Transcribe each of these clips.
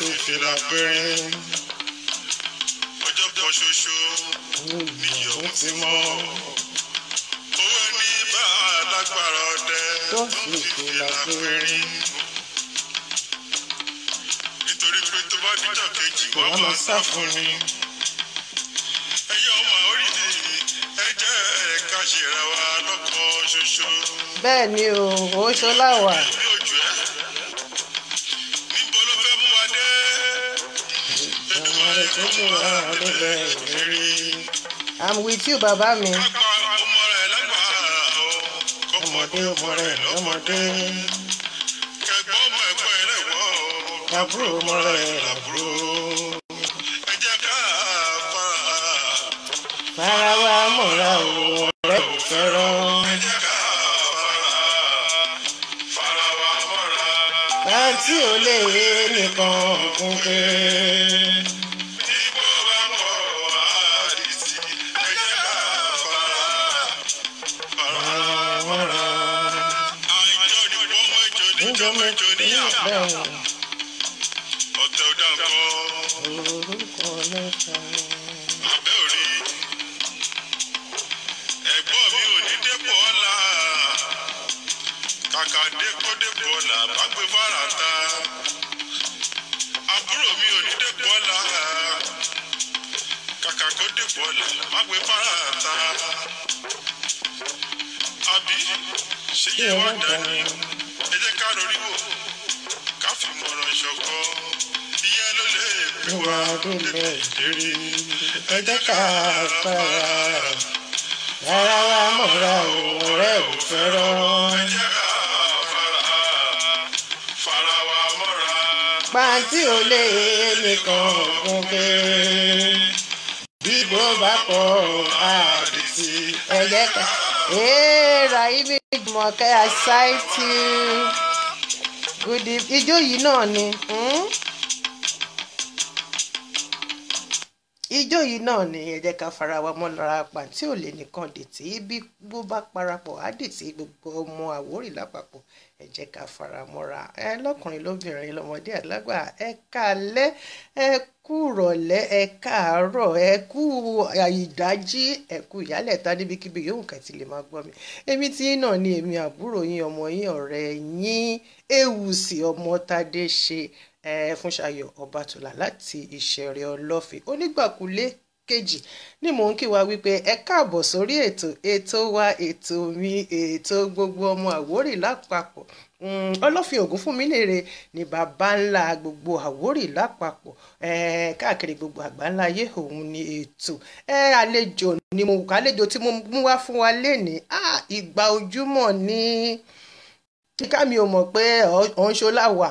tó fi ra pẹ́rín. ọjọ́ kan ṣoṣo níyàwó ti mọ́. owó ẹni bá alágbára ọdẹ tó fi fi ra pẹ́rín. nítorí pé tó bá díjọ́ kejì wọ́n máa sá fún mi. ẹ̀yin ọmọ orílẹ̀ ẹ ẹ̀ka ṣèrànwá lọ́kàn ṣoṣo. bẹ́ẹ̀ ni o ò ṣọlá wà. ṣe ọdún bẹ́ẹ̀ rí. I'm with you bàbá mi. ọmọdé ọmọ rẹ lọmọdé. kẹgbọ́n ọmọ ẹ̀gbọ́n ẹ̀ lẹ́wọ̀. àbúrò ọmọ rẹ làbúrò. ẹ jẹ́ ká fara. fara wa mọ̀ra òun ọ̀rẹ́ ò fẹ́ràn. ẹ jẹ́ ká fara. fara wa mọ̀ra. láti ò lè rí nìkan ògùn kéré. Hey. àfàmọ̀ràn ìṣọ̀kan ìyẹn ló lè gbé wa lólè ìdérí ẹ jẹ́ ká gbára pàǹtí ò lè nìkan gòkè bí bá pọ̀ àdìsí ẹ jẹ́ ká. Hey, Raimi Jumoke, I cite you. good ijó yìí náà ni hmm? ijó yìí náà ni ẹ jẹ́ ká fara wa mọ́ lára ò lè nìkan dìtì bí bá parapọ̀ á gbogbo ọmọ Àwórì lápapọ̀ ẹ jẹ́ ká fara mọ́ra ẹ lọ́kùnrin ẹ kú ìrọ̀lẹ́ ẹ káàárọ̀ ẹ kú ìdájí ẹ kú ìyálẹ̀ta níbikíbi yóò kẹ́ ti lè máa gbọ́ mi èmi tí náà ni èmi àbúrò yín ọmọ yín ọ̀rẹ́ yín Ewùsì ọmọ Tádé ṣe Fúnṣayọ̀ Ọbátọ́lá láti Ìṣẹ̀rẹ̀ Ọlọ́fin onígbàkulé kejì ni mò ń kí wa wípé ẹ káàbọ̀ sórí ètò ètò wa ètò mi ètò gbogbo ọmọ Àwórì lápapọ̀ Mm. ọlọ́fin ògúnfúnmi lèrè ní bàbá ńlá gbogbo àwórì lápapọ̀ káàkiri gbogbo àgbáńlá ayé òun ni ètò àlejò ni mo àlejò tí mo mú wá fún wa lénìí ìgbà ojúmọ́ ni kíkà mi ò mọ̀ pé ọ̀nṣọ́lá wà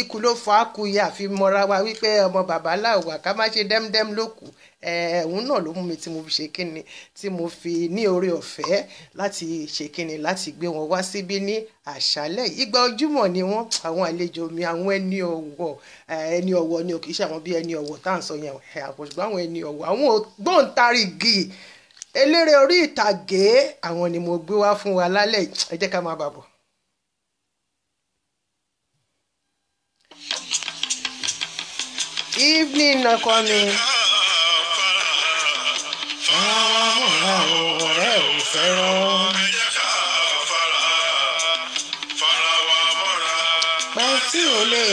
ikú ló fọ́ àkúyà fi mọ́ra wa wípé ọmọ bàbá làwà ká má ṣe dẹ́mdẹ́m lókù Eh, òun náà ló mú mi tí mo fi ṣe kíni tí mo fi ní oore ọ̀fẹ́ láti ṣe kíni láti gbé wọn wá síbí ní àṣálẹ́ ìgbà ojúmọ́ ni wọ́n àwọn àlejò mi àwọn ẹni ọ̀wọ̀ eh, ẹni ọ̀wọ̀ ni kì í àwọn bí ẹni ọ̀wọ̀ tá à ń sọ yẹn eh, àpòṣùgbọ́n àwọn ẹni ọ̀wọ̀ àwọn ògbóǹtarìgì eléré orí ìtàgé àwọn ni mo gbé wá fún wa lálẹ́ ẹ jẹ́ ká máa bàbọ̀. evening na coming àwọn amúnà ọ̀rẹ́ ò fẹ́ràn. ẹ jẹ́ ká fara fara wa mọ́ra. pàǹtí ò lè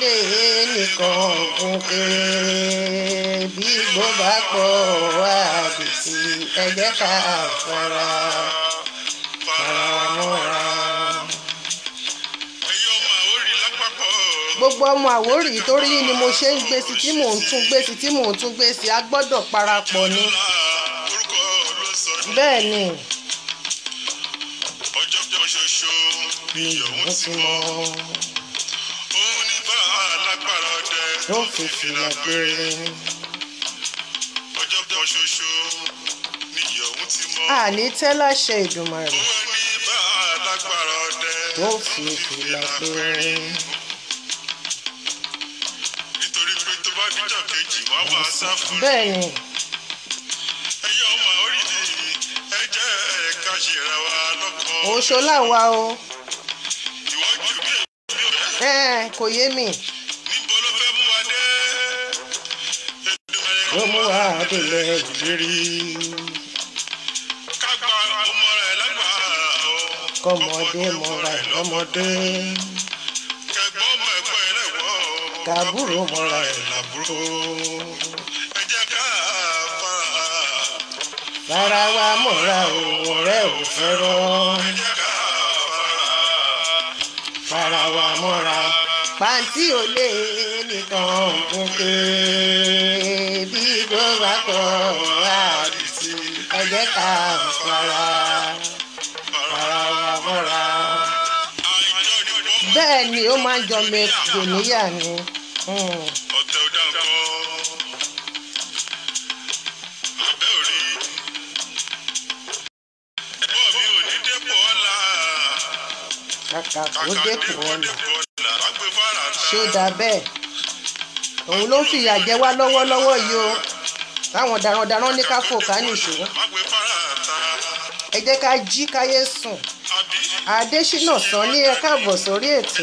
lè nìkan gòkè bí gbọ́dọ̀ pọ̀ wá bìtì ẹ jẹ́ ká fara fara mọ́ra. gbogbo ọmọ Àwórì torí ni mo ṣe ń gbé tí mò ń tún gbé tí mò ń tún gbé a gbọ́dọ̀ parapọ̀ ni bẹ́ẹ̀ ni. ọjọ́ kan ṣoṣo ni yòówù ti mọ́ tó fi fìlà péré. ọjọ́ kan ṣoṣo ni ìyọ̀hún ti mọ. àní tẹ́lá ṣe ìdùnmọ̀ rẹ̀. tó ní bá alágbára ọdẹ tó fi fìlà péré. ọmọ wa abẹlẹ òdìrí. kágbá ọmọ rẹ lágbára o. kọmọdé mọra ẹ lọmọdé. kẹgbọ́n mọ ẹ̀kọ́ ẹ lẹ́wọ́ o. kàbúrò mọra ẹ làbúrò. ẹ jẹ́ ká fara. rárá wa mọ̀ra o ọ̀rẹ́ ò fẹ́ràn. ẹ jẹ́ ká fara. fara wa mọ́ra pàǹtí ò lè nìkan òkè bí gbọ́dọ̀ kọ́ àdìsí ẹ̀jẹ̀ ká fara fara wa mọ́ra. bẹ́ẹ̀ ni ó máa ń jọ mẹ́kò níyà ni. Hmm. ọ̀tẹ̀ ò dáńkọ́ abẹ́ ò rí. ẹ̀gbọ́n mi ò ní dépò ọ̀la. kàkà kó dépò ọ̀la ṣó dáa bẹ́ẹ̀ òun ló ń fìyà jẹ wá lọ́wọ́lọ́wọ́ yìí o táwọn darandaran ní ká fò ká nìṣó ẹ jẹ́ ká jí káyé sùn Adésínà sàn ní ẹ káàbọ̀ sórí ètò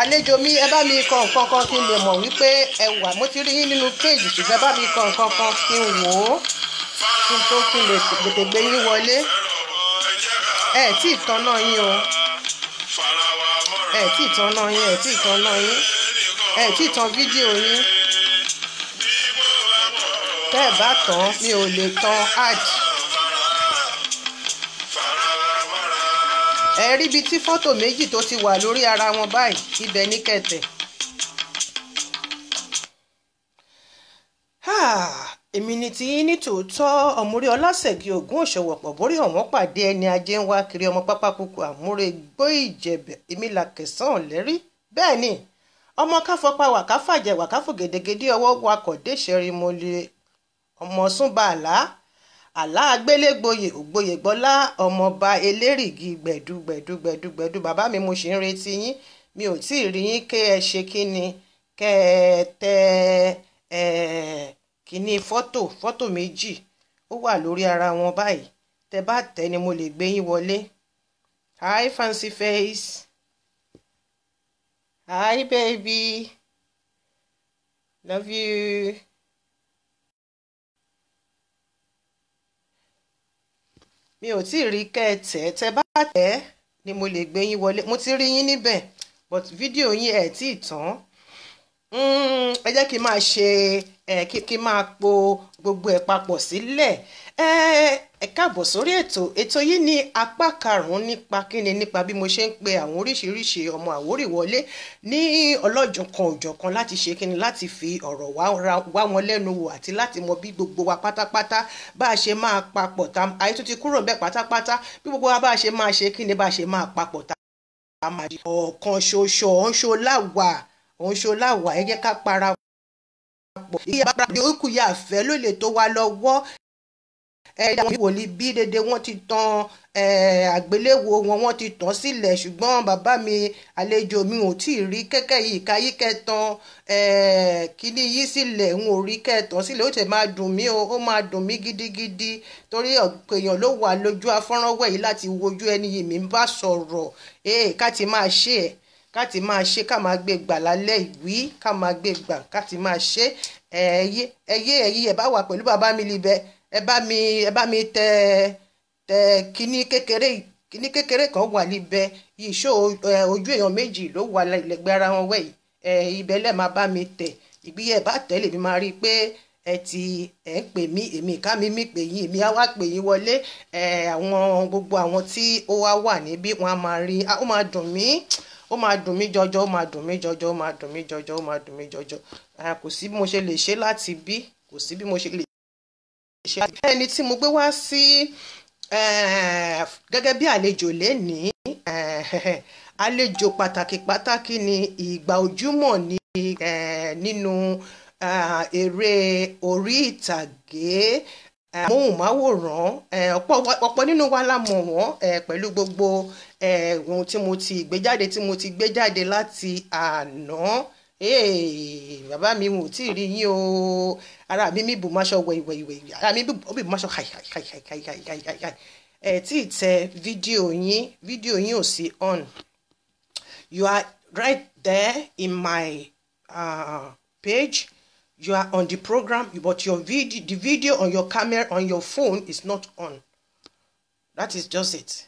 àlejò mi ẹ bá mi kọ nǹkan kan kí n lè mọ̀ wípé ẹ wà mo ti rí yín nínú kéèjì ṣùgbọ́n ẹ bá mi kọ nǹkan kan kí n wò ó kí n tó kí n lè tètè gbé yín wọlé ẹ tí ì tọ́nà yín o ẹ tí ì tán náà yín ẹ tí ì tán náà yín ẹ tí ì tán fídíò yín tẹ́ ẹ bá tán mi ò lè tan ad. ẹ rí ibi tí fọ́tò méjì tó ti wà lórí ara wọn báyìí ibẹ̀ ní kẹ̀tẹ̀ èmi ni ti ní tòótọ́ ọ̀múrí ọlásẹ̀gì ògún òṣòwò pọ̀ borí ọ̀wọ́n pàdé ẹni ajé ń wá kiri ọmọ pápákọ̀kọ̀ àmúre gbó ìjẹ̀bẹ̀ èmi là kẹsàn-án lẹ́rí bẹ́ẹ̀ ni ọmọ káfọpá wàkáfàjẹ wàkáfò gèdègèdè ọwọ́ wakọ̀ déṣẹ́rí mo lè ọmọ súnba àlá àlá agbélégboyè ògboyè gbọ́lá ọmọọba elérìgì gbẹ̀dúgbẹ̀dúgbẹ̀dúgbẹ̀dú bàbá mi mo sì ń retí yín mi ò tí ì rí yín kẹ́ ẹ ṣe kí ni ẹ tẹ́ ẹ kínní fọ́tò fọ́tò méjì ó wà lórí ara wọn báyìí tẹ bá tẹ ni mo lè gbé yín wọlé hi fancy face hi baby love you. mi ò tí ì rí kẹ́ ẹ tẹ̀ tẹ bá tẹ̀ ni mo lè gbé yín wọlé mo ti rí yín níbẹ̀ but fídíò yín ẹ̀ tí ì tán hmm, ẹ jẹ́ kí n máa ṣe kí kí máa po gbogbo ẹ̀ papọ̀ sílẹ̀ ẹ káàbọ̀ sórí ètò ètò yìí ní apá karùn-ún nípa kíni nípa bí mo ṣe ń pe àwọn oríṣiríṣi ọmọ Àwórì wọlé ní ọlọ́jọ̀kan òjọ̀kan láti ṣe kíni láti fi ọ̀rọ̀ wá wọn lẹ́nu wò àti láti mọ bí gbogbo wa pátápátá bá a ṣe máa papọ̀ tá ayé tó ti kúrò bẹ́ẹ̀ pátápátá bí gbogbo wa bá a ṣe máa ṣe kíni bá a ṣe máa papọ̀ tá ọ̀kan ṣoṣo ọ̀ńṣoláwà ọ̀ńṣoláwà ẹ ká para papọ̀ ìyàbá de oríkù yà fẹ́ ló lè tó wa lọ́wọ́ ẹ̀dá wọn wòlí bí dédé wọ́n ti tan àgbéléwò wọn wọ́n ti tàn sílẹ̀ ṣùgbọ́n bàbá mi àlejò mi ò tí ì rí kẹ́kẹ́ yìí káyí kẹtàn kíní yìí sílẹ̀ n ò rí kẹtàn sílẹ̀ ó tẹ̀ máa dùn mí o ó máa dùn mí gidigidi torí èèyàn ló wà lójú afọ́nrán wẹ̀yí láti wojú ẹni yìí mi bá sọ̀rọ̀ ká ti máa ṣe ẹ̀ káti máa ṣe ká máa gbé gbà lálẹ́ ìwí ká máa gbé gbà káti máa ṣe ẹyẹ ẹyí ẹ bá wà pẹ̀lú bàbá mi libẹ̀ ẹ bá mi ẹ bá mi tẹ tẹ kíní kékeré kíní kékeré kan wà libẹ̀ yìí ṣó ojú èèyàn méjì ló wà lẹ́gbẹ̀ẹ́ ara wọn wẹ̀ yìí ibẹ̀ lẹ́ẹ̀ máa bá mi tẹ̀ ìgbìyẹ̀ bá tẹ̀ lèmi máa rí i pé ẹ ti ẹ ń pè mí èmi ká mi mí pè yín èmi á wá pè yín wọlé ẹ àwọn gbogbo àwọn tí ó wá wà níbí wọn á máa rí ó máa dùn mí ó máa dùn mí jọjọ ó máa dùn mí jọjọ ó máa dùn mí jọjọ ó máa dùn mí jọjọ kò sí bí mo ṣe lè ṣe láti bí kò sí bí mo ṣe lè ṣe láti bí. ẹni tí mo gbé wá sí eh, gẹ́gẹ́ bí àlejò lénìí eh, àlejò pàtàkì pàtàkì ni ìgbà ojúmọ́ ní eh, nínú ah, eré orí ìtàgé. Eh, amóhùnmáwòrán eh, ọ̀pọ̀ nínú wa la mọ̀ wọ́n eh, pẹ̀lú gbogbo ohun tí mo ti gbéjáde tí mo ti gbéjáde láti àná bàbá mi ò tí ì rí yín o ara mi mi bù máṣọ wẹ̀wẹ̀wẹ̀ ara mi bù máṣọ ẹ tí ì tẹ fídíò yín fídíò yín ò sí on you are right there in my uh, page you are on the program but your video the video on your camera on your phone is not on that is just it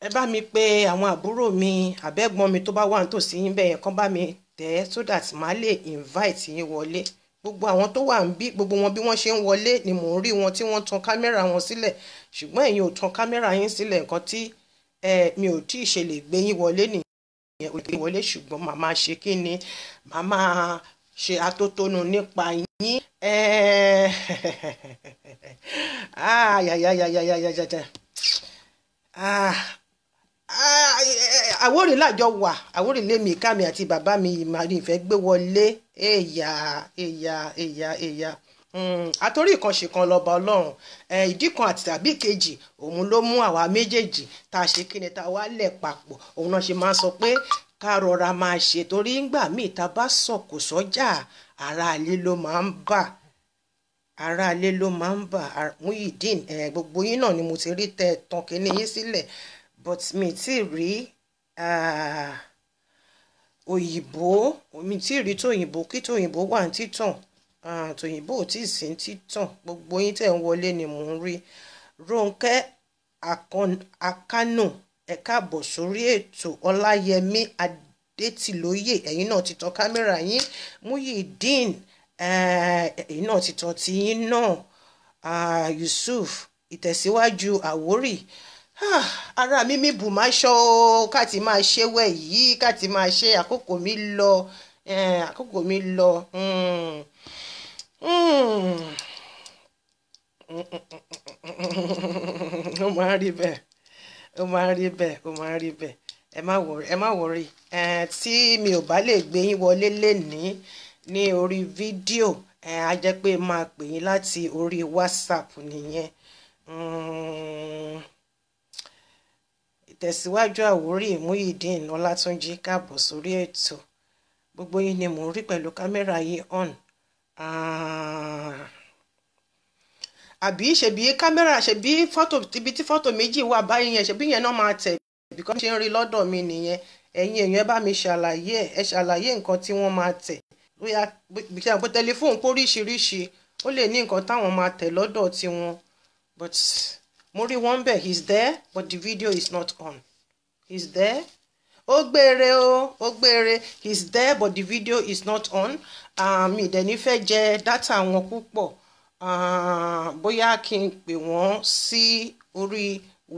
ẹ bá mi pè àwọn àbúrò mi àbẹ́gbọ́n mi tó bá wà nítòsí yín bẹ́ẹ̀ yẹn kán bá mi tẹ̀ ẹ́ so that màá lè invite yín wọlé gbogbo àwọn tó wà ń bí gbogbo wọn bí wọ́n ṣe ń wọlé ni mò ń rí wọn tí wọ́n tan kámẹ́rà wọn sílẹ̀ ṣùgbọ́n ẹ̀yin ò tan kámẹ́rà yín sílẹ̀ nǹkan tí mi ò tí ì ṣe lè gbé yín wọlé nìyẹn yẹn ò lè wọlé ṣùgbọ́n màá máa ṣe kí ni màá máa ṣe atótónu nípa yín àwórì lájọ wà àwórì lémi ká mi àti bàbá mi yìí ìfẹ́ gbé wọlé èyà èyà èyà èyà. Hmm, àtòrí ìkànṣe kan lọ́ba ọlọ́run eh, ìdí kan àti tàbí kejì òun ló mú àwa méjèèjì tá a ṣe kí ni tá a wá lẹ̀ papọ̀ òun náà ṣe máa sọ pé ká rọra máa ṣe torí ńgbà míì tá a bá sọ̀kò sọ́jà aráalé ló máa ń bà aráalé ló máa ń bà Muyideen eh, gbogbo yín náà ni mo ti rí tẹ tán kínní yín sílẹ̀ but mi ti rí ah, òyìnbó mi ti rí tòyìnbó kí tòyìnbó wà ní títàn àtòyìnbó ah, ò tí ì sí títàn gbogbo yín tẹ̀ ń wọlé ni mò ń rí Rónkẹ́ Akánò ẹ káàbọ̀ sórí ètò Ọláyẹmí Adétìlóyè ẹ̀yin náà ti tan kámẹ́rà yín Muyideen eh, ẹ̀yin náà ti tan tiyín náà ah, Yusuf ìtẹ̀síwájú Àwórì ah, ara mi mi bù máa ṣọ́ ọ́ ká ti máa ṣe wẹ̀ yìí ká máa ṣe àkókò mi lọ eh, àkókò mi lọ. Hmm. Hmm. ó máa rí bẹ́ẹ̀ ó máa rí bẹ́ẹ̀ ó máa rí tí mi ò bá lè gbé yín wọlé lénìí ní orí fídíò a jẹ́ pé máa pè yín láti orí whatsapp nìyẹn hmm. ìtẹ̀síwájú àwórí Muyideen Ọlátúnjí káàbọ̀ sórí ètò gbogbo yín ni mò ń rí pẹ̀lú kámẹ́rà yìí on Ah. àbí ṣebí kámẹ́rà ṣebí fọ́tò ibi tí fọ́tò méjì wà báyìí yẹn ṣebí yẹn náà máa tẹ̀ bí kò ṣe ń rí lọ́dọ̀ mi nìyẹn ẹ̀yin èèyàn ẹ bá mi ṣàlàyé ẹ ṣàlàyé nǹkan tí wọ́n máa tẹ̀ bóyá bíi àpò tẹlifóònù póríṣiríṣi ó lè ní nǹkan táwọn máa tẹ̀ lọ́dọ̀ tiwọn but mo rí wọn bẹ̀ he's there but the video is not on he's there ó gbére o ó gbére he's there but the video is not on Ah, mi dẹ̀ ní fẹ́ jẹ dátà wọn púpọ̀ ah, bóyá kí n pè wọ́n sí orí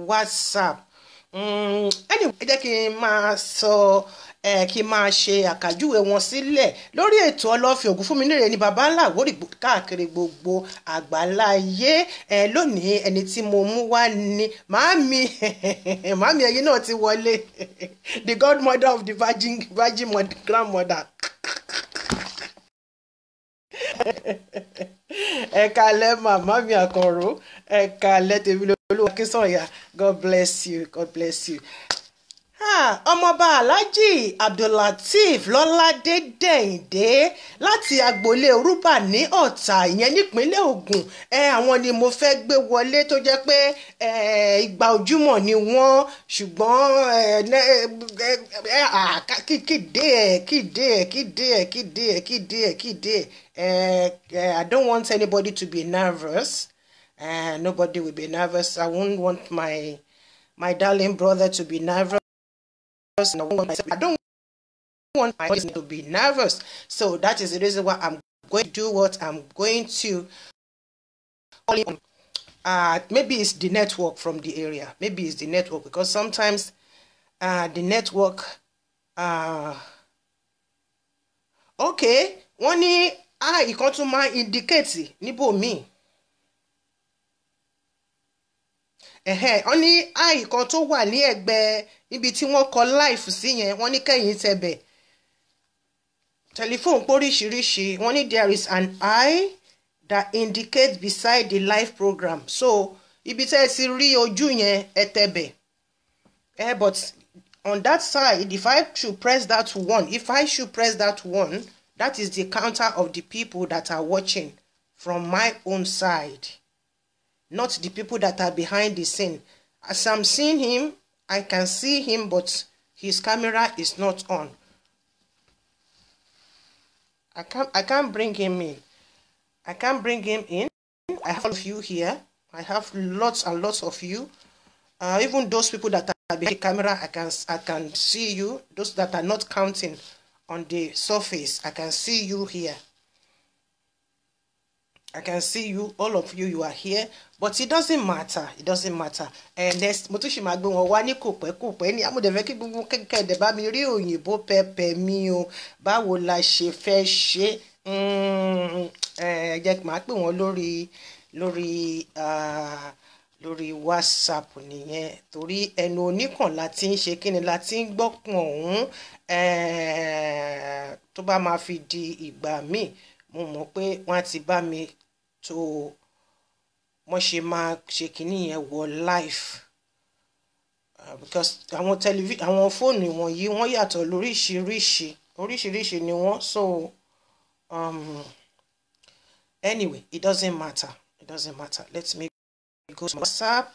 WhatsApp ẹnì hmm, ẹ jẹ́ kí n máa sọ kí n máa ṣe àkàjúwe wọn sílẹ̀ lórí ètò ọlọ́fin ògún fún mi nírè ní baba ńlá àwórì káàkiri gbogbo àgbáláyé lónìí ẹni tí mo mú wá ni màámi màámi ẹyin náà ti wọlé the godmother of the virgin virgin grandmother ẹ kalẹ́ màmá mi àkànrò ẹ kalẹ́ tèmi lórí olúwa kí sọ̀yà god bless you god bless you ọmọọba alhaji abdullateef lọ́ládé dẹ̀yìndé láti agboolé orúbà ní ọ̀tà ìyẹn nípínlẹ̀ Ògùn àwọn ni mo fẹ́ gbé wọlé tó jẹ́ pé ìgbà ojúmọ́ ni wọ́n ṣùgbọ́n kíkìdé ẹ̀ kíkìdé ẹ̀ kíkìdé ẹ̀ kíkìdé ẹ̀ kíkìdé ẹ̀ kíkìdé ẹ̀ I don't want anybody to be nervous uh, nobody will be nervous I won't want my my darling brother to be nervous nervous and I want myself. I don't want my audience to be nervous. So that is the reason why I'm going to do what I'm going to call it on. Uh, maybe it's the network from the area. Maybe it's the network because sometimes uh, the network. Uh, okay, wọ́n I ah ìkan tún máa indicate níbò míì. wọ́n ní ah ìkan tó wà ní ibi tí wọ́n kọ láìfù sí yẹn wọ́n ní kẹ́yìn tẹ̀bẹ̀ telephone póríṣiríṣi wọ́n ní there is an eye that indicates beside the live program so ibi tẹ́ ẹ ti rí ojú yẹn ẹ tẹ̀bẹ̀ eh but on that side if I should press that one if I should press that one that is the counter of the people that are watching from my own side not the people that are behind the scene as I'm seeing him I can see him but his camera is not on. I can't I can't bring him in. I can't bring him in. I have all of you here. I have lots and lots of you. Uh, even those people that are behind the camera, I can I can see you. Those that are not counting on the surface, I can see you here. I can see you, all of you, you are here, but it doesn't matter, it doesn't matter. And next, mo tún ṣì máa gbé wọn wá ní kò pẹ́ kò pẹ́ ní amúdẹ̀fẹ́ kí gbogbo kẹ́kẹ́ ẹ̀dẹ̀ bá mi rí òyìnbó pẹ́pẹ́ mi o, báwo la ṣe fẹ́ ṣe é hmm, eh, jẹ́ máa pè wọ́n lórí ah, lórí WhatsApp nìyẹn torí ẹnu oníkàn la ti ń ṣe kí ni la ti ń gbọ́pọ̀ ọ̀hún eh, tó bá máa fi di ìgbà míì mo mọ̀ pé wọ́n ti bá mi tó wọ́n ṣe máa ṣe kínní yẹn wọ life uh, because àwọn tẹlifí àwọn fóònù wọ̀nyí wọ́n yàtọ̀ lóríṣiríṣi oríṣiríṣi ni wọ́n so um, anyway it doesn't matter it doesn't matter let me go to WhatsApp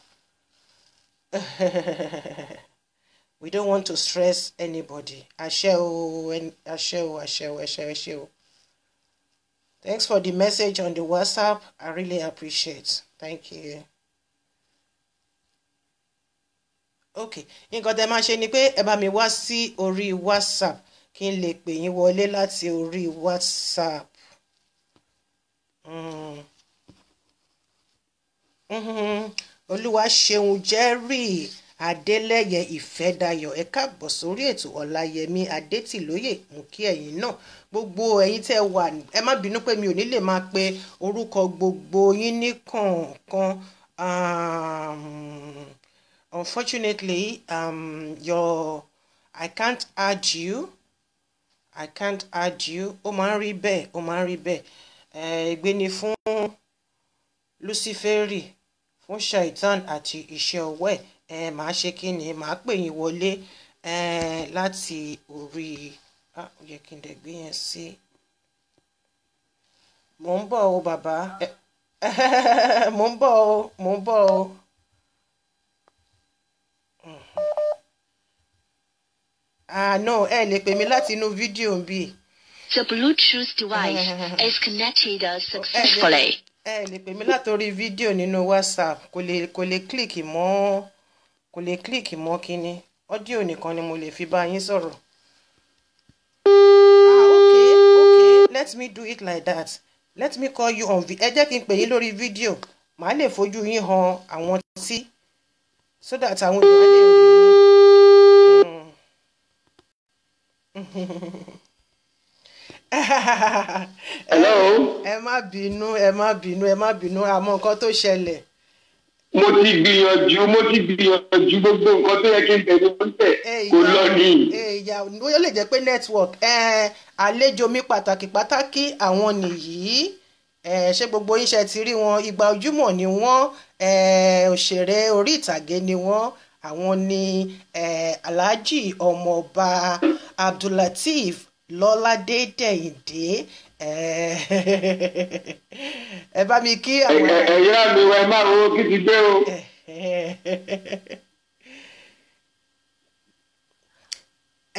we don't want to stress anybody àṣẹ o àṣẹ o àṣẹ o àṣẹ o àṣẹ o. Thanks for the message on the WhatsApp. I really appreciate. Thank you. Okay, nǹkan tẹ́ máa ṣe ni pé ẹ bá mi wá sí orí WhatsApp kí n lè pè yín wọlé láti orí WhatsApp. Mm. Mm-hmm. mm-hmm. Olúwaṣeun Jerry Adélẹ́yẹ Ìfẹ́dayọ̀ ẹ káàbọ̀ sórí ètò Ọláyẹmí Adétìlóyè mú kí ẹ̀yin náà gbogbo ẹ̀yin tẹ́ wà ẹ má bínú pé mi ò ní lè máa pe orúkọ gbogbo yín ní kọ̀ọ̀kan um, unfortunately um, your I can't add you I can't add you ó máa ń rí bẹ́ẹ̀ ó máa ń rí bẹ́ẹ̀ ègbé eh, ni fún Luciferi fún shaitan àti iṣẹ́ ọwọ́ ẹ̀ eh, màá ṣe kí ni màá pè yín wọlé eh, láti orí. Ah, ó yẹ kí n dẹ̀ gbé yẹn sí mò ń bọ̀ o bàbá eh, mò ń bọ̀ o mò ń bọ̀ o. àná mm-hmm. ah, ẹ lè pè mí láti inú fídíò ń bì. The Bluetooth device is connected eh, successfully. ẹ eh, lè pè mí látòrí fídíò nínú WhatsApp kò lè kò lè kílìkì mọ́ kò lè kílìkì mọ́ kínní ọ́díò nìkan ni mo lè fi bá yín sọ̀rọ̀ ah okay okay let me do it like that let me call you on ẹ jẹ́ kí n pè yín lórí fídíò màá lè fojú yín han àwọn tí so that àwọn èèyàn lè rí hello. ẹ má bínú ẹ má bínú ẹ má bínú àmọ́ nǹkan tó ṣẹlẹ̀ mo ti gbìyànjú mo ti gbìyànjú gbogbo nǹkan tó yẹ kí n tẹ̀lé mo ń tẹ̀ kò lọ ní. ìyá ó lè jẹ́ pé network àlejò mi pàtàkì pàtàkì àwọn nìyí ṣé gbogbo yín ṣe ti rí wọn ìgbà ojúmọ́ ni wọ́n òṣèré orí ìtàgé ni wọ́n àwọn ni alhaji ọmọọba abdullateef lọ́ládé dẹ̀yìndé Eh, ẹ bá mi kí àwọn. ẹ̀yà mi wẹ̀ máa wo kí ti dé o.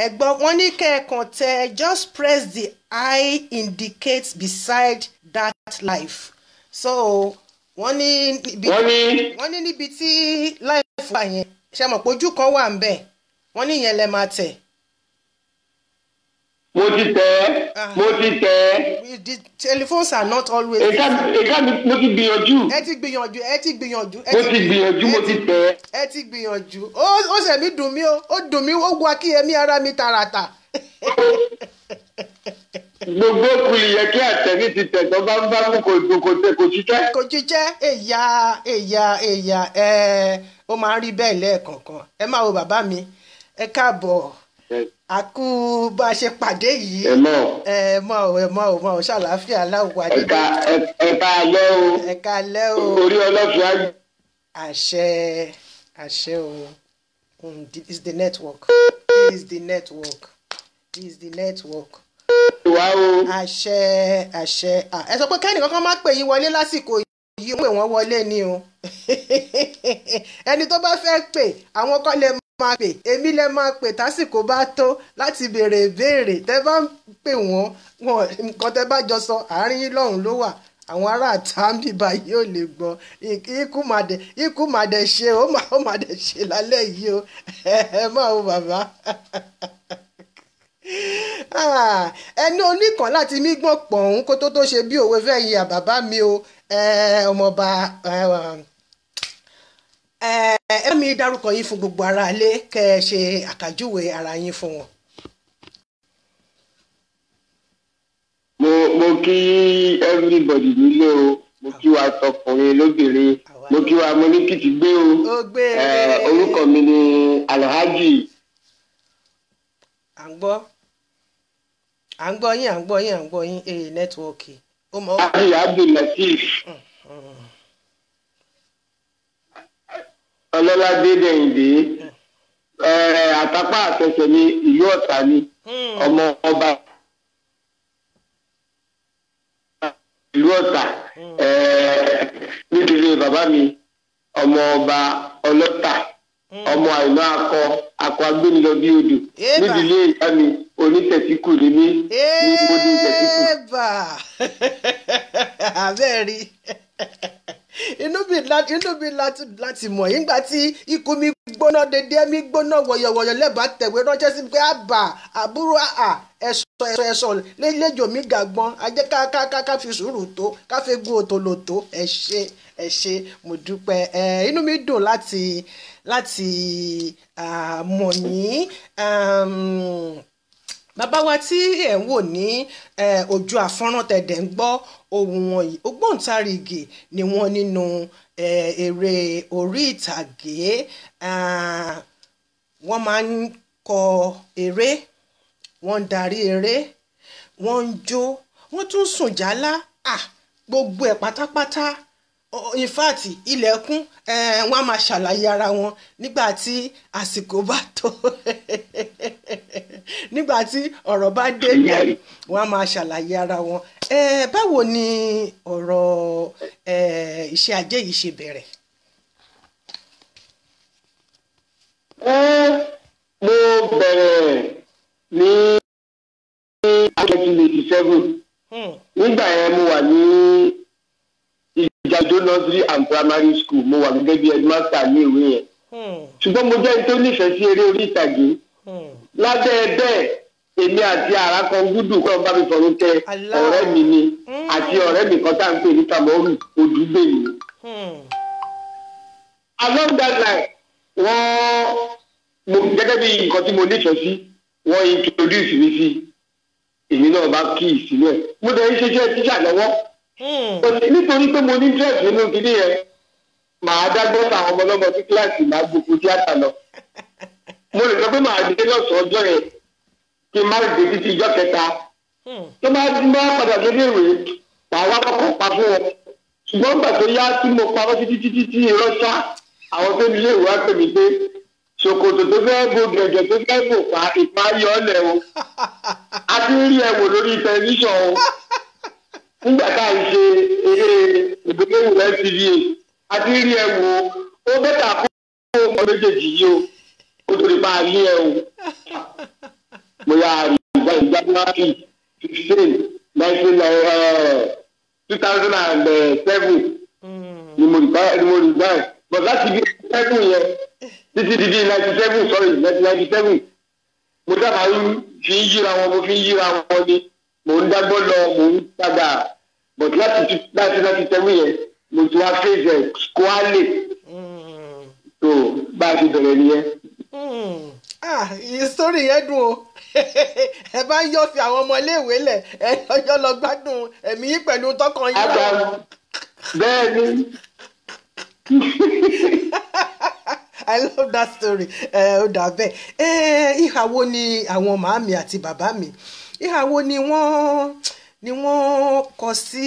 ẹ̀gbọ́n wọn ní kẹ́ẹ̀kan tẹ just press the i indicate beside that life so wọ́n ní níbi wọ́n ní níbi tí life wà yẹn ṣe mọ̀ pé ojú kan wà ń bẹ̀ wọ́n ní ìyẹn lẹ máa tẹ̀ mo ti tẹ̀ ẹ́ ah. mo ti tẹ̀ ẹ́. the telephones are not always. ẹ̀ka ẹ̀ka mo ti gbìyànjú. ẹ ti gbìyànjú ẹ ti gbìyànjú. mo ti gbìyànjú mo ti tẹ̀ ẹ́. ẹ ti gbìyànjú ó ṣe mí dùn mí o ó dùn mí ó gba kí èmi ara mi tààràtà. gbogbo kuli yẹ kí àtẹ̀ní ti tẹ̀ tó bá ń bá mú kò dùn kò tẹ̀ kò jíjẹ́. kò jíjẹ́ èyà èyà èyà ẹ̀ ó máa ń rí bẹ́ẹ̀ lẹ́ẹ̀kọ̀ọ̀kan ẹ máa wo bàbá mi ẹ káàbọ̀ a kú bá a ṣe pàdé yìí ẹ mọ ẹ mọ ò ẹ mọ ò mọ ò ṣàlàáfíà aláwọ adé. ẹ̀ka ẹ̀ka alẹ́ o ẹ̀ka alẹ́ o orí ọlọ́fíà. àṣẹ àṣẹ o hmm, is the network is the network is the network. ìwà o. àṣẹ àṣẹ ẹ sọ pé kẹ́ni kankan máa pè yín wọlé lásìkò yìí yìí pè wọ́n wọlé ni o ẹni tó bá fẹ́ pè àwọn kan lè máa pè èmi lẹ máa pè tásìkò bá tó láti béèrè ìbéèrè tẹ́ bá ń pè wọ́n wọn nǹkan tẹ́ bá jọ sọ àárín yín lọ́hùn ló wà àwọn ará àtàmì báyìí ò lè gbọ́ ikú màdẹ ṣe ó màdẹ ṣe lálẹ́ yìí o ẹ máa wo bàbá ah, ẹni oníkan láti mí gbọ̀n pọ̀ òun kó tó tó ṣe bí òwe fẹ́ yí àbàbá mi o ọmọọba ẹ mi dárúkọ yín fún gbogbo ara ilé kẹ ẹ ṣe àkàjúwe ara yín fún wọn. mo mo kí everybody nílé o mo kí wa tọkùnrin lóbìnrin mo kí wa mo ní kìtì gbé o orúkọ mi ni alhaji. à ń gbọ́ à ń gbọ́ yín à ń gbọ́ yín à ń gbọ́ yín ee nẹ́tíwọ́ọ̀kì. àyà abdul lateef. Mm. ọlọ́ládé dẹ̀yìndé àtàpá àtẹsẹ̀ ní ìlú ọ̀tà ni hmm. ọmọ ọba ìlú ọ̀tà hmm. nídìrí bàbá mi ọmọ ọba ọlọ́tà hmm. ọmọ àìná akọ akọ agbénilọ bí odò nídìílé ìyá mi onítẹ̀síkù ni mí ní gbódì tẹ̀síkù. abẹ́ẹ̀ rí. inú mi láti inú mi láti láti mọ̀ yín gbà tí ikú mi gbóná dédé mi gbóná wọ̀yọ̀wọ̀yọ̀ lẹ́bàá tẹ̀wé ránṣẹ́ sí pé àbà àbúrò àà ẹ̀sọ̀ ẹ̀sọ̀ ẹ̀sọ̀ lẹ́jọ́ mi gàgbọ́n ajẹ́ ká ká ká ká fi sùúrù tó ká fi gun òtòlò tó ẹ̀ ṣe ẹ ṣé mo dúpẹ́ ẹ inú mi dùn láti láti mọ̀ yín bàbá wa tí ẹ̀ ń wò ní ojú àfọ́nrán tẹ̀dẹ̀ ń gbọ́ ohùn wọn yìí ògbóǹtarìgì ni wọ́n nínú eré orí ìtàgé wọ́n máa ń kọ eré wọ́n ń darí eré wọ́n ń jó wọ́n tún sùn jálá gbogbo ẹ̀ pátápátá in fact ilẹ̀kùn eh, wọ́n á máa ṣàlàyé ara wọn nígbà tí àsìkò bá tó nígbà tí ọ̀rọ̀ bá dé wọ́n á máa ṣàlàyé ara wọn eh, báwo ni ọ̀rọ̀ eh, iṣẹ́ ajé yìí ṣe bẹ̀rẹ̀. mo bẹ̀rẹ̀ ní twenty eighty seven hmm. nígbà yẹn mo wà ní. Ìdájọ́ nursery and primary school mo wà gẹ́gẹ́ bí headmaster ní ìwé yẹn hmm. ṣùgbọ́n mo jẹ́ ẹni tó nífẹ̀ẹ́ sí eré orí ìtàgé hmm. lábẹ́ bẹ́ẹ̀ èmi àti ara kan gúdù kọ́ bá mi fọ̀rọ̀ tẹ ọ̀rẹ́ mi ni hmm. àti ọ̀rẹ́ mi kan tá à ń pè ní Kamoru Odùgbè mi. along that line wọ́n gẹ́gẹ́ bí nǹkan tí mo nífẹ̀ẹ́ sí wọ́n introduce mi sí èmi náà bá kí ìsílẹ̀ mo dẹ̀ ń ṣiṣẹ́ tíṣà lọ́wọ́ nítorí hmm. pé mo ní dress nínú gidi yẹn màá dágbọ́n àwọn ọmọ ọlọ́mọ sí kíláàsì màá gbogbo tíátà lọ mo lè sọ pé màá dé lọ́sàn-án ọjọ́ yẹn kí n má lè dé títí ìjọ kẹta hmm. tó bá bá padà lórí ìwé màá wá kọ́kọ́ pa fún wọn ṣùgbọ́n nígbà tó yá tí mo parọ́ títí títí tí irọ́ ṣá àwọn tó ní ilé ìwé á pè mí pé ṣòkòtò tó fẹ́ bo gẹ̀gẹ̀ tó fẹ́ bò pa ìpáyọ̀ ọ̀lẹ̀ o a ti ń rí ẹ̀wò lórí tẹlifíṣàn o nígbà tá à ń ṣe eré ìgbéléwò NTA àti rí ẹ wò ó bẹ́tà kó ọmọ méjèèjì yìí o kó tó máa lé ẹ o mo yà á rí ìgbà January fifteen nineteen uh, two thousand and uh, seven hmm. ni mo rí báyìí but láti bí seven yẹn títí di di ninety seven sorry ninety seven mo dábàá fi ń yíra wọn mo fi ń yíra wọn ni mò ń dágbọ́ lọ mò ń padà but láti láti láti tẹ́wé yẹn mo ti wá fèsì ẹ̀ squally tó bá a ti bẹ̀rẹ̀ nìyẹn. Hmm. ah ìsórí yẹn dùn o ẹ bá yọ fi àwọn ọmọ iléèwé lẹ ẹ yọjọ lọ gbádùn ẹ̀mí yín pẹ̀lú tọkàn yín. bẹ́ẹ̀ ni. I love that story. Ó dà bẹ́ẹ̀. Ìhà wo ni àwọn màámi àti bàbá mi? Ìhà wo ni wọ́n? ni wọ́n kọ sí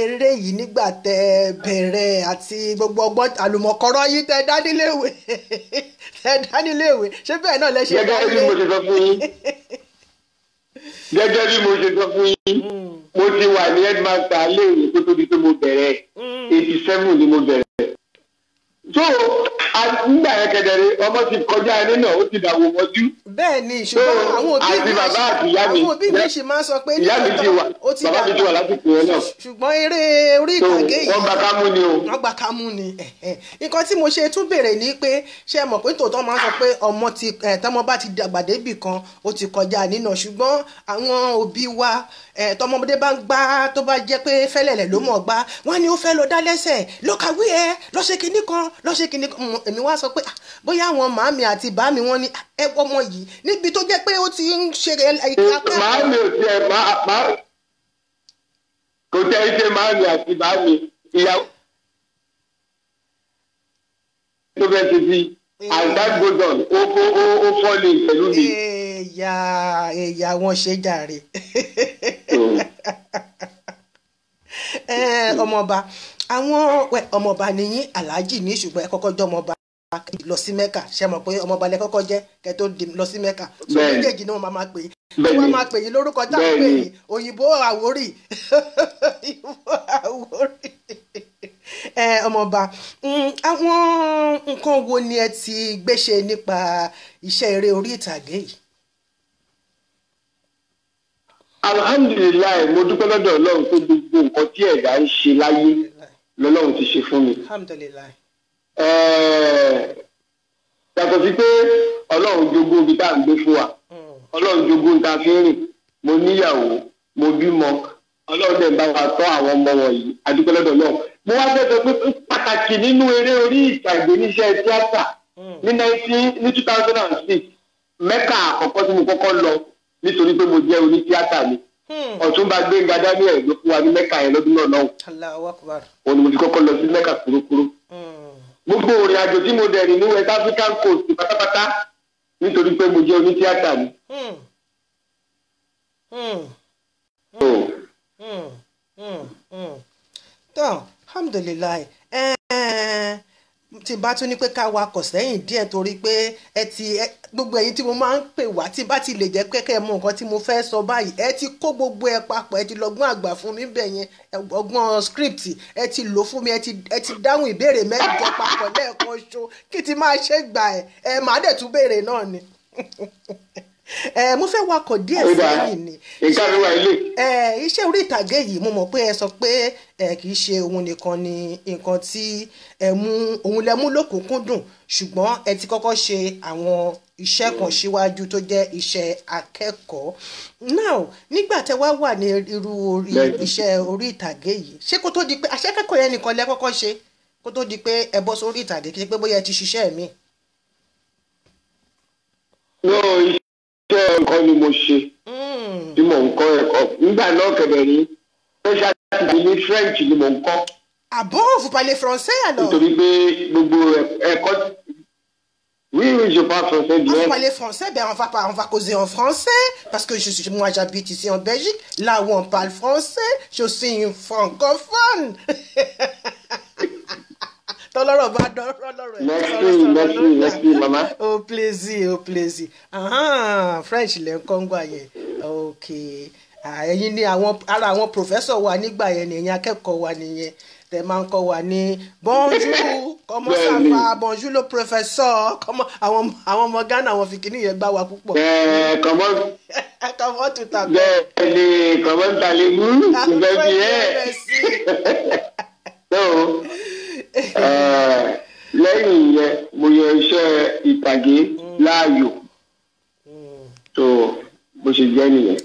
eré yìí nígbà tẹ bẹ̀rẹ̀ àti gbogbo ọgbọ́n àlùmọ̀kọ́rọ́ yìí tẹ dáníléèwé tẹ dáníléèwé ṣé bẹ́ẹ̀ náà lẹ ṣe bẹ́ẹ̀ gẹ́gẹ́ bí mo ṣe sọ fún yín gẹ́gẹ́ bí mo ṣe sọ fún yín hmm. mo ti wà ní headmaster léèwé tó tóbi tó mo bẹ̀rẹ̀ hmm. eighty seven ni mo bẹ̀rẹ̀ so nígbà yẹn kẹdẹrẹ ọmọ ti kọjá ẹni náà ó ti dàwọ mọjú. bẹ́ẹ̀ ni ṣùgbọ́n àwọn òbí mi àwọn òbí mi ṣì máa ń sọ pé nígbà tó ó ti dà bàbá mi ti wà lásìkò yẹn náà. ṣùgbọ́n eré orí ìtàgé yìí wọ́n gbà ká mú ni o. wọ́n gbà ká mú ni nǹkan tí mo ṣe tún béèrè ni pé ṣé ẹ mọ̀ pé tòótọ́ máa ń sọ pé ọmọ ti tọmọ bá ti dàgbà débì kan ó ti kọjá nínà ṣùgbọ́n àwọn òbí wa tọmọdé bá ń gbá tó bá jẹ́ pé fẹ́lẹ̀lẹ̀ ló mọ̀ gbá wọ́n ní ó fẹ́ lọ dá lẹ́sẹ̀ lọ ẹ lọ kan lọ́sẹ̀ kìíní èmi wá sọ pé ah, bóyá àwọn màámi àti bàámi wọn ni ah, ẹ ọmọ yìí níbi tó jẹ́ pé ó ti ń ṣe ìka pẹ́. màámi ò tiẹ̀ máa kò tẹ́ ẹ ṣe màámi àti bàámi ìyàwó tó fẹ́ ti fi and that goes on ó ó ó ó fọ́ọ̀lì pẹ̀lú mi. ẹ̀yà ẹ̀yà wọn ṣe jàre ọmọọba àwọn ọmọọba nìyí aláàjì ní ṣùgbọ́n ẹ kọ́kọ́ jọ ọmọọba lọ sí mẹ́kà ṣe mọ̀ pé ọmọọba lẹ kọ́kọ́ jẹ́ kẹ́ tó lọ sí mẹ́kà tó méjèèjì ni wọ́n máa pè é wọ́n máa pè é lórúkọ tá à ń pè é òyìnbó àwórì ọmọọba mm, àwọn nǹkan wo ni ẹ ti gbéṣe nípa iṣẹ́ eré orí ìtàgé yìí. alhamdulilayi mo dúpẹ́ lọ́dọ̀ ọlọ́run pé gbogbo nǹkan tí ẹ̀dá ń ṣe láyé lọ́lọ́run ti ṣe fún mi. yàtọ̀ sí pé ọlọ́run jogún ibi tá à ń gbé fún wa mm. ọlọ́run jogún ta fi ń rìn mo níyàwó mo bímọ ọlọ́run dẹ̀ ń bá wa tọ́ àwọn ọmọ wọ̀nyí adúpẹ́ lọ́dọ̀ náà mo wá fẹ́ pé pàtàkì nínú eré orí ìtàgé níṣẹ́ tíátà mm. ní nineteen two thousand and six mẹ́kà àkọ́kọ́ tí mo kọ́kọ́ lọ nítorí pé mo jẹ́ oní ni. Mm Hmm. ọ̀túnba gbẹ̀ngà daniel ló fún wa ní mẹ́ka yẹn lọ́dún náà náà òun ni mo ti kọ́kọ́ lọ sí mẹ́ka kúrúkúrú hmm. gbogbo òrìn àjò tí mo dẹ̀rìn ní west african coast pátápátá nítorí pé mo jẹ́ onítíátà ni. Hmm. tán alhamdulilayi tí n bá tún ní pé ká wakọ̀ sẹ́yìn díẹ̀ torí pé ẹ ti gbogbo ẹ̀yin tí mo máa ń pè wá tí n bá ti lè jẹ́ kẹ́kẹ́ mọ nǹkan tí mo fẹ́ sọ báyìí ẹ ti kó gbogbo ẹ papọ̀ ẹ ti lọ́gbọ́n àgbà fún mi bẹ̀ yẹn ọgbọ́n script ẹ ti lò fún mi ẹ ti dáhùn ìbéèrè mẹ́jọ papọ̀ lẹ́ẹ̀kan ṣo kí ti máa ṣe gbà ẹ̀ ẹ̀ màá dẹ̀ tún béèrè náà ni. ẹ eh, mo fẹ́ wakọ̀ díẹ̀ sẹ́yìn ni eh, iṣẹ́ orí ìtàgé yìí mo mọ̀ pé ẹ sọ pé ẹ eh, kì í ṣe òun nìkan ni nǹkan tí ẹ mú òun lẹ mú lọ́kùnkúndùn ṣùgbọ́n ẹ ti kọ́kọ́ ṣe àwọn iṣẹ́ kan síwájú tó jẹ́ iṣẹ́ akẹ́kọ̀ọ́ now nígbà tẹ wá wà ní irú orí iṣẹ́ orí ìtàgé yìí ṣé kó tó di pé aṣẹ́kẹ́kọ̀ọ́ yẹn nìkan lẹ kọ́kọ́ ṣe kó tó di pé ẹ bọ́ sórí ìtàgé kí ṣe pé bóyá ẹ ti ṣiṣẹ́ mi. Mm. Ah bon, vous parlez français alors. oui oui je parle français ah, bien. vous parlez français ben on va on va causer en français parce que moi j'habite ici en Belgique là où on parle français je suis une francophone. tọ́lọ́rọ̀ bá dọ́rọ́ lọ́rọ̀ ẹ̀. merci merci merci mama. o plaisir o plaisir french lẹ́ ń kọ́ ń gbà yẹn ok ẹ̀yin ni àwọn ara àwọn professor wa nígbà yẹn ni ẹ̀yin akẹ́kọ̀ọ́ wa nìyẹn tẹ máa ń kọ wa ní bonjour kọmọ bonjour ló professeur kọmọ àwọn àwọn ọmọ Ghana àwọn fìkìní yẹn gbá wa púpọ̀. ẹ kọmọ kọmọ tuta kọ. bẹ́ẹ̀ ni kọmọ talebu ṣùgbọ́n bí ẹ lẹ́yìn ìyẹn mo yọ iṣẹ́ ìtàgé láàyò tó bó ṣe jẹ́ nìyẹn.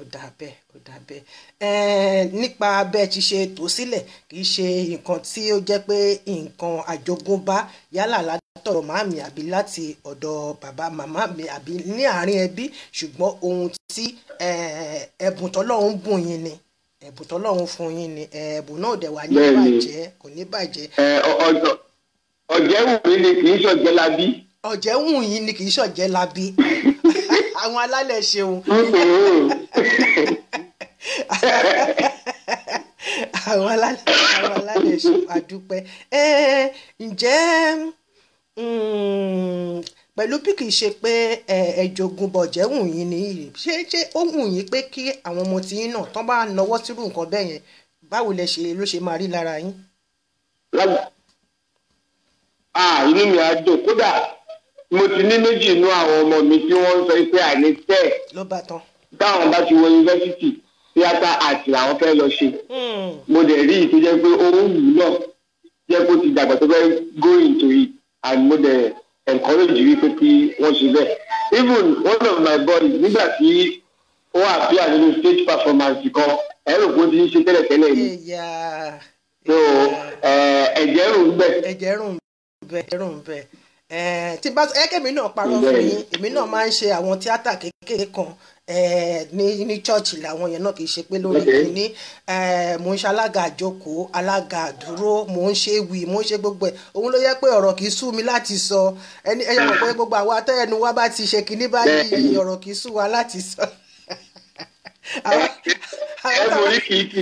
ó dà bẹ́ẹ̀ ó dà bẹ́ẹ̀ nípa bẹ́ẹ̀ ti ṣe tó sílẹ̀ kì í ṣe nǹkan tí ó jẹ́ pé nǹkan àjogúnbá yálà látọ̀rọ̀ màmí àbí láti ọ̀dọ̀ bàbá màmá mi àbí ní àárín ẹbí ṣùgbọ́n ohun tí ẹ̀bùn tọ́lọ́run bùn yín ni ẹ̀bùn tọ́lọ́run fún yín ni ẹ̀bùn náà dẹ̀ wá ní bàjẹ́ kò ní bàjẹ́. ọ̀jẹ̀ wù mí ni kì í ṣọ̀jẹ̀ labí. ọ̀jẹ̀ wù yín ni kì í ṣọ̀jẹ̀ labí àwọn alálẹ̀ ṣeun. àwọn alálẹ̀ ṣeun àdúpẹ́ ǹjẹ́. Mm, pẹ̀lú bí kì í ṣe pé ẹ jogun bọ̀jẹ́ wù yín ní ìrè ṣé ṣé ó wù yín pé kí àwọn ọmọ tí yín náà tán bá nọwọ́ sírú nǹkan bẹ́ẹ̀ yẹn báwo lẹ ṣe ló ṣe máa rí lára yín. lábẹ́ inú mi á dùn kódà mo ti ní méjì inú àwọn ọmọ mi tí wọ́n ń sọ pé àní tẹ̀ ló bá tán táwọn bá ti wọ yunifásitì tíátà àti làwọn fẹ́ lọ ṣe hmm. mo dẹ̀ rí ìtọ́jẹ́ pé ó ń wù náà jẹ́ kó ti dàgbà tó fẹ́ go into it mo dẹ̀ encourage wípé kí wọ́n ṣe bẹ́ẹ̀ even one of my boys nígbà tí ó àpíà nínú stage performance kan ẹ̀rù kó ti ń ṣe tẹ́lẹ̀tẹ́lẹ̀ ni so eh, ẹ̀jẹ̀ rùn bẹ́ẹ̀. ẹ̀jẹ̀ rùn bẹ́ẹ̀ Eh, tí bá ẹkẹmí náà parọ́ fún yín èmi náà máa ń ṣe àwọn tíátà kékeré kan eh, ní ní chọ́ọ̀chì làwọn yẹn náà kì í ṣe pé lórí kìíní eh, mò ń ṣe alága àjókòó alága àdúró mò ń ṣe ewì mò ń ṣe gbogbo ẹ̀ òun ló yẹ pé ọ̀rọ̀ kì í sú mi láti sọ ẹni ẹyọ pé gbogbo àwa tẹ́ẹ̀nu wa bá ti ṣe kìíní báyìí ọ̀rọ̀ kì í sú wa láti sọ ẹmọrí kì í kì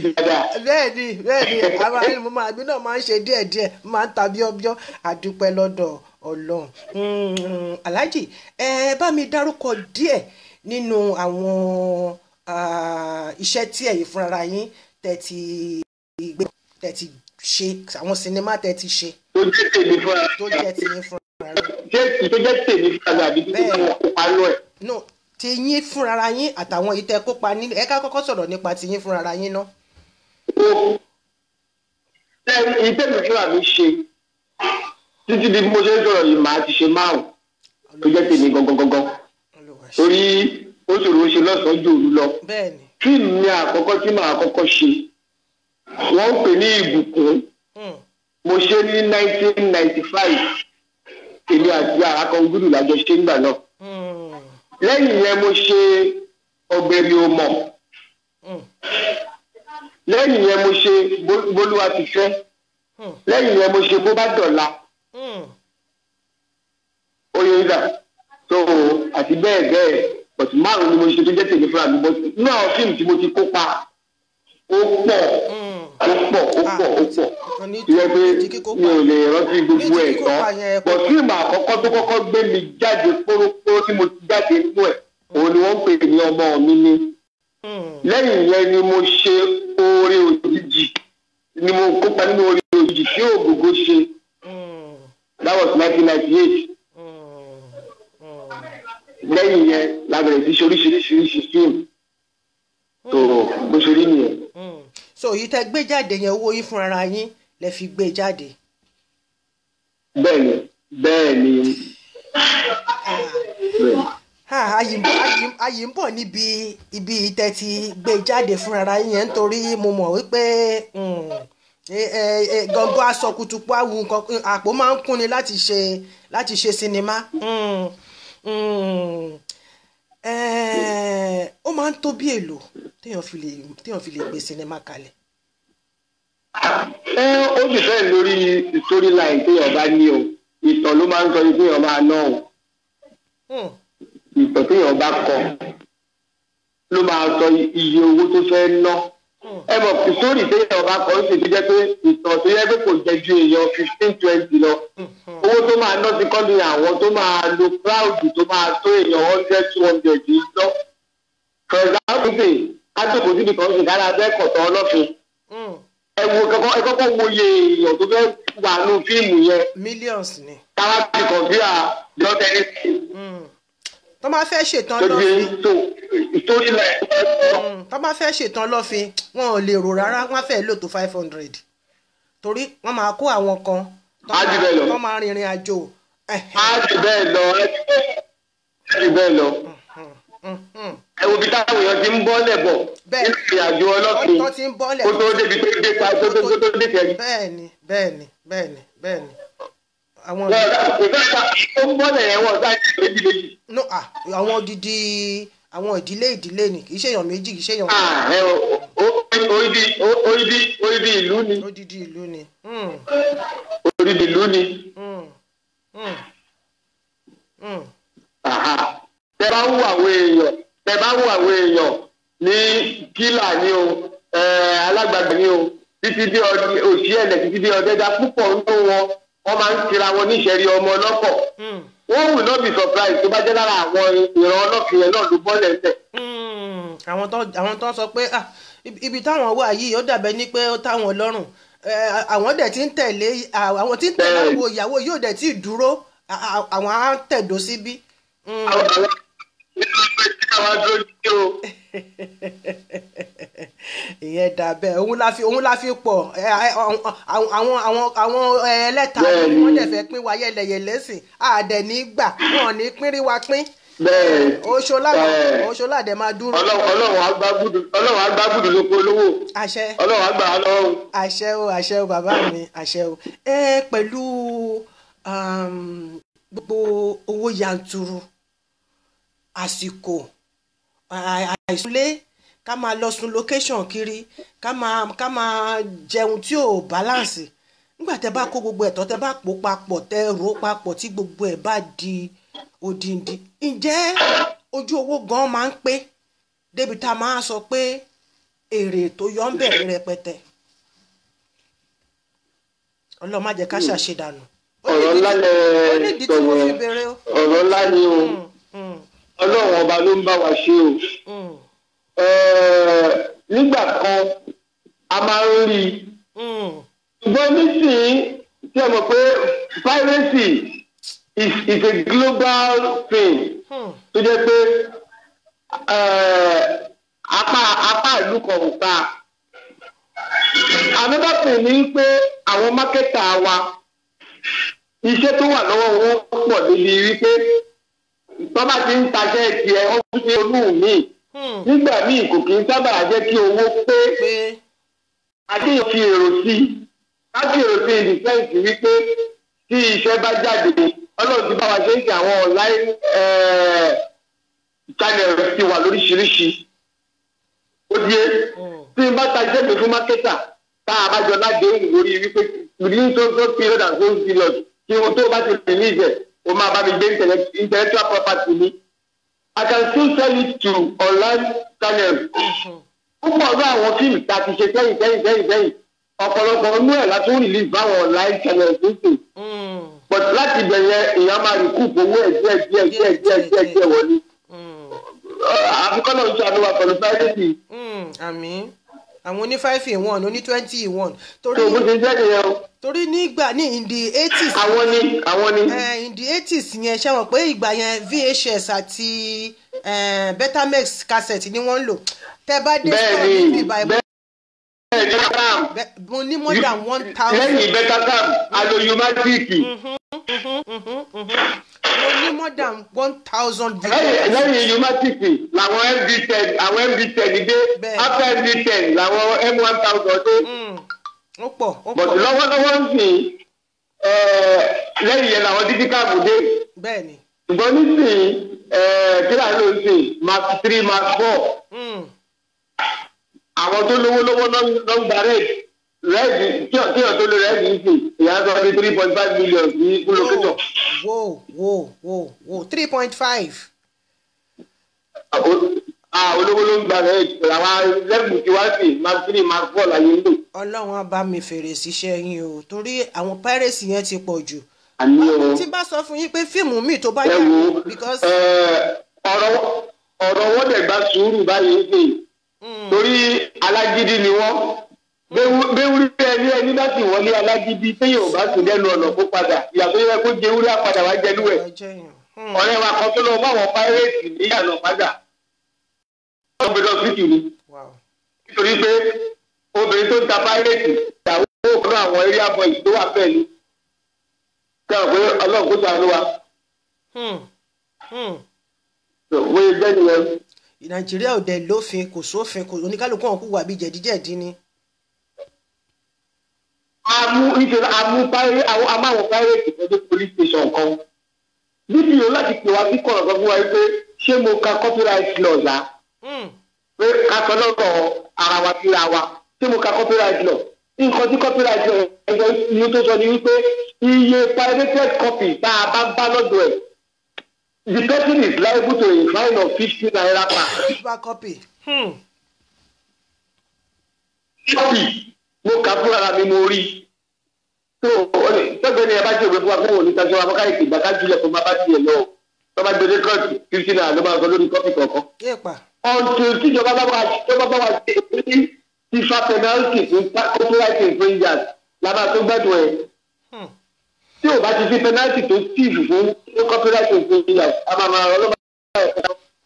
àwọn àyẹ̀mọ́ náà máa ń ṣe díẹ̀díẹ̀ máa ń ta bíọ́bíọ́ àdúpẹ́ lọ́dọ̀ ọlọ́run hmm, aláàjì ẹ bá mi dárúkọ díẹ̀ nínú àwọn iṣẹ́ tí ẹ̀yin fúnra yín tẹ̀tí gbé tẹ̀tí ṣe àwọn sinimá tẹ̀tí ṣe. tó jẹ́ tèmi fúnra rẹ̀ tó jẹ́ tèmi fúnra rẹ̀. tó jẹ́ tèmi fúnra rẹ̀ àbí tó jẹ́ wọn kópa lọ ẹ̀. no ti yín fúnra yín àtàwọn èyí tẹ kópa nílé ẹ ká kọ́kọ́ sọ̀rọ̀ nípa ti fúnra yín náà. ìtẹ́mi fúnra mi ṣe títí di mo ṣe ń sọ̀rọ̀ yìí màá ti ṣe márùn-ún tó jẹ́ tèmi gangan gangan torí ó ṣòro ṣe lọ́sàn-án jò òru lọ fíìmù ni àkọ́kọ́ tí màá kọ́kọ́ ṣe wọ́n ń pè ní ìbùkún hmm. mo ṣe ní nineteen ninety five èmi àti àràkàn gúdù lájọ ṣe nígbà náà hmm. lẹ́yìn yẹn mo ṣe ọ̀gbẹ̀rì òmọ̀ lẹ́yìn yẹn mo ṣe bólúwa ti fẹ́ hmm. lẹ́yìn yẹn mo ṣe bó bá dọ̀la. Hmm. ó yẹ yíyá so àti bẹ́ẹ̀ bẹ́ẹ̀ but márùn ni mo ṣe tó jẹ́ tèmi fúnra mi but náà fíìmù tí mo ti kópa ó pọ̀ hmm. ó pọ̀ ó ah, pọ̀ ó pọ̀ ìyẹn pé mi ò lè rántí gbogbo ẹ̀ tán but fíìmù àkọ́kọ́ tó kọ́kọ́ gbé mi jáde pórópóró tí mo ti jáde nínú ẹ̀ òun ni wọ́n pè ní ọmọ mi ní hmm. lẹ́yìn yẹn ni mo ṣe oore òjijì ni mo kópa nínú oore òjijì tí Ògògó ṣe that was nineteen ninety eight lẹ́yìn yẹn la bẹ̀rẹ̀ sí ṣe oríṣiríṣiríṣi fíìmù tó bó ṣe rí nìyẹn. so èyí tẹ́ gbé jáde yẹn owó yín fúnra yín lẹ fi gbé jáde. bẹ́ẹ̀ni bẹ́ẹ̀ni. ayì ń bọ̀ níbi ibi tẹ́ ti gbé jáde fúnra yín yẹn nítorí mo mọ̀ wípé. Hmm, gangan asọ̀kùtùpù awù nǹkan àpò máa ń kúnni láti ṣe láti ṣe sinimá hmm, hmm. ó máa ń tó bí èlò téèyàn fi lè téèyàn fi lè gbé sinimá kalẹ̀. ẹ ó sì fẹ́ lórí storyline téèyàn bá ní o ìtàn ló máa ń sọ ní téèyàn máa ná o hmm. ìtàn téèyàn bá kọ ló máa sọ iye owó tó fẹ́ ná. No ẹ mọ̀ sórí ìdíyẹ̀ ọba kan ṣe tó jẹ́ pé ìtàn tó yẹ pé kò jẹ́ ju èèyàn fifteen twenty lọ owó tó máa ná ti kọ́ni àwọn tó máa lo cloud tó máa tó èèyàn hundred two hundred yìí lọ for example ṣe ádùkú síbi kan ṣe kára abẹ́ kọ̀tọ̀ ọlọ́fin ẹ wo ẹ kọ́kọ́ wo iye èèyàn tó fẹ́ wà nù fíìmù yẹn millions ni káwá ti kọ̀ bí i à lọ́tẹ̀ẹ́sì tó máa fẹ́ ṣètàn lọ́fin tó máa mm, fẹ́ ṣètàn lọ́fin wọn ò lè rò rárá wọn fẹ́ lò tó five hundred torí wọn máa kó àwọn kan tó máa rìnrìn àjò. a ti bẹ́ẹ̀ lọ a ti bẹ́ẹ̀ lọ mm-hmm, mm-hmm. ẹ wo bí táwọn èèyàn ti ń bọ́lẹ̀ bọ̀ nínú ìrìnàjò ọlọ́pìn kó tó débi tó dé pa tó tó dé tẹ̀lé. bẹ́ẹ̀ni bẹ́ẹ̀ni bẹ́ẹ̀ni bẹ́ẹ̀ni àwọn. àwọn odidi àwọn ìdílé ìdílé ni kì í ṣèyàn méjì kì í ṣèyàn. odidi odidi ìlú ni. odidi ìlú ni. Hmm. odidi ìlú ni. Hmm. Hmm. tẹ bá wù àwọn èèyàn tẹ bá wù àwọn èèyàn ní kílà ni o alágbàgbà ni o títí dé òṣìẹ̀lẹ̀ títí dé ọ̀dẹ́dá púpọ̀ ń tó wọn wọ́n máa ń tira wọn níṣẹ̀rí ọmọ ọlọ́kọ̀ hmm. wọ́n will not be surprised tó bá jẹ́ lára àwọn ìran ọlọ́fin yẹn náà ló bọ́lẹ̀ ńlẹ̀. Hmm. àwọn tó ń sọ pé ah, ibi táwọn wà yìí ó dàbẹ́ ní pé ó táwọn lọ́rùn eh, àwọn dẹ̀ ti ń tẹ̀lé àwọn tí ń tẹ̀lé àwọn ìyàwó yóò dẹ̀ ti dúró àwọn á tẹ̀dó síbí. Hmm. àwọn ìyẹn dà bẹ́ẹ̀ òun la fi òun la fi pọ̀ àwọn àwọn àwọn ẹlẹ́ta wọ́n dẹ̀ fẹ́ pín wa yẹlẹyẹlẹ sí àdẹ̀ ní gbà wọn ní pínrí wa pín oṣoládẹ máa dúró. ọlọ́run agbábùdù ló kó olówó. àṣẹ ọlọ́run agbà á lọ́wọ́. àṣẹ o àṣẹ o bàbá mi àṣẹ o. ẹ pẹ̀lú um, gbogbo owó yanturu àsìkò àìsúnlé ká máa lọ sun location kiri ká máa ká máa jẹun tí ò balance nígbà tẹ bá kó gbogbo ẹ̀tọ́ tẹ bá pò papọ̀ tẹ rò papọ̀ tí gbogbo ẹ̀ bá di odindi ǹjẹ́ ojú owó gan máa ń pé débi tá a máa sọ pé èrè tó yọ ń bẹ̀rẹ̀ rẹpẹtẹ ọlọ́run má jẹ́ ká hmm. ṣàṣedànù. ọ̀rọ̀ ńlá ni ọ̀rọ̀ ńlá ni o. Hmm. ọlọ́run ọba ló ń bá wa ṣe o mm. nígbà kan a máa ń rí i mm. ṣùgbọ́n nísìnyí tí a mọ̀ pé piracy is a global thing hmm. tó jẹ́ pé apá apá ìlú kan ò ta pé àwọn mákẹ́tà wa iṣẹ́ tó wà lọ́wọ́ wọn pọ̀ débi wípé. tọ́ba ti ń taṣẹ́ tiẹ̀ ó fi ṣe olú mi hmm. nígbà míì kò kí ń sábà jẹ́ kí owó pé akéèyàn fi èrò sí láti èrò sí ìdífẹ́ǹsì wípé tí iṣẹ́ bá jáde ọlọ́run ti bá wa ṣe ń ṣe àwọn online eh, channel ti wà lóríṣiríṣi ó di é hmm. tí n bá ta iṣẹ́ mi fún mákẹ́tà tá a bá jọ lágbèéhùn lórí wípé ní tó tó fi rẹ́dà tó ń fi lọ kí wọn tó bá ti rìn ní ìjẹ́ o máa bá mi gbé intellectual property mi i can still sell it to online channels. púpọ̀ náà àwọn fíìmù tá a ti ṣe sẹ́yìn sẹ́yìn sẹ́yìn sẹ́yìn ọ̀pọ̀lọpọ̀ inú ẹ̀ láti ń release báwọn online channels ń sè. Mm. but láti bẹ̀rẹ̀ èèyàn máa rí kúùpù owó ẹ̀ díẹ̀ díẹ̀ díẹ̀ díẹ̀ díẹ̀ díẹ̀ wọlé. Mm. àfikọ́ náà ń ṣàdúrà pẹ̀lú privacy. Mm. àmín. Mm, àwọn oní five in one oní twenty in one. torí mo ṣe jẹ́ ìyẹn o. torí nígbà ní in the eighties. àwọn ni àwọn ni. Uh, in the eighties yẹn ṣe wọ́n pé ìgbà yẹn VHS àti uh, Betamax cassette ni wọ́n ń lò. tẹ bá dé sọ ní ìdìbà ìbò. bẹ́ẹ̀ni bẹ́ẹ̀ni mo ní more than one thousand. lẹ́yìn Betacam alo Humadic. Mm-hmm, mm-hmm, mm-hmm, mo ní more than one thousand degrees. lẹ́yìn yunifásitì làwọn md ten àwọn md ten dé after md ten làwọn m one thousand dé. Hmm. ó pọ̀ ó pọ̀ bọ̀dù lọ́wọ́lọ́wọ́ ń sìn lẹ́yìn yẹn làwọn dídí káàbù dé. bẹ́ẹ̀ni. ṣùgbọ́n nísìnyí kíláà ló ń sìn mark three mark four. Hmm. àwọn tó lówó lówó ló ń gba rẹ́ẹ̀dì rẹ́ẹ̀dì kí ọ̀ tó lè rẹ́ẹ̀dì ń sè ìyá sọ ní three point five million sí kúlókítọ̀. wo wo wo wo three point five. olówó ló ń gba rẹ̀ làwọn lẹ́gùn tí wá sí mark mark four láyé ń lò. ọlọ́run á bá mi fèrè síṣẹ́ yín o torí àwọn pẹ́rẹ́sì yẹn ti pọ̀ jù. àní o tí bá sọ fún yín pé fíìmù mi tó bá yà wò because. ọ̀rọ̀ ọ̀rọ̀ wọ́n dẹ̀ gba sùúrù báyìí ń sè hmm. torí alágídí ni wọ́n béwúrí ẹni ẹni bá ti wọlé alágídí téèyàn ò bá sùn lẹ́nu ọ̀nà kó padà ìyàtọ̀ yẹ kó jẹ ewúrẹ́ àpadà wá jẹlú ẹ̀ hmm. ọ̀rẹ́ wa kan tó lọ mọ́ àwọn pírẹ́tì ní ìyànà padà ọ̀gbìn lọ fìtì ni nítorí pé obìnrin tó ń ta pírẹ́tì ìyàwó òkúrò àwọn area boys tó wà bẹ́ẹ̀ ni kí wọ́n pé ọlọ́run kó sàánú wa. Hmm. Hmm. wọ́n yé jẹ́ nìyẹn. nàìjíríà ò dẹ̀ lófin kò sófin oníkálukú ọ̀hún kú wà bí jẹ̀díjẹ̀dí ni amú ìṣẹ̀lẹ̀ amú amáwọn pirate ìfọdé police station kan níbi yòó láti pè wá sí kọ̀ọ̀rọ̀ kan fún wa pé ṣé mo ka copyright law yá hmm. pé ká sọ lọ́rọ̀ ara wa síra wa ṣé mo ka copyright law nǹkan tí copyright law ẹ̀jọ̀ ni tó sọ ni wípé iye pirated copy tá a bá bá lọ́dọ̀ ẹ̀ the person is liable to a fine of fifty naira per mo kà fún ara mi mo rí tó tẹ́gbẹ́ ni ẹ bá jẹ́ òwe fún wa fún òní kájọ abọ́ká ètò ìgbà kájúlẹ̀ fún bàbá tiẹ̀ lọ tó bá gbẹdẹ kọ́ọ̀tù kìrìsìnà ló máa sọ lórí kọ́ọ̀tù kọ̀ọ̀kan. ọ̀tún tíjọba bá wà tíjọba bá wà dé ní fífa pẹnáltì fún copyright infringers lábá tó gbẹ̀dùn ẹ̀. Hmm. tí o bá ti fi pẹnáltì tó tíìfù fún copyright infringers a máa máa ọlọ́mọ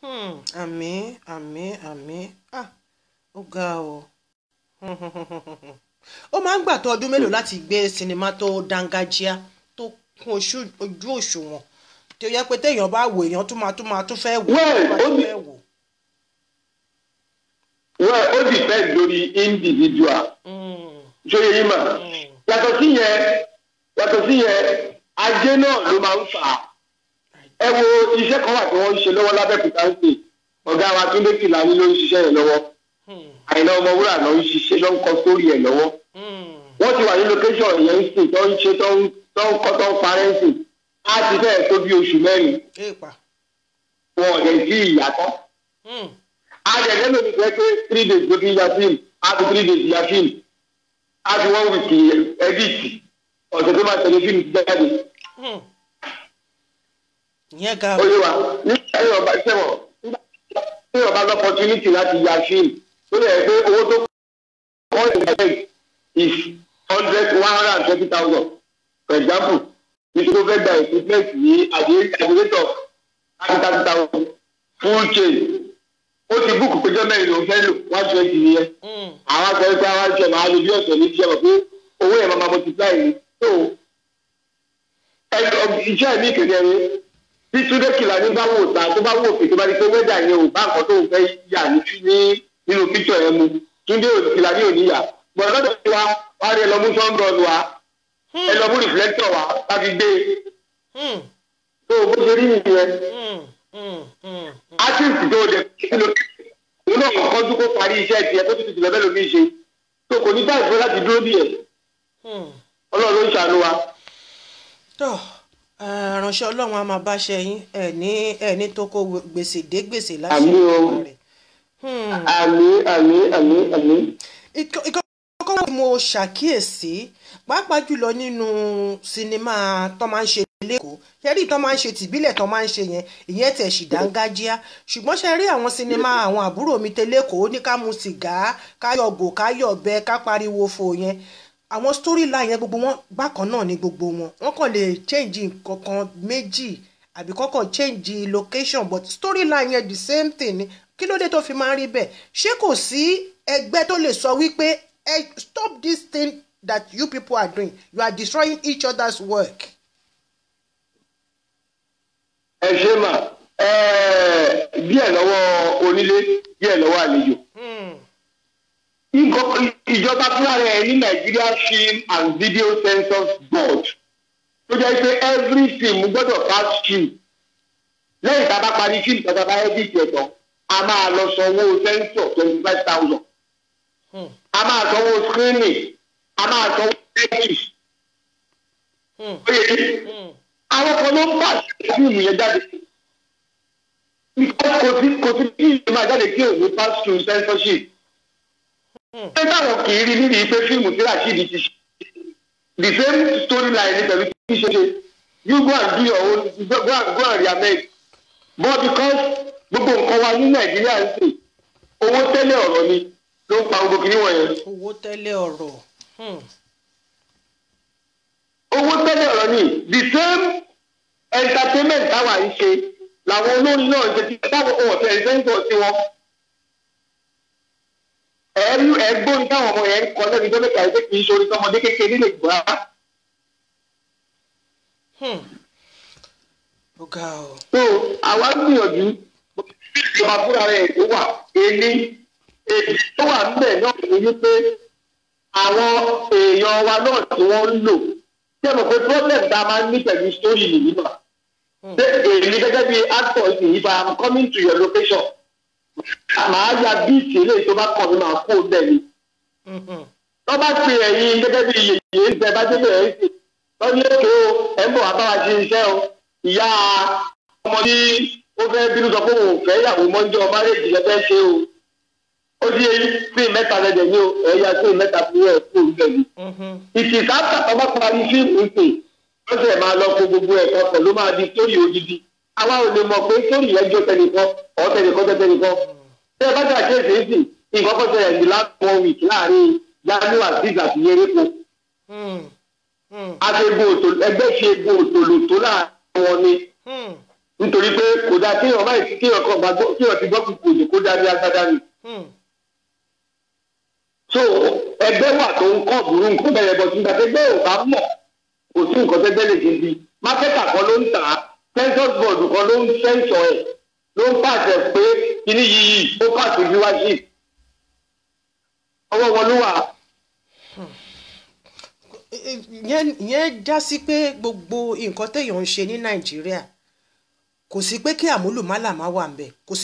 hmm. àmín àmín àmín ọ. Ah, ó máa ń gbà tó ọdún mélòó láti gbé sinimá tó dángájíá tó kún ojú òṣùwọ̀n tí ó yẹ pé téèyàn bá wò èèyàn tún máa tún máa tún fẹ́ wò wọ́n ó depend lórí individual hmm. ṣóyè yìí hmm. yàtọ̀ sí yẹn yàtọ̀ sí yẹn ajé náà ló máa ń fà á ẹ wo iṣẹ́ kan wà tí wọ́n ń ṣe lọ́wọ́ lábẹ́kúta ń pè ọ̀gá wa Túndé Kìlání ló ń ṣiṣẹ́ yẹn lọ́wọ́ hmm. Àyìnlá Ọmọwúrà ló ń ṣiṣẹ́ ló ń kọ sórí ẹ̀ lọ́wọ́ wọ́n ti wà ní location yẹn sì tó ń ṣe tó ń tó ń kọ́ tó ń parẹ́ sí á ti fẹ́ẹ̀ tó bí oṣù mẹ́rin wọn ò lè sí ìyàtọ̀ àjẹ̀dẹ́ hmm. lómi fẹ́ pé three days ló fi ya film á fi three days ya film á fi one week edit ọ̀sẹ̀ tó máa tẹ̀lé fíìmù jáde. Hmm. ìyẹn ga o. olùwà nígbà tí ọba sẹ́wọ̀ nígbà tí ọba lọ́pọ̀tunítì láti ya fíìmù ó lè pé owó tó kọ́ ọ́ ìgbà yẹn is hundred one hundred and twenty thousand for example nítorí ó fẹ́ gba equipment ní aggregator thirty thirty thousand full chain. ó ti book péjọ mẹ́rin ló ń fẹ́ lò one twenty nìyẹn hmm. àwọn akẹ́kọ̀ọ́ pé àwọn àjẹmọ́ àwọn àjẹbí ọ̀sẹ̀ ní ìjọba pé owó yẹn máa multiply ni so iṣẹ́ mi kékeré tí túndé kìlà ní bá wò ta tó bá wò pé tó bá di pé wẹ́dà yẹn ò bá nǹkan tó ń fẹ́ yà ní nínú píṣọ̀ yẹn mu túndé kìlà ní òníyà gbọ̀dọ̀ lọ́dọ̀ wa wá rí ẹlọ́mú sọ́ńdọ̀nù wa ẹlọ́mú rìflẹ́tọ̀ wa láti gbé e tó o bó ṣe rí nìyẹn artist tó o dẹ̀ kí ló ń lọ kọ́kọ́ dúkó parí iṣẹ́ tiẹ̀ tó ti ti lọ́bẹ̀ lómi ṣe tó kò ní dáì fún láti dúró díẹ̀ ọlọ́run ló ń ṣàánú wa. tó ránṣẹ́ ọlọ́run a máa bá ṣe yín ẹ̀ ní ẹ̀ ní tó kó gbèsè dé gbèsè láṣẹ ìwà rẹ̀. àmì àmì àmì àmì tí mo ṣàkíyèsí pàápàá jùlọ nínú sinimá tó máa ń ṣe lẹ́kọ̀ọ́ ṣe rí ìtàn máa ń ṣe tìbílẹ̀ tán máa ń ṣe yẹn ìyẹn tẹ̀ sì dángájíá ṣùgbọ́n ṣe rí àwọn sinimá àwọn àbúrò mi tẹ́lẹ̀kọ́ ó ní ká mu sìgá ká yọ̀gò ká yọ̀bẹ ká pariwo fò yẹn àwọn storyline yẹn gbogbo wọn bákan náà ni gbogbo wọn wọn kàn lè change nǹkankan méjì àbí kọ́kọ́ change location but storyline yẹn the same thing ni kí ló dé tó fi máa ń rí bẹ́ẹ̀ ṣé kò sí ẹgbẹ́ tó lè sọ wípé Hey, stop this thing that you people are doing. You are destroying each other's work. Ẹ ṣe mà díẹ̀ lọ́wọ́ onílé díẹ̀ lọ́wọ́ àlejò. Hmm. Ìjọba fúnra ẹ̀ ní Nàìjíríà Film and Video Censors Board tó jẹ́ pé every film gbọ́dọ̀ pass through lẹ́yìn tá a bá parí fíìmù tàbí tá a bá edit ẹ̀ tán a máa lọ sanwó sẹ́ńsọ̀ twenty five thousand. Hmm. a máa sanwó screening a máa sanwó tẹ́tì. Hmm. Hmm. àwọn kan ló ń bà fíìmù yẹn jáde kò sí kò sí fíìmù máa jáde kí òun pass through censorship. ṣé táwọn kì í rí níbi ìpè fíìmù tí Rasheed ti ṣe the same story line pẹ̀lú kí ṣe ṣe you go and do your own go and go and reamend but because gbogbo nǹkan wa ní Nàìjíríà ń sè owó tẹ́lẹ̀ ọ̀rọ̀ ni ló ń pa gbogbo kìíní wọ̀nyẹn. owó tẹ́lẹ̀ ọ̀rọ̀. Hmm. owó tẹ́lẹ̀ ọ̀rọ̀ ni the same entertainment táwa ń ṣe làwọn olórin náà ń ṣe títí táwọn ohun ọ̀sẹ̀ ẹ̀rí sẹ́ńtọ̀ sí wọn. ẹ̀ẹ́lú ẹ̀gbọ́n táwọn ọmọ yẹn ń kọ lẹ́nu tó mẹ́ta ẹ̀ṣẹ́ kìí ṣorí tọmọdé kékeré lè gbà á. ó ga ọ. so àwa ń gbìyànjú ìjọba fúnra rẹ̀ tó wà èlé èdè tó wà níbẹ̀ náà ni wípé àwọn èèyàn wa náà tí wọ́n ń lò ṣé mo pe problem tá a máa ń ní pẹ̀lú story nìyí mà hmm. ṣé èmi gẹ́gẹ́ bí actor nìyí fa i'm coming to your location màá ya bíìtì eléyìí tó bá kàn mí màá kó o bẹ̀ ni wọ́n hmm. bá pe ẹ̀yin gẹ́gẹ́ bí yèyé ìgbẹ́ bá dé bẹ̀rẹ̀ sí wọ́n ní ètò ẹ̀ ń bọ̀ wá báwa ṣe iṣẹ́ o ìyá ọmọ tí ó fẹ́ bínú sọ pé òun fẹ́ yàwó mọ́jọ́ márèjì lẹ́fẹ́ ṣe o ó di eyín fíìmù mẹ́ta rẹ̀ dẹ̀ ní o ẹ̀yà fíìmù mẹ́ta fún ẹ̀ fún òun bẹ̀ ni. Mhm. ìtìká tàbí bá parí fíìmù ń pè ó sì máa lọ kó gbogbo ẹ̀ papọ̀ ló máa di sórí odidi àwa ò lè mọ̀ pé sórí yẹn jó tẹnìkan ọ̀ tẹnìkan tẹ tẹnìkan. tẹ́ ẹ bá tẹ̀ àkíyèsí ń sìn nǹkan kọ́ tẹ̀lé ní láwọn wíìkì láàrin yanu aziz àti yereko. Hmm. Hmm. ẹgbẹ́ ṣe egbò òtòlótó láàrin wọn ni hmm. nítorí pé kò dáa kéèyàn máa ti kéèyàn kan gbàgbọ́ kéèyàn ti gbọ́ kúkú òjò kó dáa ní agbádá ni. so ẹgbẹ́ wà tó ń kọ́ burú nǹkan bẹ̀rẹ̀ bọ̀ tí gbàgbẹ́gbẹ́ ò bá mọ̀ kò sí nǹkan tẹ́gbẹ́ lè ṣe bí mákẹ́tà kan ló ń tà á census board kan ló ń sẹ́ńsọ̀ ẹ̀ ló ń pàṣẹ pé kíní ó pàṣẹ ọwọ́ wọn ló wà. já sí pé gbogbo nǹkan téèyàn ń ní nàìjíríà kò sí pé kí àmúlùmálà máa wà ń kò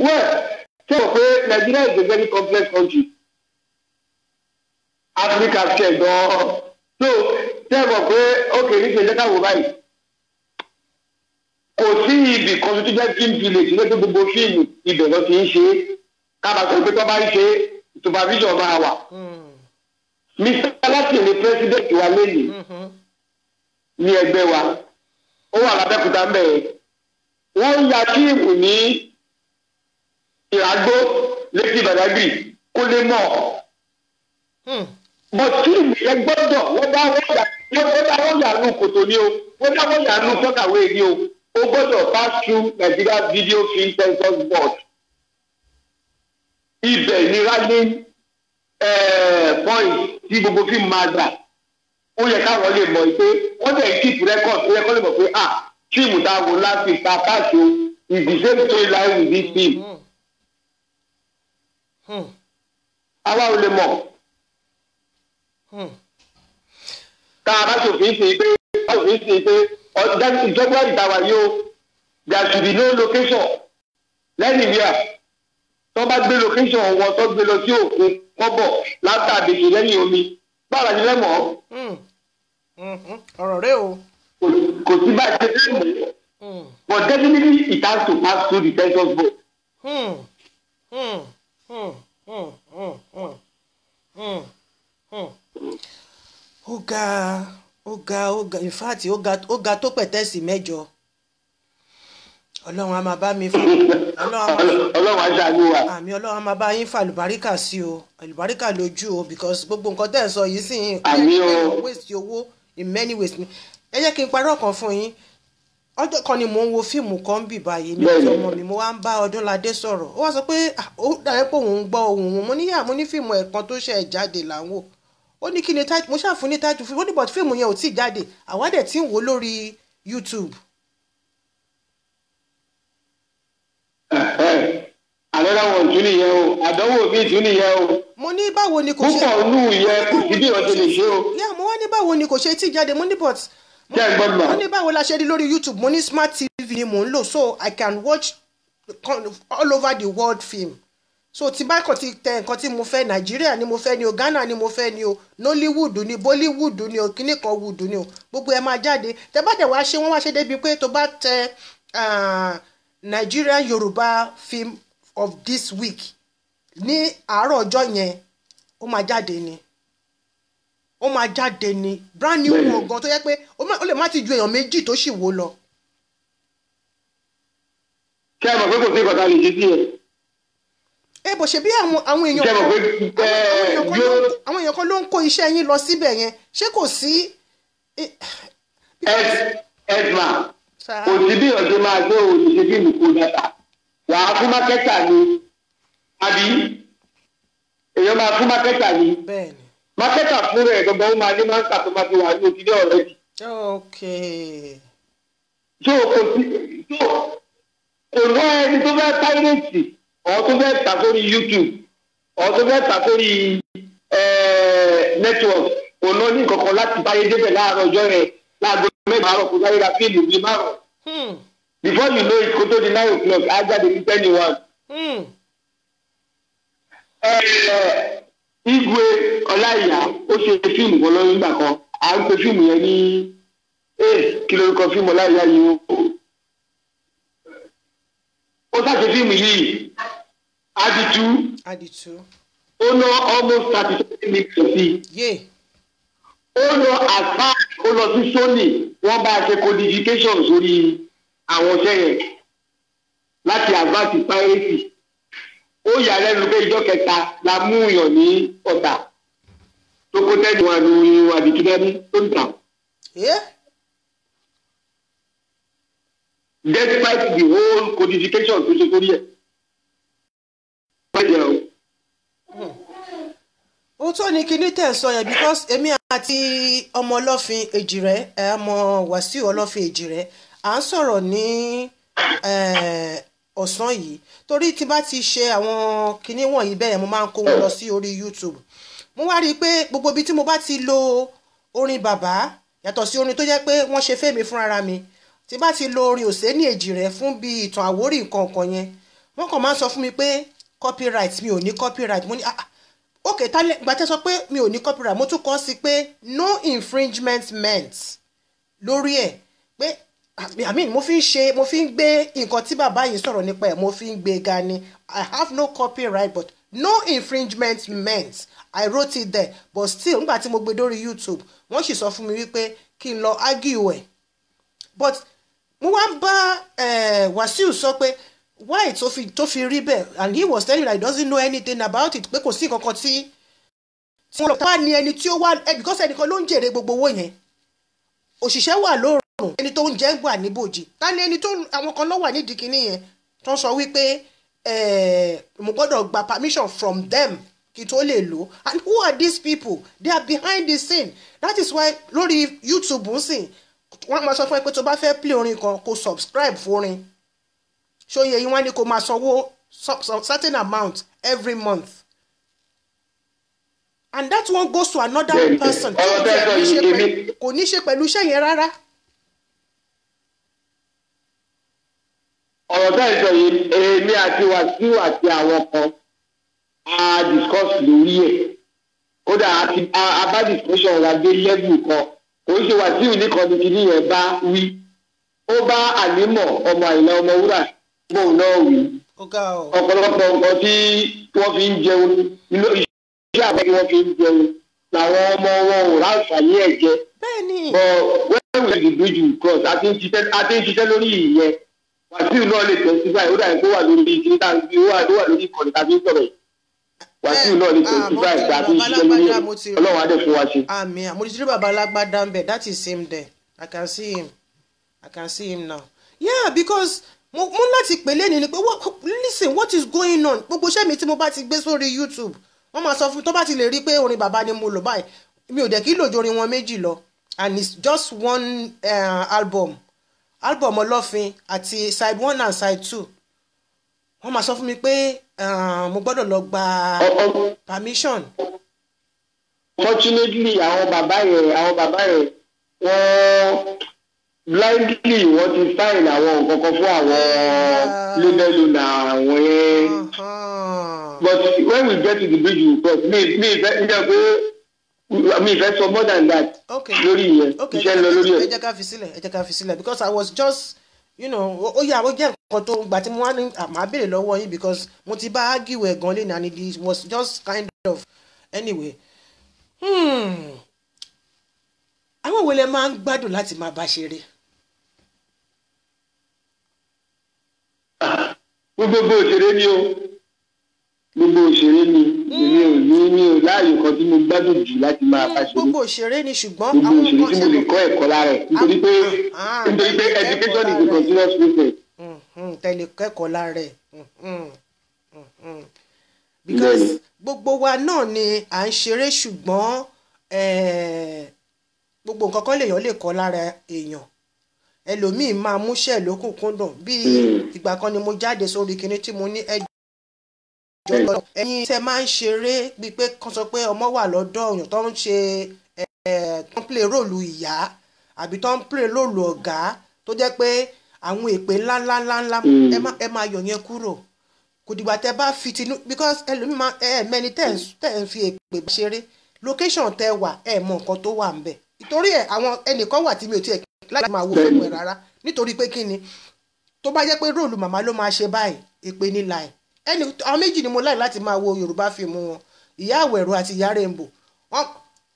well ṣé o pé Nigeria is a very complex country Africa ṣe gan so ṣé o mọ̀ pé ókè níṣẹ́ lẹ́ka wò báyìí kò sí ibì kan tó jẹ́ film village lẹ́gbẹ́ gbogbo fíìmù ibẹ̀ lọ ti ń ṣe é kábàtà pé tó bá ń ṣe é supervision máa wà. Mr. Hmm. Latin ni president wa lẹ́yìn hmm. ní ẹgbẹ́ wa ó wà lábẹ́kúta ń bẹ̀rẹ̀ wọ́n ń ya fíìmù ní ìrágbó létí bàdágì kó lè mọ̀. bọ̀tíìmù yẹn gbọ́dọ̀ wọ́n dá wọ́n yànú kòtò ní o wọ́n dá wọ́n yànú tọ́kàwé ní o ó gbọ́dọ̀ pass through Nigeria Video Film Censors Board. ibẹ̀ ìnira ní eh, point tí gbogbo fíìmù máa gbà ó yẹ káwọn lè mọ̀ pé wọ́n dẹ̀ keep record ó yẹ kó lè mọ̀ pé ah fíìmù tá a wò láti ta káàkiri ìdíje tó ń la ẹ̀wù ní fíìmù. Hmm. àwa ò lè mọ̀ hmm. tá a bá ṣòfin sí pé ṣòfin sí pé ìjọba ìdáwà yóò there should be no location anywhere tó bá gbé location wọn tó gbé lọ sí òkun wọn bọ̀ látàbí lẹ́yìn omi báwa ni lẹ́mọ̀ọ́. Hmm. ọ̀rọ̀ rẹ o. kò sí bá a ṣe fẹ́ mọ̀ but definitely it has to pass through the census board. Hmm. Hmm ó ga ó ga ó ga in fact ó ga ó ga tó pẹ̀tẹ́sì mẹ́jọ ọlọ́run a máa bá mi fún ọlọ́run á dàlú wa àmì ọlọ́run a máa bá yín fa àlùbáríkà sí o àlùbáríkà lójú o because gbogbo nǹkan tẹ́ ẹ̀ sọ yìí sì ń pẹ́ ẹ̀ waste owó in many ways ẹ jẹ́ kí n parọ́ kan fún yín ọjọ́ kan ni mò ń wo fíìmù kan bì báyìí mi àti ọmọ mi mo wá ń bá Ọdúnládé sọ̀rọ̀ ó wá sọ pé ah, ó dàrẹ́ pé òun ń gbọ́ ohùn òun mo níyà mo ní fíìmù ẹ̀kan tó ṣẹ̀ jáde là ń wò ó ní kí ni táìtù mo ṣàfún ní táìtù fíìmù ó ní but fíìmù yẹn ò tí ì jáde àwa tí ń wò lórí YouTube. àlọ́lá wọn tún nìyẹn o àdánwò bíi tún nìyẹn o. mo ní báwo ni kò ṣe. púpọ̀ nù yẹ ibi ọ̀tẹ̀ lè ṣe o. mo wá ní báwo jẹ́ ń gbọ́dọ̀. mo ní báwo la ṣe rí lórí youtube mo ní smart tv ni mò ń lò so i can watch all over the world film so tí bákan ti tẹ nǹkan tí mo fẹ́ nàìjíríà ni mo fẹ́ ni o ghana ni mo fẹ́ ni o nollywood ni bollywood ni o kíní kan wood ni o gbogbo ẹ máa jáde tẹ bá dẹ̀ wá ṣe wọ́n wá ṣe débi pé tó bá tẹ nigerian Yoruba film of this week ní àárọ̀ ọjọ́ yẹn ó máa jáde ni ó máa jáde ni brand new one gan tó yẹ pé ó lè má ti ju èèyàn méjì tó sì wò lọ. ṣé ẹ mọ̀ pé kò sí ìkọ̀tà lè jí sí ẹ. ẹ eh, bọ̀ ṣe bí àwọn eh, èèyàn kan àwọn èèyàn kan ló ń kó iṣẹ́ yín lọ síbẹ̀ yẹn ṣé kò sí. edma eh, kò sí bí ọ̀dọ́ máa gbé òṣìṣẹ́ bí mi kó dàtà wàá fún mákẹ́tà ni àbí èèyàn máa fún mákẹ́tà ni. bẹ́ẹ̀ni mákẹ́tà fúnra ẹ̀ gbọ́ngàn ó máa ní máa ń kàtó máa fi wà ní òtí dé ọ̀rẹ́ bì. so kò lọ ẹni tó fẹ́ pírẹ́tì ọ̀ tó fẹ́ tà sórí YouTube ọ̀ tó fẹ́ tà sórí network kò lọ ní kankan láti báyé débẹ̀ láàárọ̀ ọjọ́ yẹn láago mẹ́ta àárọ̀ kò sáré ra fíìmù bíi márùn hmm. before you know it kó tó di nine o'clock á jáde ní one. Hmm. Igwe Ọláìyá ó ṣe fíìmù kan lọ́wọ́ nígbà kan à ń pe fíìmù yẹn ní kí lórúkọ fíìmù Ọláìyá yìí o ó ṣàṣe fíìmù yìí Aditu Aditu ó ná almost thirty seven million sí i ó lọ àgbà ó lọ sí Sony wọ́n bá ṣe codification sórí àwọn iṣẹ́ láti advance piracy. ó yà lẹ́nu pé ìjọ kẹta la mú yàn ní ọ̀tà tó kó tẹ́lẹ̀ wọn lu irun àdìtú dání tó ń tà. Eh? despite the whole codification tó ṣe torí ẹ̀. ó hmm. tó ní kinní tẹ̀ sọ yẹn because èmi àti ọmọ ọlọ́fin èjìrẹ́ ọmọ wàsíù ọlọ́fin èjìrẹ́ à ń sọ̀rọ̀ ní ọ̀sán yìí torí tí bá ti ṣe àwọn kinní wọ̀nyí bẹ́ẹ̀ mo máa ń kó wọn lọ sí orí YouTube mo wá rí i pé gbogbo ibi tí mo bá ti lo orin bàbá yàtọ̀ sí orin tó jẹ́ pé wọ́n ṣe fẹ́mi fúnra mi tí bá ti lo orin Òsénì Èjìrẹ́ fún bí ìtàn àwórí nǹkan kan yẹn wọ́n kàn máa ń sọ fún mi pé copyright mi ò ní copyright mo ní ah, ah, ok tálẹ̀ gbàtẹ́ sọ pé mi ò ní copyright mo tún kọ́ sí pé no infringement meant lórí ẹ̀ pé I mean mo fi ń ṣe mo fi ń gbé nǹkan tí bàbá yìí sọ̀rọ̀ nípa ẹ̀ mo fi gbé ga I have no copyright but no infringement meant I wrote it there but still nígbà tí mo gbé dórí YouTube wọ́n sì sọ fún mi wípé kí n lọ argue ẹ̀ but mo wá bá eh, Wàsíù sọ pé why tó fi tó fi rí bẹ́ẹ̀ and he was telling me that he doesn't know anything about it pé kò sí nǹkan kan tí tí wọ́n lọ bá ní ẹni tí ó wà eh, because ẹnìkan ló ń jèrè gbogbo owó yẹn òṣìṣẹ́ wà lóòrùn ọ̀run ẹni tó ń jẹ́ ń gbà níbòjì ká ní ẹni tó àwọn kan ló wà nídìí kínní yẹn tó ń sọ wípé mo gbọ́dọ̀ gba permission from them kí tó lè lò and who are these people they are behind the scene that is why lórí YouTube ń sìn wọ́n máa sọ fún ẹ pé tó bá fẹ́ play orin kan kó subscribe fórin ṣóyè yín wọ́n ní kó máa sanwó certain amount every month and that one goes to another person tí kò ní ṣe pẹ̀lú iṣẹ́ yẹn rárá. ọ̀rọ̀ bẹ́ẹ̀ sọ yìí èmi àti wàsíù àti àwọn kan a discuss lórí ẹ̀ kódà a bá discussion wa dé level kan kò ń ṣe wàsíù nìkan ní kíní yẹn bá wí ó bá ànímọ̀ ọmọ àìlẹ́ ọmọ wúrà bóun náà wí ọ̀pọ̀lọpọ̀ nǹkan tí wọ́n fi ń jẹun iṣẹ́ àbẹ́ tí wọ́n fi ń jẹun làwọn ọmọ wọn ò ráǹfààní ẹ̀ jẹ bẹ́ẹ̀ ni but when we dey do you a ti ń ṣiṣẹ́ lórí ìyẹn wàsíù náà lè tẹ̀sí báyìí ó dà kó wà lórí ìdí tàbí ó wà lórí ìkànnì tàbí sọ̀rọ̀ yìí wàsíù náà lè tẹ̀sí báyìí tàbí ìṣẹ́ lórí ọlọ́run adé fún wa ṣe. àmì àmọ́ ti rí bàbá alágbádá ń bẹ̀ that is him there i can see him i can see him now yeah because mo mo láti pè lé ní ni pé listen what is going on gbogbo iṣẹ́ mi tí mo bá ti gbé sórí youtube wọ́n máa sọ fún mi tó bá ti lè rí i pé orin bàbá ni mo lò báyìí mi ò dẹ̀ kí lòjó orin wọn méjì lọ and it's just one uh, album album ọlọ́fin àti side one and side two wọ́n máa sọ fún mi pé mo gbọ́dọ̀ lọ gba permission. fortunately àwọn bàbá yẹn àwọn bàbá yẹn wọ́n blindly wọ́n ti sign àwọn nǹkan kan fún àwọn label na àwọn yẹn uh-huh. but when we get to the bridge we cross me me ìfẹ́ ń jẹ́ pé mi fẹ́ sọ more than that lórí ìyẹn iṣẹ́ ń lọ lórí ẹ̀. ẹ jẹ́ ká fi sílẹ̀ ẹ jẹ́ ká fi sílẹ̀ because I was just you know ó yà ó jẹ́ nǹkan tó gbà tí mo wá ní àmà béèrè lọ́wọ́ yín because mo ti bá ágìwẹ̀ gan lé and it was just kind of anyway. Hmm. àwọn wo lẹ máa ń gbádùn láti máa bá ṣeré. Ah, gbogbo òṣèré ni o gbogbo òṣèré ni èmi ò mm. ní mi ò láàyò kan tí mo gbádùn jù láti máa mm, bá ṣeré gbogbo òṣèré ni ṣùgbọ́n àwọn kan gbogbo òṣèré tí mo lè kọ́ ẹ̀kọ́ lára ẹ̀ nítorí ah, pé ah, nítorí pé education is a continuous process. Mm, tẹ̀lé kẹ́kọ̀ọ́ lára ẹ̀ because gbogbo wa náà ni à ń ṣeré ṣùgbọ́n eh, gbogbo nǹkan kan lèèyàn lè kọ́ lára èèyàn ẹlòmíì máa múṣẹ́ lókùnkúndùn bíi hmm. ìgbà kan ni mo jáde sórí kinní tí mo ní ẹjọ́ ẹ̀yin tẹ́ máa ń ṣeré bíi kan sọ pé ọmọ wà lọ́dọ̀ òyìn tó ń ṣe tó ń róòlù ìyá àbí tó ń róòlù ọ̀gá tó jẹ́ pé àwọn èpè ńláńláńláńlá ẹ máa yọ yẹn kúrò kò dìgbà tẹ́ bá fi tinú because ẹlòmíì máa ẹ mẹni tẹ́ ń fi èpè bá ṣeré location tẹ́ wà ẹ mọ nǹkan tó wà ńbẹ̀ ìtorí ẹ àwọn ẹnìkan wà tí mi ò tiẹ̀ láti máa wo fún ẹ rárá nítorí pé kí ni tó bá jẹ́ pé róòlù màmá ló máa ṣe báyìí èpè ní láì ẹni àwọn méjì ni mo láì láti máa wo yorùbá fíìmù wọn ìyá àwẹ̀rọ àti ìyá rainbow wọn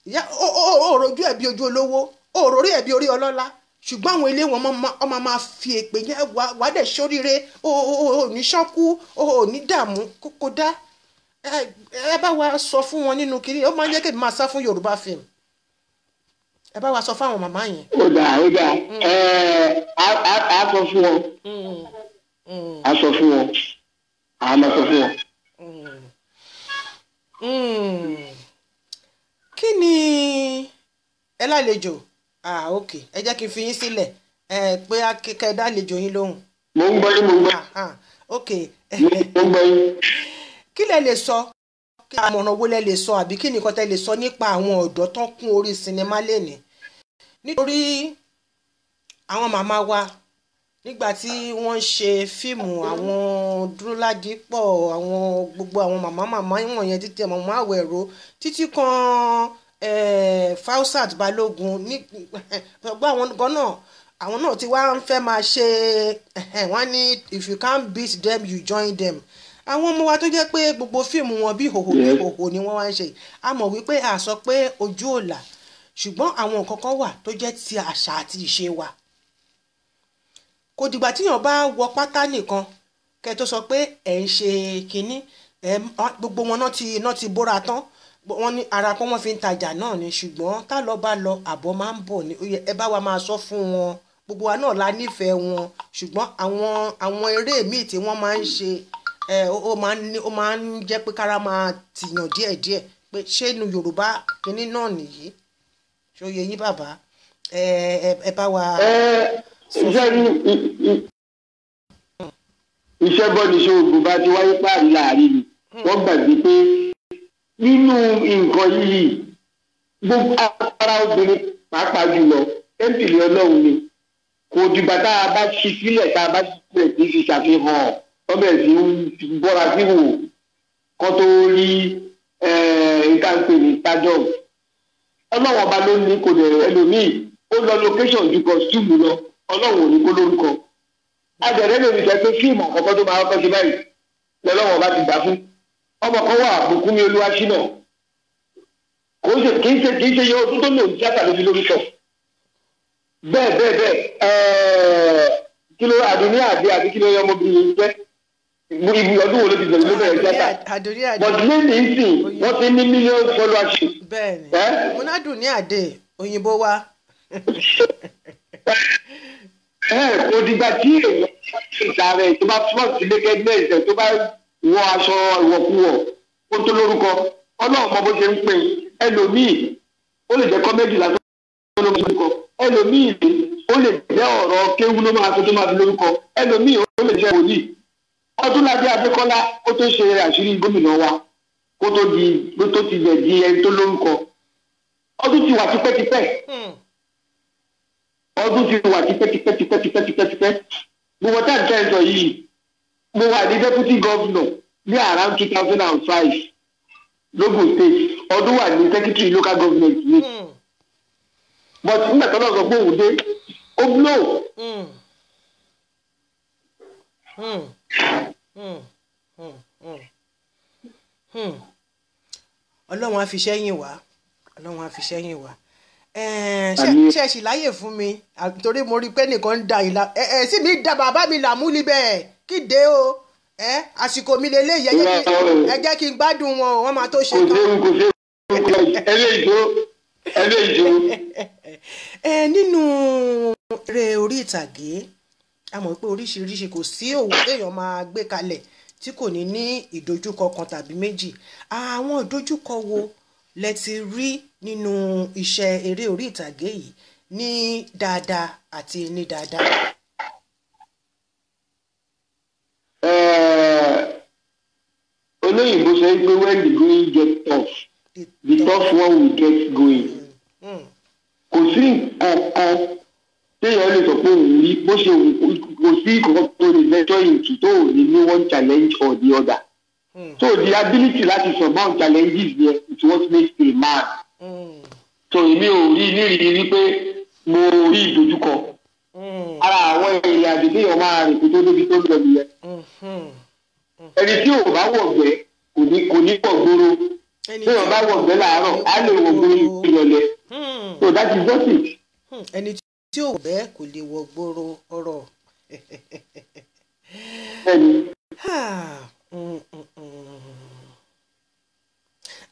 ìyá ó ó ó rojú ẹ̀ bí ojú olówó ó rórí ẹ̀ bí orí ọlọ́lá ṣùgbọ́n àwọn ilé wọn ọmọ máa fi èpè yẹn wàá dẹ̀ sóríire ó ní ṣánkú ó ní dààmú kókó dá ẹ bá wa sọ fún wọn nínú kiri ó máa ń jẹ́ kí èmi máa sá fún yorùbá fíìmù ẹ bá wa sọ fún àwọn màmá yẹn. ó dà ó dà mm. ẹ á sọ fún wọn a sọ fún wọn. Mm. Mm amọ̀sọ̀fún. kí ni ẹ lálejò ah ok ẹ jẹ́ kí n fi yín sílẹ̀ ẹ pé akẹ́kẹ́ dálejò yín lóhùn. mo ń gbọ́ yín mo ń gbọ́. ok mo ń gbọ́ yín. kí lẹ lè sọ kí àmọ̀ràn wo lẹ lè sọ àbí kí nìkan tẹ lè sọ nípa àwọn ọ̀dọ́ tán kún orí sinimá lẹ́nìí nítorí àwọn màmá wa nígbà tí wọ́n ń ṣe fíìmù àwọn dúróládìpọ̀ àwọn gbogbo àwọn màmá màmá wọ̀nyẹn títí màmá àwẹ̀rọ títí kan Fausat Balógun ní ọgbà àwọn gan náà àwọn náà ti wá ń fẹ́ máa ṣe wọ́n ní if you can't beat them you join them àwọn ọmọ wa tó jẹ́ pé gbogbo fíìmù wọn bí hòhò bí hòhò ni wọ́n wá ń ṣe a mọ̀ wípé a sọ pé ojú òòlà ṣùgbọ́n àwọn nǹkan kan wà tó jẹ́ ti àṣà àti ìṣe wa kò dìgbà tíyàn bá wọ pátá nìkan kẹ tó sọ pé ẹ̀ ń ṣe kínní ẹ̀ gbogbo wọn náà ti náà ti bóra tán wọ́n ní ara pọ́n wọ́n fi ń tajà náà ni ṣùgbọ́n tá lọ bá lọ àbọ̀ máa ń bọ̀ ni ẹ bá wa máa sọ fún wọn gbogbo wa náà la nífẹ̀ẹ́ wọn ṣùgbọ́n àwọn àwọn eré míì tí wọ́n máa ń ṣe ẹ ó máa ń ní ó máa ń jẹ́ pé kára máa tìyàn díẹ̀díẹ̀ pé ṣé nu Yorùbá kínní náà nìyí ṣó yín bàbá ẹ ẹ bá wa iṣẹ́ ní iṣẹ́ bọ́ni ṣe oògùn bá ti wáyé páàrí láàrin ni wọ́n gbàgbé pé nínú nǹkan yìí gbogbo ara obìnrin pàápàá jùlọ tẹ́ǹpìlì ọlọ́run ni kò dìgbà tá a bá ṣí sílẹ̀ tá a bá ṣí sílẹ̀ kì í fi ṣàfihàn ọbẹ̀ tí ń bọ́ra sí wò kó tó rí ìtànpè ní tajọ́ ọlọ́wọ́n ọba ló ní kò dẹ̀ ẹlòmíì ó lọ location ju costume lọ ọlọ́run ò ní kó lórúkọ àjẹrẹ lè nìjẹ pé fíìmù àkọ́kọ́ tó máa kọ́ sí báyìí lọ́lọ́wọ́ bá ti gbà fún ọmọ kan wà Bùkúnmi Olúwaṣínà kò ń ṣe kì í ṣe kì í ṣe iye ọdún tó lò ní tíátà lóbi lórí sọ bẹ́ẹ̀ bẹ́ẹ̀ bẹ́ẹ̀ kí ló àdúní àdé àbí kí ló yẹ ọmọbìnrin yẹn jẹ́ ibi ọdún wo ló ti bẹ̀rẹ̀ ló bẹ̀rẹ̀ tíátà but lẹ́yìn ìsìn wọ́n ti ní million followership. bẹ́ẹ̀ni múnádùn ní àdé òyìnbó wa. odigba tí èèyàn ìta rẹ̀ tó bá túmọ̀ sí lẹ́kẹ́dẹ́ ìṣẹ̀ tó bá wọ aṣọ ìwọ̀kuwọ̀ kó tó lórúkọ ọlọ́run mọ bó ṣe ń pè ẹlòmíì ó lè jẹ́ kọ́mẹ́dì lásán tó ló máa lórúkọ ẹlòmíì lè ó lè jẹ́ ọ̀rọ̀ kéwú ló máa tó tó máa fi lórúkọ ẹlòmíì ó lè jẹ́ wòlíì ọdúnládé adékọ́lá ó tó ṣe àṣírí gómìnà wa kó tó di ló tó ti bẹ̀ di ẹni tó lórúkọ ọdún ti wà tipẹ́tipẹ́. Hmm ọdún ti wà tipẹ́tipẹ́tipẹ́tipẹ́tipẹ́ gbogbo tá à ń tẹ̀sán yìí mo wà ní deputy governor ní around two thousand and five logun state ọdún wà ní secretary local government mi hmm. but nígbà tó náà sọ pé òun dé ó blow. Hmm. Hmm. ọlọ́run á fi sẹ́yìn wá ọlọ́run á fi sẹ́yìn wá ṣe eh, ṣì láyè fún mi torí mo rí i pé nìkan ń da ìlà ẹ ẹ sì mí da bàbá mi làmú níbẹ̀ kíde o ẹ àsìkò mi lélẹ́yìí ẹ jẹ́ kí n gbádùn wọn wọ́n máa tó ṣe tán ẹ eh, nínú eré orí ìtàgé a mọ̀ pé oríṣiríṣi kò sí òwò téèyàn máa gbé kalẹ̀ tí kò ní ní ìdojúkọ kan tàbí méjì àwọn ìdojúkọ wo lẹ ti rí nínú iṣẹ́ eré orí ìtàgé yìí ní dáadáa àti ní dáadáa. olóyìnbó sọ pé when the going get tough the tough one will get going mm. kò sí nǹkan kan téèyàn lè sọ pé òun rí bó ṣe kò sí ìkọ̀kan tó lè venture into tó ò ní ní one challenge or the other. Mm. so the ability láti surmount challenges yẹn is what makes a man so èmi ò rí nírìí wípé mo rí ìdojúkọ mm. ara àwọn ìrìn àjò tí èèyàn máa rìn kó tó débi tó ń lọ nìyẹn mm-hmm. ẹni tí ò bá wọ̀gbẹ́ kò ní kò gbóró tí èèyàn bá wọ̀gbẹ́ làárọ̀ á lè wọ̀ gbóró ìrọ̀lẹ́ mm. so that is just it. Mm. ẹni tí ò bẹ́ kò lè wọ̀ gbóró ọ̀rọ̀. bẹ́ẹ̀ni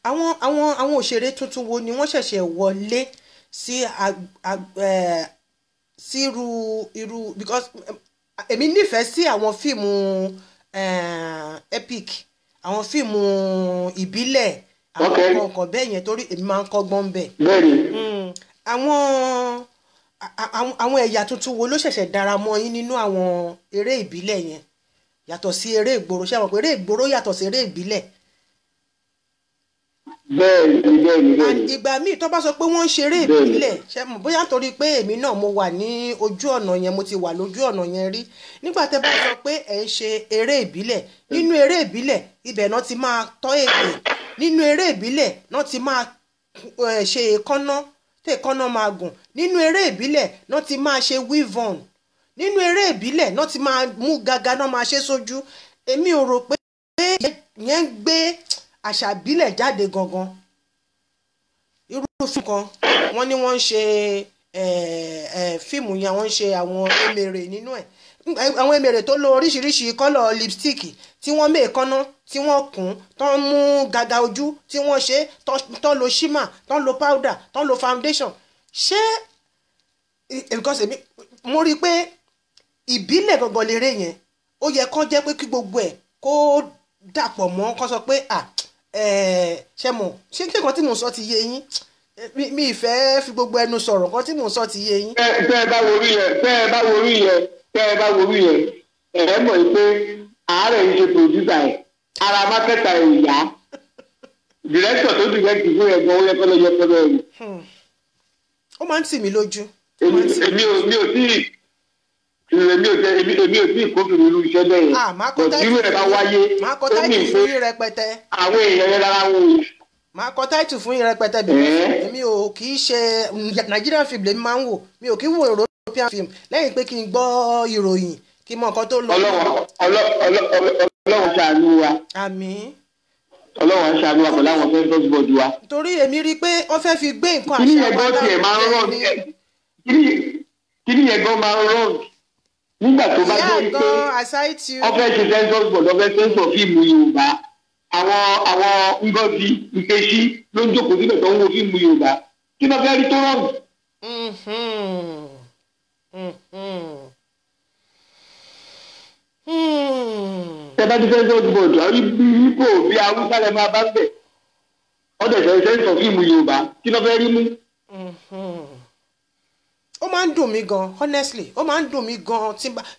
àwọn àwọn àwọn òṣèré tuntun wo ni wọ́n ṣẹ̀ṣẹ̀ wọlé sí sí irú irú because èmi nífẹ̀ẹ́ sí àwọn fíìmù epic àwọn fíìmù ìbílẹ̀ àwọn ọkọ̀ bẹ́ẹ̀ yẹn torí èmi máa ń kọ́gbọ́n bẹ́ẹ̀. bẹ́ẹ̀ni. Hmm. àwọn àwọn ẹ̀yà tuntun wo ló ṣẹ̀ṣẹ̀ dára mọ́ yín nínú àwọn eré ìbílẹ̀ yẹn yàtọ̀ sí eré ìgboro ṣé àwọn pé eré ìgboro yàtọ̀ sí eré ìbílẹ̀ bẹ́ẹ̀ni bẹ́ẹ̀ni bẹ́ẹ̀ni. ìgbà míì tó bá sọ pé wọ́n ń ṣeré ìbílẹ̀ ṣe mọ̀ bóyá nítorí pé èmi náà mo wà ní ojú ọ̀nà yẹn mo ti wà lójú ọ̀nà yẹn rí nígbà tẹ́ bá sọ pé ẹ̀ ń ṣe eré ìbílẹ̀ nínú eré ìbílẹ̀ ibẹ̀ náà ti máa tọ́ èdè nínú eré ìbílẹ̀ náà ti máa ṣe èkánná tẹ́ èkánná máa gùn nínú eré ìbílẹ̀ náà ti máa ṣe weave nínú eré ìbílẹ̀ náà ti máa mú gàgà náà máa ṣe sójú èmi ò rò pé yẹn gbé àṣà ìbílẹ̀ jáde gangan irúfẹ́ kan wọ́n ní wọ́n ń ṣe fíìmù yẹn wọ́n ń ṣe àwọn emèrè nínú ẹ̀ àwọn emèrè tó lo oríṣiríṣi kọ́lọ̀ lipstick tí wọ́n mé kánná tí wọ́n kùn tó ń mú gàgà ojú tí wọ́n ṣe tó ń lo shima. tó ń lo powder tó ń lo foundation ṣé because èmi mo rí i pé ìbílẹ̀ gangan lérè yẹn ó yẹ kó jẹ́ pé kí gbogbo ẹ̀ kó dàpọ̀ mọ́ kó sọ pé ah Eh, ṣe mọ̀ ṣé kí nǹkan tí mò ń sọ ti yé yín eh, mi ìfẹ́ fi gbogbo ẹnu sọ̀rọ̀ nǹkan tí mò ń sọ ti yé yín. tẹ́ ẹ bá wo orí yẹn tẹ́ ẹ bá wo orí yẹn tẹ́ ẹ bá wo orí yẹn ẹ mọ̀ pé àárẹ̀ ń ṣe pòdúsà ẹ̀ ara mákẹ́tà ẹ̀ ò yá dìrẹ́tọ̀ tó dìrẹ́tì fún ẹ̀ gan-an yẹpẹlẹ yẹpẹlẹ ẹ̀. ó máa ń tì mí lójú. èmi ò tí èmi ò tẹ èmi èmi ò tí ì kófìrí irú iṣẹ́ bẹ́ẹ̀ yẹn bọ̀dé irú ẹ̀ bá wáyé ó ní ìfún àwọn èèyàn yẹn lára wò ó. màá kọ táìtù fún yín rẹpẹtẹ bí mi ò kì í ṣe mm, Nigerian film lèmi máa ń wò mi ò kì í wo European film lẹ́yìn pé kí n gbọ́ ìròyìn kí n mọ nǹkan tó lọ. ọlọ́wọ́n ṣàánú wa. àmín. ọlọ́wọ́n ṣàánú wa pẹ̀lú àwọn fẹ́ẹ́ fẹ́ẹ́ bọ́ọ̀dù wa. torí èmi rí i pé wọ́n fẹ́ fi gbé nǹkan àṣà wa náà. kí ni yẹn gan máa ń rọ̀ǹkì nígbà tó bá dé pé ọfẹ ṣe census board ọfẹ census fíìmù yorùbá àwọn àwọn Ngozi Nkechi ló ń jókòó síbẹ̀ tó ń wo fíìmù yorùbá kí ló fẹ́ rí tó rọrùn. ṣé mm-hmm. bá dé census board ibo bí haúsá lè máa bá bẹ̀ ọ̀dẹ̀ fẹ́ fíìmù yorùbá kí ló fẹ́ rí mú. Mm-hmm ó máa ń dùn mí gan honestly ó máa ń dùn mí gan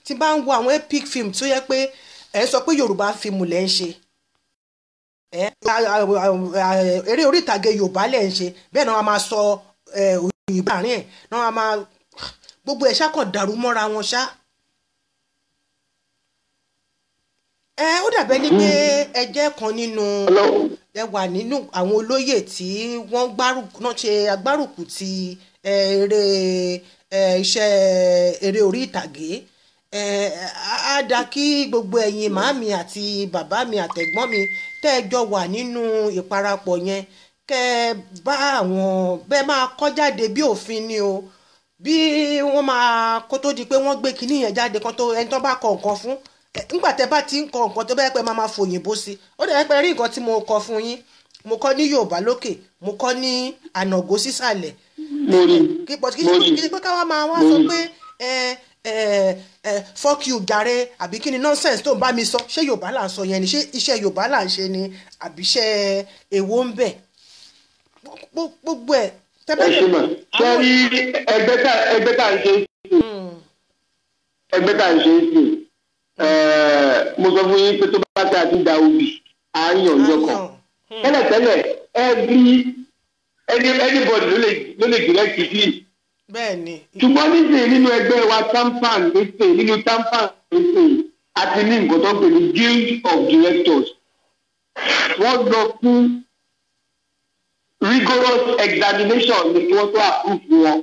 tí bá ń wo àwọn epic film tó yẹ pé ẹ sọ pé yorùbá fíìmù lẹ́ ń ṣe eré orí ìtàgé yorùbá lẹ́ ń ṣe bẹ́ẹ̀ náà wọ́n máa sọ òyìnbó àárín ẹ̀ náà wọ́n máa gbogbo ẹ̀ ṣá dàrú mọ́ra wọn ṣá. ẹ ó dàbẹ́ ni pé ẹ jẹ́ kan nínú ẹ wà nínú àwọn olóyè tí wọ́n gbárùkù náà ṣe agbárùkù ti. Hello? eré iṣẹ́ eré orí ìtàgé á dá kí gbogbo ẹ̀yin màámi àti bàbá mi àtẹ̀gbọ́n mi tẹ́ ẹ jọ wà nínú ìparapọ̀ yẹn kẹ́ ẹ bá àwọn bẹ́ẹ̀ máa kọ́ jáde bí òfin ni o bí wọ́n máa kó tó di pé wọ́n gbé kinní yẹn jáde kan tó ẹni tó bá kọ nǹkan fún nígbà tẹ́ bá ti ń kọ nǹkan tó bá yẹ pé máa máa fòyìnbó sí ó dẹ̀ pé rí nǹkan tí mo kọ fún yín mo kọ ní Yorùbá lókè mo kọ ní ànàgó sísàlẹ̀ mo rí mo rí kí ni pé káwá máa wá sọ pé fọ́ọ̀kì òjàre àbí kí ni nonsense tó ń bá mi sọ ṣé yorùbá là ń sọ yẹn ni ṣé iṣẹ́ yorùbá là ń ṣe ni àbí iṣẹ́ èwo ń bẹ gbogbo ẹ̀ tẹ́bẹ́ ṣe mọ̀ sẹ́rí ẹgbẹ́ tá ẹgbẹ́ tá ń ṣe é hmm. sí ẹgbẹ́ tá ń ṣe é sí mo sọ fún yín pé tó bá tẹ àti da obì à ń yàn ọjọ́ kan hmm. tẹ́lẹ̀tẹ́lẹ̀ every anybody ló lè ló lè direct yìí. bẹ́ẹ̀ni. ṣùgbọ́n nísìnyí nínú ẹgbẹ́ wa tampan lóṣè nínú tampan lóṣè a ti ní nǹkan tó ń pè ní guild of directors wọ́n lọ fún rigorous examination ni wọ́n tó approve wọn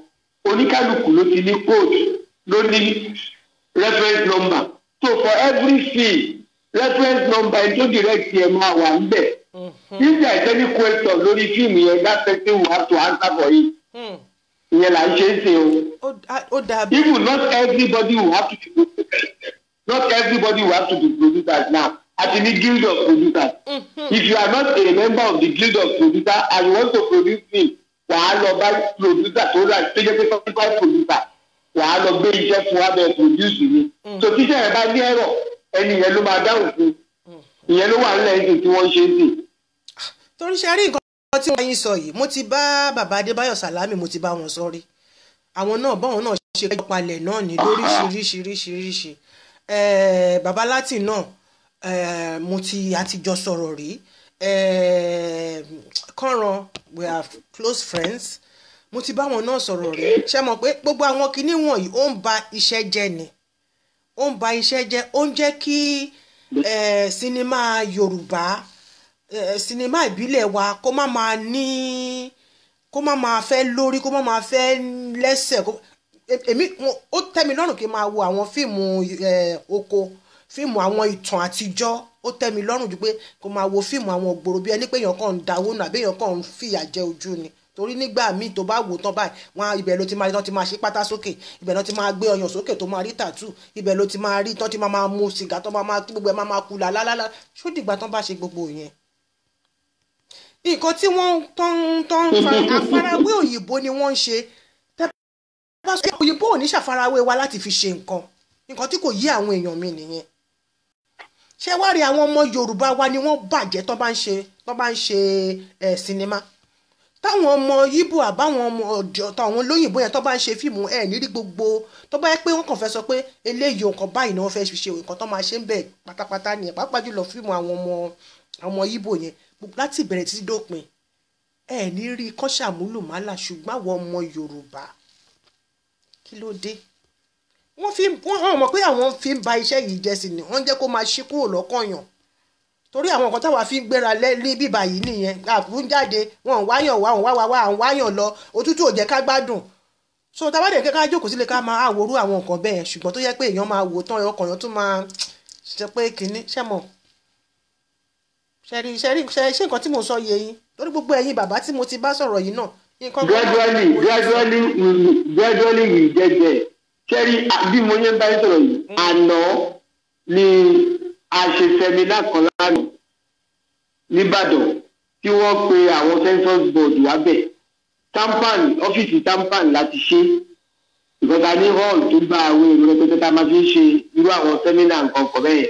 oníkálukú ló ti ní code ló ní reference number so for every fee reference number ẹni direct yẹn máa wà ń bẹ̀ if there is any question lórí fíìmù yẹn that person will have to answer for it mm. ìyẹn là ń ṣe é ṣe o even not everybody will have to be producers not everybody will have to be producers now àti ní guild of producers mm-hmm. if you are not a member of the guild of producers and you want to produce me, film wàá lọ bá producer tó rà tó jẹ́ pé certified producer wàá lọ gbé iṣẹ́ fún wa bẹ́ẹ̀ produce mi mm. so tíṣẹ́ yẹn bá ní ẹ̀rọ ẹni yẹn ló máa dáhùn fún un ìyẹn ló wà nílẹ̀ jù tí wọ́n ṣe sí. torí ṣe rí nǹkan tí wọ́n yín sọ yìí mo ti bá bàbá Adébáyọ̀ Sàlámì mo ti bá wọn sọ rí àwọn náà báwọn náà ṣe kẹjọ palẹ̀ náà ní lóríṣiríṣiríṣiríṣi eh, bàbá láti náà eh, mo ti àtijọ́ sọ̀rọ̀ rí eh, kọ́ran we are close friends mo ti bá wọn náà sọ̀rọ̀ rí ṣe mọ̀ pé gbogbo àwọn kinní wọ̀nyí ó ń ba iṣẹ́ jẹ́ ni ó ń ba iṣẹ́ jẹ́ ó ń jẹ́ kí. Eh, sinimá yorùbá eh, sinimá ìbílẹ̀ wa kó má máa ní kó má máa fẹ́ lórí kó má máa fẹ́ lẹ́sẹ̀ e, èmi ó tẹ́ mi lọ́rùn kí n máa wo àwọn fíìmù eh, oko fíìmù àwọn ìtàn àtijọ́ ó tẹ́ mi lọ́rùn jù pé kó máa wo fíìmù àwọn ògbòrò bí ẹni pé èèyàn kàn ń dawó nù àbí èèyàn kàn ń fìyà jẹ ojú ni torí nígbà míì tó bá wò tán báyìí wọn ibẹ̀ ló ti máa rí tán ti máa ṣe pátá sókè ibẹ̀ ló ti máa gbé ọyàn sókè tó máa rí tàtú ibẹ̀ ló ti máa rí tán ti máa máa mu sìgá tán máa máa gbogbo ẹ̀ máa máa kú làlálálá ṣó dìgbà tán bá ṣe gbogbo yẹn. nǹkan tí wọ́n tán tán àfarawé òyìnbó ni wọ́n ń ṣe òyìnbó ò ní ṣàfarawé wa láti fi ṣe nǹkan nǹkan tí kò yí àwọn èèyàn mi nìyẹn ṣé wá rí àwọn ọmọ Yorùbá wa ni wọ́n bàjẹ́ tán bá ń ṣe tán bá ń ṣe ẹ̀ sinimá táwọn ọmọ yíbò àbáwọn ọmọ ọ̀dọ́ táwọn olóyìnbó yẹn tó bá ń ṣe fíìmù ẹ̀ nírí gbogbo tó bá yẹ pé wọ́n kàn fẹ́ sọ pé eléyìí nǹkan báyìí ni wọ́n fẹ́ ṣe nǹkan tó máa ṣe ń bẹ̀ pátápátá nìyẹn pàápàá jùlọ fíìmù àwọn ọmọ ọmọ yíbò yẹn láti ìbẹ̀rẹ̀ títí dópin ẹ̀ ní rí kán ṣàmúlò màálà ṣùgbọ́n àwọn ọmọ Yorùbá kí ló dé wọ́n fi wọ́n hàn pé àwọn fi ń ba iṣẹ́ yìí jẹ́ sí ni wọ́n jẹ́ kó máa ṣí kúrò lọ́kàn torí àwọn nǹkan táwa fi ń gbéra lẹ́lí bíbà yìí nìyẹn àbùn jáde wọn ò wáyàn wá wọn wá wá à ń wáyàn lọ òtútù ò jẹ́ ká gbádùn so tá a bá dẹ̀ kẹ́kẹ́ jókòó sílé ká máa àwòrú àwọn nǹkan bẹ́ẹ̀ ṣùgbọ́n tó yẹ pé èèyàn máa wò tán ọkàn yẹn tún máa ṣe pé kínní ṣe mọ̀ ṣẹ́rí ṣẹ́rí ṣe nǹkan tí mo sọ yẹ yín lórí gbogbo ẹ̀yin bàbá tí mo ti bá sọ̀rọ̀ yìí náà. gradually gradually gradually a ṣe sẹ́mínà kan lánàá nìbàdàn tí wọ́n pe àwọn census board wábẹ̀ tampan ọ́fíìsì tampan láti ṣe ìkọta ní hall tó gba àwọn èrò rẹpẹtẹ tá a máa fi ń ṣe irú àwọn sẹ́mínà nǹkan kan bẹ́ẹ̀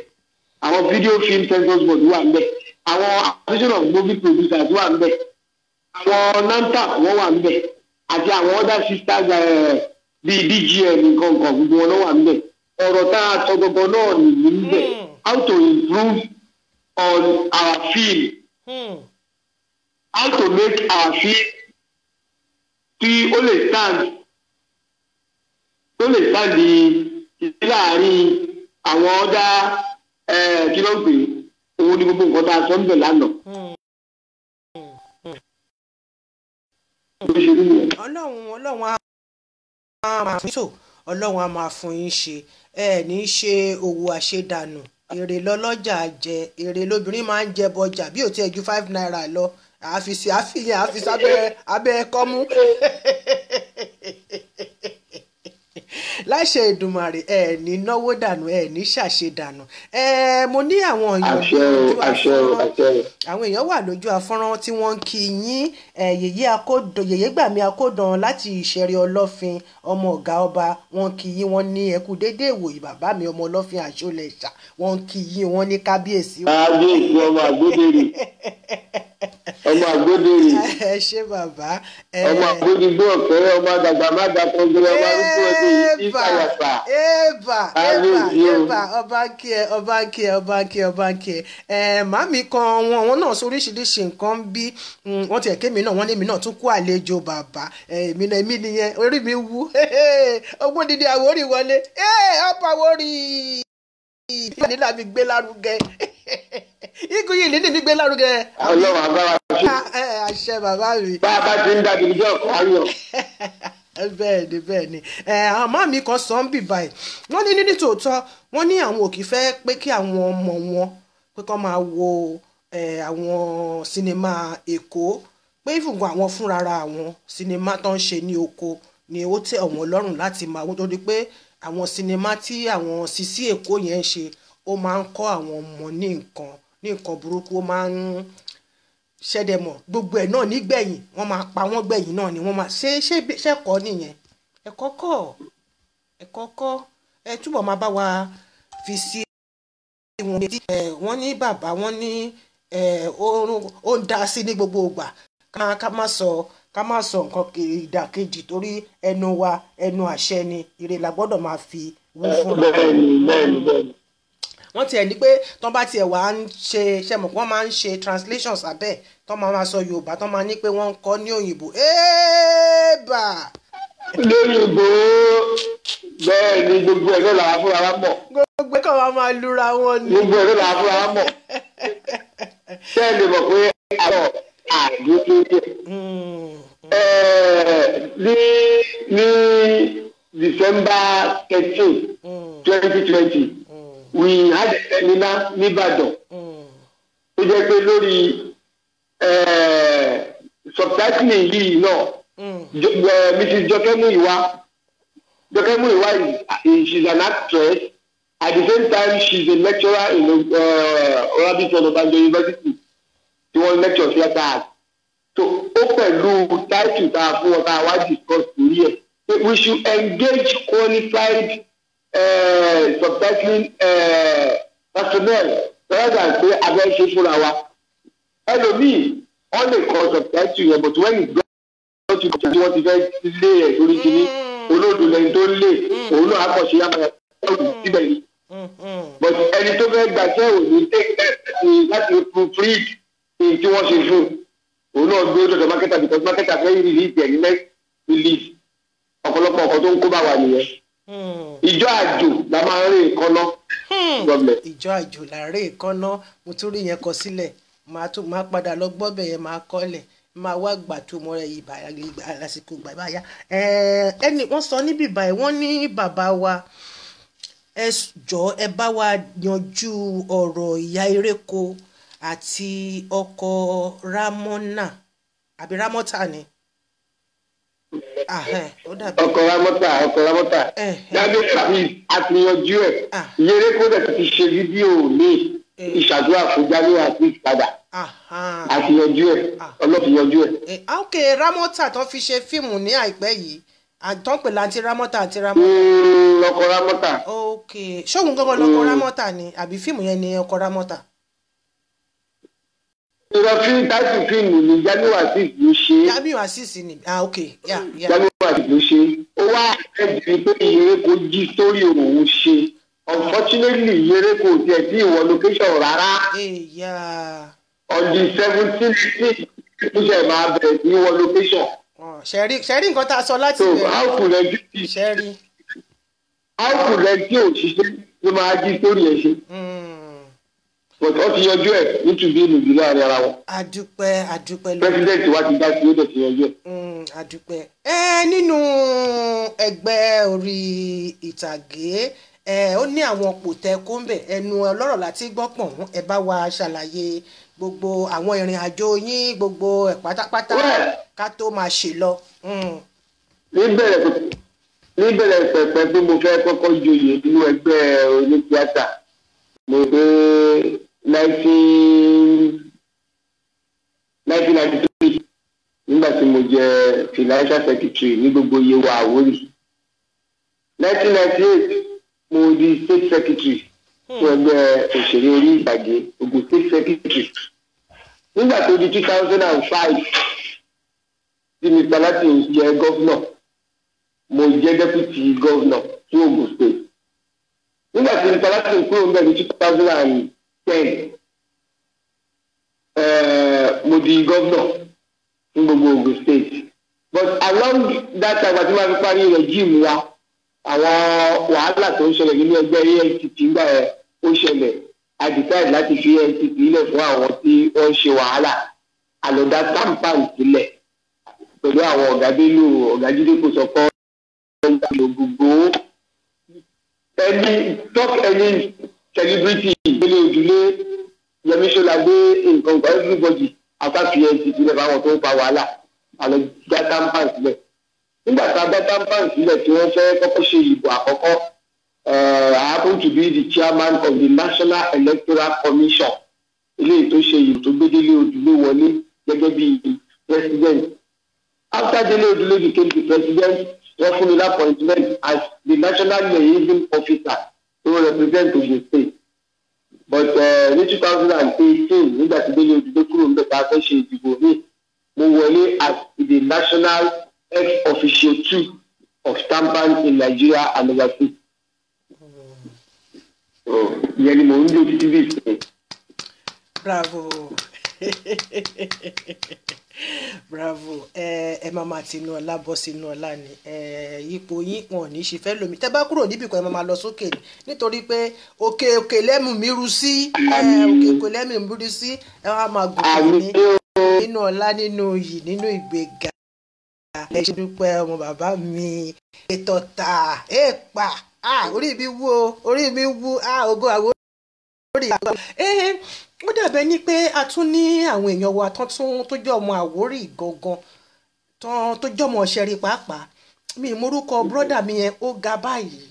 àwọn video film census board wà ńbẹ̀ àwọn association movie producers wà ńbẹ̀ àwọn nantap wọ́n wà ńbẹ̀ àti àwọn other sisters eh, bíi dgn nǹkan kan gbogbo wọn ló wà ńbẹ̀ ọ̀rọ̀ tá a sọ gbogbo náà nìyí ńbẹ̀ how to improve on our field. Hmm. how to make our field kí ó lè stand tó lè stand di láàrin àwọn ọ̀dà eh, kí ló ń pè òun ni gbogbo nǹkan tá a sọ ń bẹ̀ lánàá. ọlọ́run ọlọ́run á máa fún yín ṣe ẹ ní í ṣe òwò àṣedànù èrè lọ́lọ́jà jẹ èrè lóbìnrin máa ń jẹ bọjà bí ò tiẹ̀ ju five naira lọ àfìsí àfìyàn àfìsí abẹ́ abẹ́ kọ́mú. láṣẹ Èdùmàrè ẹ ní náwó dànù ẹ ní ṣàṣe dànù ẹ mo ní àwọn èèyàn lójú afọ́nrán àwọn èèyàn wà lójú afọ́nrán tí wọ́n ń kí yín yèyé gbàmí akódàn láti ìṣẹ̀rí ọlọ́fin ọmọ ọ̀gá ọba wọ́n kí yín wọ́n ní ẹkú déédé ìwòyí bàbá mi ọmọ ọlọ́fin àṣọlẹ̀ṣà wọ́n kí yín wọ́n ní kábíyèsí. kábíyèsí ọmọ àgbédèrè ọmọ àgbódèrè ẹ ṣé bàbá ọmọ àgbódigbó ọmọ àgbàgbà má dàpọ̀ gbẹrẹ ọmọ arúgbó Eva Eva Eva Eva ọba kí ẹ ọba kí ẹ ọba kí ẹ ọba kí ẹ màmí kan wọn wọn náà sóríṣiríṣi nǹkan bí mm, wọn tiẹ̀ kémi náà wọn ní èmi náà tún kó àlejò bàbá èmi náà èmi nìyẹn orí mi wú ogún dídí àwórì wọlé ọba àwórì ìgbà nílà mi gbé lárugẹ igun yìí nínú mi gbé lárugẹ. ọlọ́run àbára ah, ṣe. Eh, àṣẹ bàbá mi. bá a bá ti ń dàbí ìjọ ọ̀kan ayọ̀. Eh, bẹ́ẹ̀ ni bẹ́ẹ̀ ni eh, àmọ́ mi kan sọ ń bì báyìí wọ́n ní ní tòótọ́ wọ́n ní àwọn òkì fẹ́ pé kí àwọn ọmọ wọn pé kán máa wo eh, àwọn sinimá èkó pé ìfùgbọ́n àwọn fúnrara àwọn sinimá tó ń ṣe ní oko ni ó tẹ́ àwọn lọ́rùn láti máa wọ́n torí pé àwọn sinimá tí àwọn sisi èkó yẹn ń ṣe ó máa ń kọ́ àwọn ọmọ ní nǹkan ní nǹkan burúkú ó máa ń ṣẹ̀dẹ̀mọ̀ gbogbo ẹ̀ náà nígbẹ̀yìn wọ́n máa pa wọ́n gbẹ̀yìn náà ni wọ́n máa ṣe ṣe ṣẹ̀kọ́ nìyẹn ẹ̀kọ́ kọ́ ẹ̀kọ́ kọ́ ẹ túbọ̀ máa bá wa fi sí wọn ní wọ́n ní bàbá wọ́n ní ó ń dá sí ní gbogbo ìgbà ká má sọ ká má sọ nǹkan ìdàkejì torí ẹnu wa ẹnu àṣẹ ni ire la gbọ́dọ̀ máa fi wú fún wa. bẹ́ẹ̀ni bẹ́ẹ̀ni bẹ́ẹ̀ni wọ́n tiẹ̀ ní pé tán bá tiẹ̀ wà á ń ṣe ṣe mọ̀ wọ́n máa ń ṣe translations abẹ́ tán máa ma sọ yorùbá tán máa ní pé wọ́n ń kọ́ ní òyìnbó éèbà. lóyìnbó bẹ́ẹ̀ ni gbogbo ẹ̀ ló làá fúnra wa mọ̀. gbogbo ẹ̀ kàn wá máa lura wọn ni. gbogbo ẹ̀ ló làá fúnra wa mọ̀. bẹ́ẹ̀ ni mọ̀ pé àrọ̀ àdúgbò hmm. ní ní December thirteen hmm. twenty twenty we had a seminar nìbàdàn tó jẹ́ pé lórí eh, subtitling yìí náà mrs jọkẹ́ Múyìwá jọkẹ́ Múyìwá she is an actress at the same time she is a lecturer in eh, Olabisi Ọbásanjọ́ university tí wọ́n lecture theatre art so ó pẹ̀lú title tá a fún ọ tá a wá discuss lórí ẹ̀ we should engage qualified. Eh, subtitling eh, personnel rather than pé abẹ́ ṣe fúnra wa ẹlòmíì wọ́n lè kọ subtitle yẹn but when you go to the wọ́n ti fẹ́ lé ẹ̀ lórí kìíní olóòdù lẹ́ni tó ń lè òun náà akọ̀ṣe yá máa ọ̀dù síbẹ̀ yìí but ẹni tó fẹ́ gbàṣẹ́ òní láti proofread tí wọ́n ṣe fún òun náà gbé ọjọ́ marketer because marketer fẹ́ release ẹ̀ ní next release ọ̀pọ̀lọpọ̀ ọkọ̀ tó ń kó bá wà nìyẹn. Hmm. ìjọ àjò la máa ń rí nǹkan ná. ìjọ àjò la rí nǹkan ná mo tún rí yẹn kọ sílẹ̀ màá tún màá padà lọ gbọ́bẹ̀ yẹn màá kọ́lẹ̀ máa wá gbà tó mọ ibà lásìkò gbà bá yá ẹni wọ́n sọ níbi báyìí wọ́n ní bàbá wa ẹ jọ ẹ bá wa yanjú ọ̀rọ̀ ìyá eréko àti ọkọ ramona àbí ramota ni ọkọ̀ wa mọ́tà ọkọ̀ wa mọ́tà dájú àti àtìyànjú ẹ̀ ah. yẹrẹ kódà ti ṣe fídíò mi eh. ìṣàdúrà fún jamiu àti ìpadà àtìyànjú ẹ̀ ah. ọlọ́fìyànjú ẹ̀. Eh, ah, ok ramota tó fi ṣe fíìmù ní àìpẹ́ yìí àtọ́ pẹ̀lú àti ramota àti ramota. lọkọ hmm, ramota. ok ṣóhun gangan lọkọ hmm. ramota ni àbí fíìmù yẹn ni ọkọ ramota ìrọ̀fín táìtù fíìmù ni Jamiu Azeez ló ṣe. Jamiu Azeez ni ah ok yeah yeah. Jamiu Azeez ló ṣe ó wá ẹ̀jẹ̀ pé ìyẹ́rẹ́ kò jí sórí òun ṣe unfortunately ìyẹ́rẹ́ kò tiẹ̀ sí ìwọ location rárá. Eh, on the seventeen six ló ṣe máa bẹ̀rẹ̀ sí ìwọ location. Oh, ṣẹ́rí ṣẹ́rí nǹkan tá a sọ láti bẹ̀rẹ̀. so how could ẹ jí ṣẹ́rí. how could ẹ jí òṣìṣẹ́ ló máa jí sórí ẹ ṣe. Hmm but ó ti yanjú ẹ̀ nítorí ìlùdí láàrin ara wọn. àdúpẹ́ àdúpẹ́ lórí. pẹ́sidẹ́ǹtì wa ti dá sí ó dẹ̀ ti yanjú ẹ̀. àdúpẹ́ mm, ẹ nínú ẹgbẹ́ orí ìtàgé ẹ ó ní àwọn pòtẹ kóńbẹ ẹnu ọlọ́rọ̀ láti gbọ́ pọ̀ ń ẹ bá wa ṣàlàyé gbogbo àwọn ìrìn àjò yín gbogbo ẹ̀ pátápátá ká tó máa ṣe lọ. Mm. níbẹ̀rẹ̀ pẹ̀pẹ̀ bí mo fẹ́ kọ́kọ́ joyè nínú ẹgbẹ́ onítíátà mo gbé nineteen ninety three nígbà tí mo jẹ financial secretary ní gbogbo Yewa Àwórì nineteen ninety eight mo di state secretary fún ẹgbẹ́ òṣèré orí ìtàgé Ògùn state secretary nígbà tó di two thousand and five tí mr latin jẹ gọ́vnọ̀ mo jẹ deputy gọ́vnọ̀ fún Ògùn state nígbà tí mr latin kúrò ń bẹ̀ ní two thousand and ten eh, mo di gọ́vnọ̀ fún gbogbo Ogun state but along that time àti máa fi parí regime wa àwọn wàhálà tó ń ṣẹlẹ̀ nínú ẹgbẹ́ ANPP gbà ẹ ó ṣẹlẹ̀ a decide láti fi ANPP ilẹ̀ fún àwọn tí wọ́n ń ṣe wàhálà àlọ́dá tampan sílẹ̀ pẹ̀lú àwọn ọ̀gá Bello ọ̀gá Jídé kò sọ kọ́ ọ̀gá gbogbo ẹni talk any celebrity ìgbélé ojúlé yẹmí ṣọlágbé nǹkan kan everybody àtàkì ncc lẹ́fà àwọn tó ń fa wàhálà àlọ́ dá tampan sílẹ̀ nígbà tá a dá tampan sílẹ̀ tí wọ́n fẹ́ kọ́kọ́ ṣe ìbò àkọ́kọ́ eh, happen to be the chairman of the National Electoral Commission eléyìí tó ṣe ìbò tó gbédélé ojúlé wọlé gẹ́gẹ́ bí president after délé ojúlé became the president wọ́n fún mi lápọ̀ntmẹ́ntì as the national liaison officer tó represent Ogun State but uh, ní two thousand and eighteen nígbà tí Délé Odùdó kúrò ń bẹ̀ tá fẹ́ ṣe ìdìbò míì mo wọlé as the national ex officio two of TAMPAN in Nigeria and overseas ìyẹn ni mò ń lò títí bí ìsìn. bravo. bravo ẹ ẹ máa máa tinú ọlá bọ́ sínú ọlá ni ẹ ipò yín wọn ò ní ṣe fẹ́ lómi tẹ bá kúrò níbì kan ẹ máa máa lọ sókè ni nítorí pé òkè òkè lẹ́mù mi ru sí ẹ òkè òkè lẹ́mù mi ru sí ẹ wá máa gòkè ní nínú ọlá nínú iyì nínú ìgbéga ẹ ṣe dúpẹ́ ọmọ bàbá mi ètò tà èèpà orí mi wú orí mi wú ògo àwọn lórí àgbà ẹ̀ẹ́n eh, ó dàbẹ̀ ni pé a tún ní àwọn èèyàn wa tán tún tó jẹ́ ọmọ Àwórì gangan tán tó jẹ́ ọmọ Ṣẹ̀rí pàápàá mi ìmúrúkọ bírọ́dà mi yẹn ó ga báyìí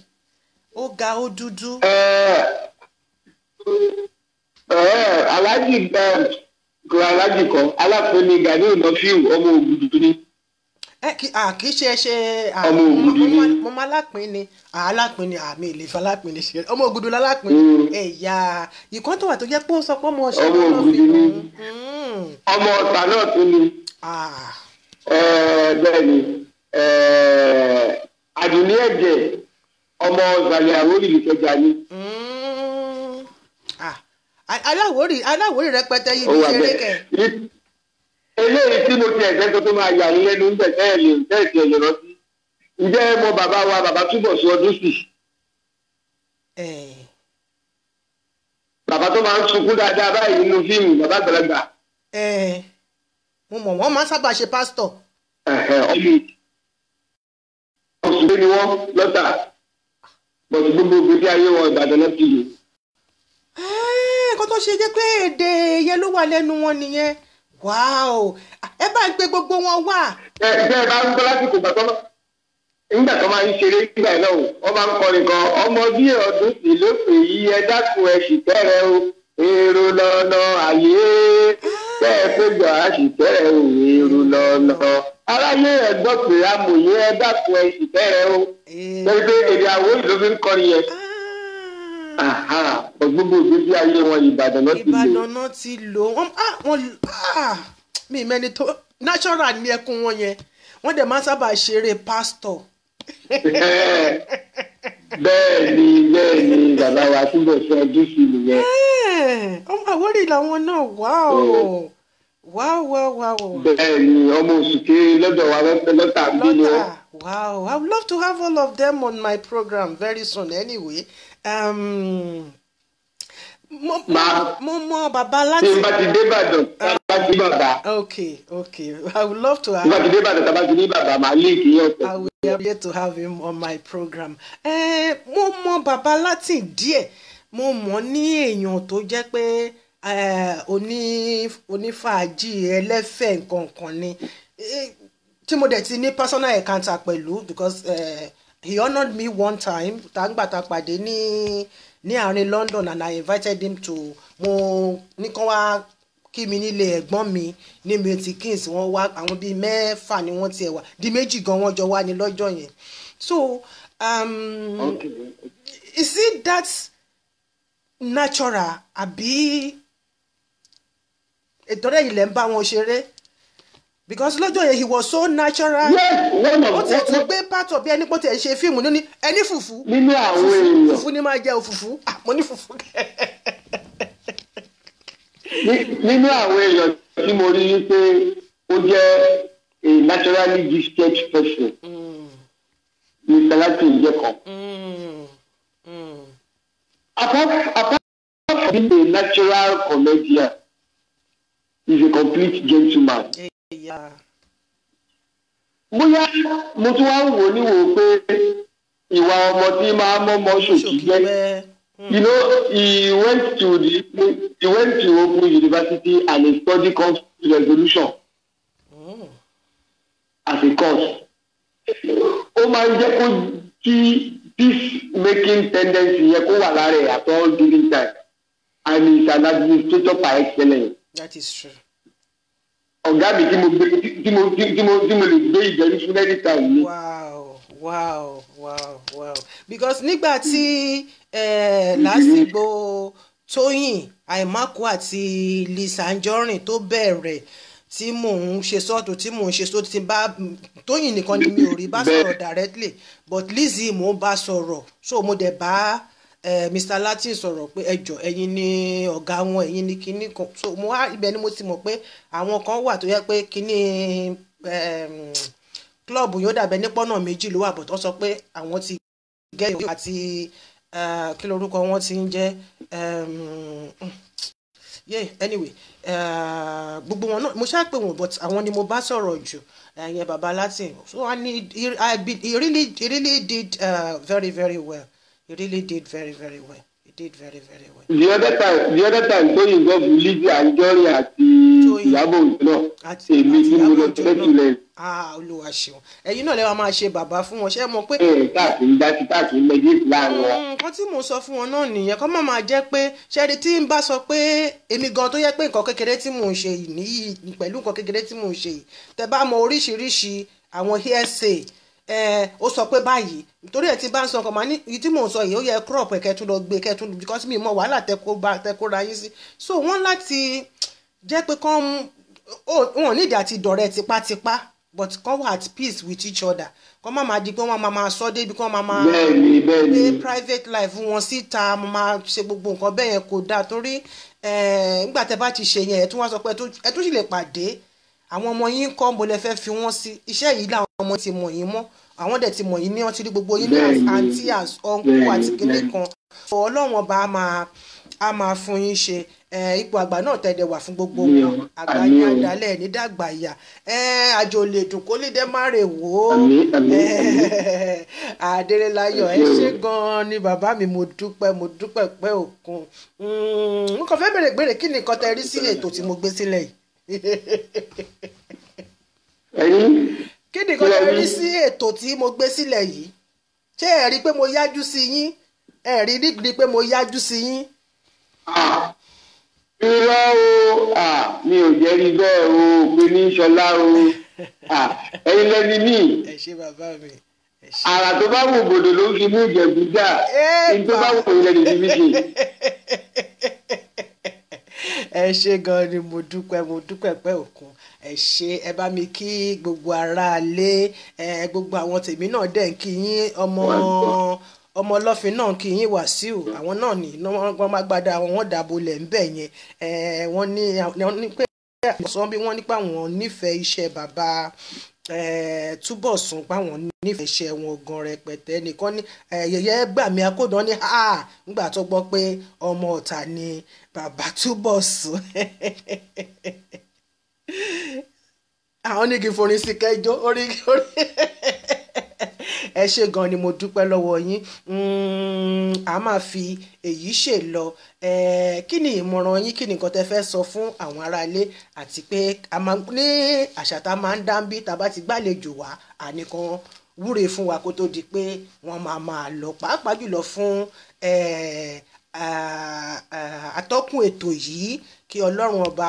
ó ga ó dúdú. Eh, eh, aláàjì kan aláàfin ni Gani Inafiu ọmọ Ògùdù ni kì í ṣe ṣe ọmọ ògùdù ni mo máa lápín ni alápín ni àmì ìlèfà lápín ni ṣe ọmọ ògùdù lálápín mm. ẹ̀yà ìkan tó wà tó jẹ́ pé ó sọ pé ọmọ ọ̀ṣẹ́ ọmọ ògùdù ni ọmọ mm. ọ̀tà náà tún ni bẹ́ẹ̀ ni àdùnní ẹ̀jẹ̀ ọmọ ọ̀gbàlẹ̀ àwórì ìlúkẹjà ni aláwórì mm. aláwórì rẹpẹtẹ yìí ní ṣeré kẹ eléyìí tí mo ti ẹ̀fẹ́ tó máa yà ní lẹ́nu ńbẹ̀ tẹ́ lè tẹ́ ẹ̀ tiẹ̀ rántí ǹjẹ́ ẹ bàbá wa bàbá túbọ̀ sí ọdún sí. bàbá tó máa ń sunkún dáadáa báyìí nínú fíìmù bàbá àgbàlagbà. mo mọ̀ wọ́n máa sábà ṣe pásítọ̀. ọmọ oṣù ni wọ́n lọ́tà bọ̀tù gbogbo gbèdé ayé wọn Ìbàdàn náà ti lò. kó tó ṣe jẹ́ pé èdè yẹn ló wà lẹ́nu wọn nìyẹn wáò ẹ bá ń pe gbogbo wọn wá. ẹ ẹ bá ń gbọ́ lásìkò ìgbà nígbà tó máa ń ṣeré nígbà náà o wọ́n máa ń kọrin kan ọmọ bí ọdún sì ló pè yí ẹ dákun ẹ sì tẹ́rẹ o èrò lọ́nà àyè bẹ́ẹ̀ péjọ á sì tẹ́rẹ o èrò lọ́nà aráyé ẹ gbọ́ pé amòye ẹ dákun ẹ sì tẹ́rẹ o lórí pé èdè àwọn òyìnbó fi ń kọrin yẹn. Ah gbogbo ìgbésí ayé wọn ìbàdàn náà ti lò. ìbàdàn náà ti lò ah, ah! mi mẹ́ni tó natural ní ẹkún wọn yẹn wọ́n dẹ̀ máa sábà ṣeré pastor. bẹ́ẹ̀ ni bẹ́ẹ̀ ni bàbá wa túbọ̀ sọ ọdún sí nìyẹn. Eh, ọmọ àwórì làwọn náà wá o eh. wá wá wá o. bẹ́ẹ̀ ni ọmọ oṣù kéré lọ́dọ̀ wa lọ́tà ń bí wọn. Wow, I would love to have all of them on my program very soon anyway mo mọ bàbá láti. ṣé bá ti dé Ìbàdàn bá bàbá. ok ok I would love to have. bá ti dé Ìbàdàn tá bá bàbá màá lè kí yẹn I will be happy to have him on my program. mo mọ bàbá láti díẹ̀ mo mọ̀ ní èèyàn tó jẹ́ pé oní onífàájì ẹlẹ́fẹ̀ẹ́ nǹkan kan ni tí mo dẹ̀ ti ní personal encounter pẹ̀lú because. Uh, he honoured me one time tàǹgbà tá a pàdé ní ní àárín London and I invited him to mo ní kán wá kí mi nílé ẹ̀gbọ́n mi ní milton kings wọ́n wá àwọn bíi mẹ́fà ni wọ́n tiẹ̀ wá di méjì gan wọ́n jọ wá ní lọ́jọ́ yẹn so um, okay. is it that natural àbí ìtọ́rẹ́ yìí lẹ́ ń bá wọn ṣeré because lọ́jọ́ yẹn he was so natural. yes one of one. ó ti gbé part of bí ẹni pọ́ ti ẹ̀ ṣe fíìmù ní ẹni fùfú. nínú àwọn èèyàn fùfú ni máa jẹ òfùfú àmọ́ ah, ní fùfú kẹ́. nínú àwọn èèyàn tí mo rí wípé ó jẹ́ a naturally gifted person ní sàlátì ìjẹ́ apart apart from being a natural comedian he is a complete gentleman bóyá mo tún wá wò níwò pé ìwà ọmọ tí máa mọ́mọ́ ṣòkì jẹ́ you know he went to the he went to Open University and he study conflict resolution oh. as a course ó máa ń jẹ́ kó kí peace making tendency yẹ kó wà lára ẹ̀ at all during time and he is an administrator by excellence. that is true ọ̀gá mi tí mo gbé tí mo tí mo tí mo lè gbé ìjẹ́rí fún lẹ́ni táwọn wow wow wow wow because nígbà tí mm-hmm. lásìgbò Tóyìn Àìmákù àti Lisa Anjorin tó bẹ̀rẹ̀ tí mò ń ṣe sọ́ọ̀tù tí mò ń ṣe sọ́ọ̀tù tí bá Tóyìn nìkan ni mi ò rí bá sọ̀rọ̀ directly but Lizzie mò ń bá sọ̀rọ̀ so mo dẹ̀ bá. Mr. Latin sọ̀rọ̀ pé ẹjọ́ ẹ̀yin ni ọ̀gá wọn ẹ̀yin ni kinní kan so mo wá ibẹ̀ ni mo ti mọ̀ pé àwọn kan wà tó yẹ pé kinní club yóò dàbẹ̀ nípọ́nà méjì ló wà bọ̀tọ́ sọ pé àwọn ti gẹ́yọ̀ àti kí lorúkọ wọn ti ń jẹ́ yeah anyway gbogbo wọn náà mo ṣáà pé wọn but àwọn ni mo bá sọ̀rọ̀ jù ẹ̀yẹn baba Latin so I need I, really he really did uh, very very well. You really did very, very well. You did very, very well. The other time, the other time, tó involve Lizzy Anjorin àti Ìyábọ̀ Òjó náà, èmi tí mo lọ tẹ́tùlẹ̀. Ah, Olúwa ṣeun. Ẹ̀yin náà lẹ́wọ̀n máa ṣe bàbá fún wọn, ṣé mọ̀ pé. Ẹ káàkiri ń dási káàkiri méjì láàrin wa. Mm, nǹkan tí mò ń sọ fún wọn náà nìyẹn, kọ́ máa máa jẹ́ pé ṣẹ́ni tí ń bá sọ pé èmi gan tó yẹ pé nǹkan kékeré tí mò ń ṣe yìí nìyí pẹ̀lú nǹkan kékeré tí mò ń ṣe yìí, tẹ bá mọ oríṣiríṣi àwọn hearsay ó sọ pé báyìí nítorí ẹ̀ tí bá ń sọ ọkọ̀ máa ní ìdí mò ń sọ yìí ó yẹ crop ẹ̀ kẹ́tù lọ gbé kẹ́tù because mi mọ wàhálà tẹ́kó ra yín sí so wọ́n láti jẹ́ pé kán wọn nídìí àti dọ̀rẹ́ tipátipá but kán wà at peace with each other kán má máa di pé wọ́n máa máa sọ débi kán máa máa gbé private life wọn síta máa ṣe gbogbo nǹkan bẹ́ẹ̀ yẹn kò dáa torí nígbà tẹ́ bá ti ṣe yẹn ẹ̀ tún wá sọ pé ẹ̀ tún sì lè pàdé àwọn ọmọ yín kọ́ mo lè fẹ́ fi wọ́n sí iṣẹ́ yìí làwọn ọmọ ti mọ̀ yín mọ́ àwọn dẹ̀ ti mọ̀ yín ní wọ́n rí gbogbo yín ní àǹtí ọ̀nkú àti kíní kan ọlọ́run ọba á máa máa fún yín ṣe ipò àgbà náà tẹ̀lé wà fún gbogbo wọn àgbà ní àdálẹ̀ nídàgbà ìyà àjò lè dùn kó lè dẹ́ má rè wò ó Adélẹ́láyọ̀ ẹ ṣé gan-an ni bàbá mi mo dúpẹ́ mo dúpẹ́ pẹ́ òkun hmm, n kò fẹ́ bèrè gbèrè kí ni nǹkan sí ètò tí mo gbé sílẹ̀ yìí. kí nìkan ṣe rí sí ètò tí mo gbé sílẹ̀ yìí ṣé ẹ rí i pé mo yájú sí yín ẹ rí i pé mo yájú sí yín. irọ́ o mi ò jẹ́ rí bẹ́ẹ̀ o pé ní ṣọlá o ẹ̀yin lẹ́ni mí. ẹ ṣe bàbá mi àrà tó bá wù bòdò ló ń fi mú ìjẹ̀bú jà ní tó bá wù ilẹ̀ nìyí méjì. ẹ ṣe gan ni mo dúpẹ́ mo dúpẹ́ pẹ́ òkun ẹ ṣe ẹ bá mi kí gbogbo aráalé ẹ gbogbo àwọn tèmi náà dẹ̀ ń kí yín ọmọ ọmọ ọlọ́fin náà kì í yín wàsíù àwọn náà ní wọ́n máa gbada àwọn wọ́n dàbò lẹ̀ ń bẹ̀ yẹn wọ́n ní pé àìsàn bí wọ́n ní pé àwọn nífẹ̀ẹ́ iṣẹ́ bàbá Túbọ̀sún páwọn nífẹ̀ẹ́ iṣẹ́ wọn gan rẹpẹtẹ nìkan ní yẹyẹ gbàmí akódán ní ha nígbà tó gbọ́ pé ọmọ ọ̀tà ni bàbá Túbọ̀sún àwọn ní kí forin sí kẹjọ orí orí ẹ ṣe gan ni mo dúpẹ́ lọ́wọ́ yín mm, a máa fi èyí ṣe lọ kí ni ìmọ̀ràn yín kí ni nǹkan tẹ́ fẹ́ sọ fún àwọn aráalé àti pé ní àṣà tá a máa ń dáńbí tá a bá ti gbàlejò wá ànìkan wúre fún wa kó tó di pé wọ́n máa máa lọ pàápàá jùlọ fún atọ́kùn ètò yìí kí ọlọ́run ọba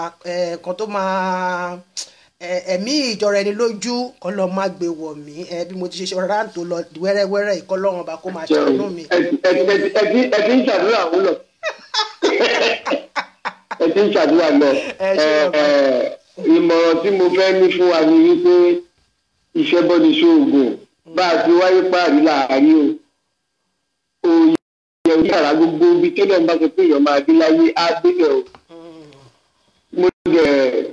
kan tó máa ẹ̀mí ìjọra ẹni lójú kan lọ máa gbé wọ̀ mí bí mo ti ṣe ṣọ́ra ráǹtó lọ wẹ́rẹ́wẹ́rẹ́ ìkọ́ ọlọ́run ọba kó máa ṣàánú mi. ẹbí ń ṣàdúrà ó lọ ẹbí ń ṣàdúrà lọ ìmọ̀ràn tí mo fẹ́ ní fún wa ni wípé ìṣẹ́bọ́niṣoògùn bá a ti wáyé páàrí láàárín o òye ìyàrá gbogbo ibi tẹ́lẹ̀ ń bá sọ pé èèyàn máa dé láyé á gbélé o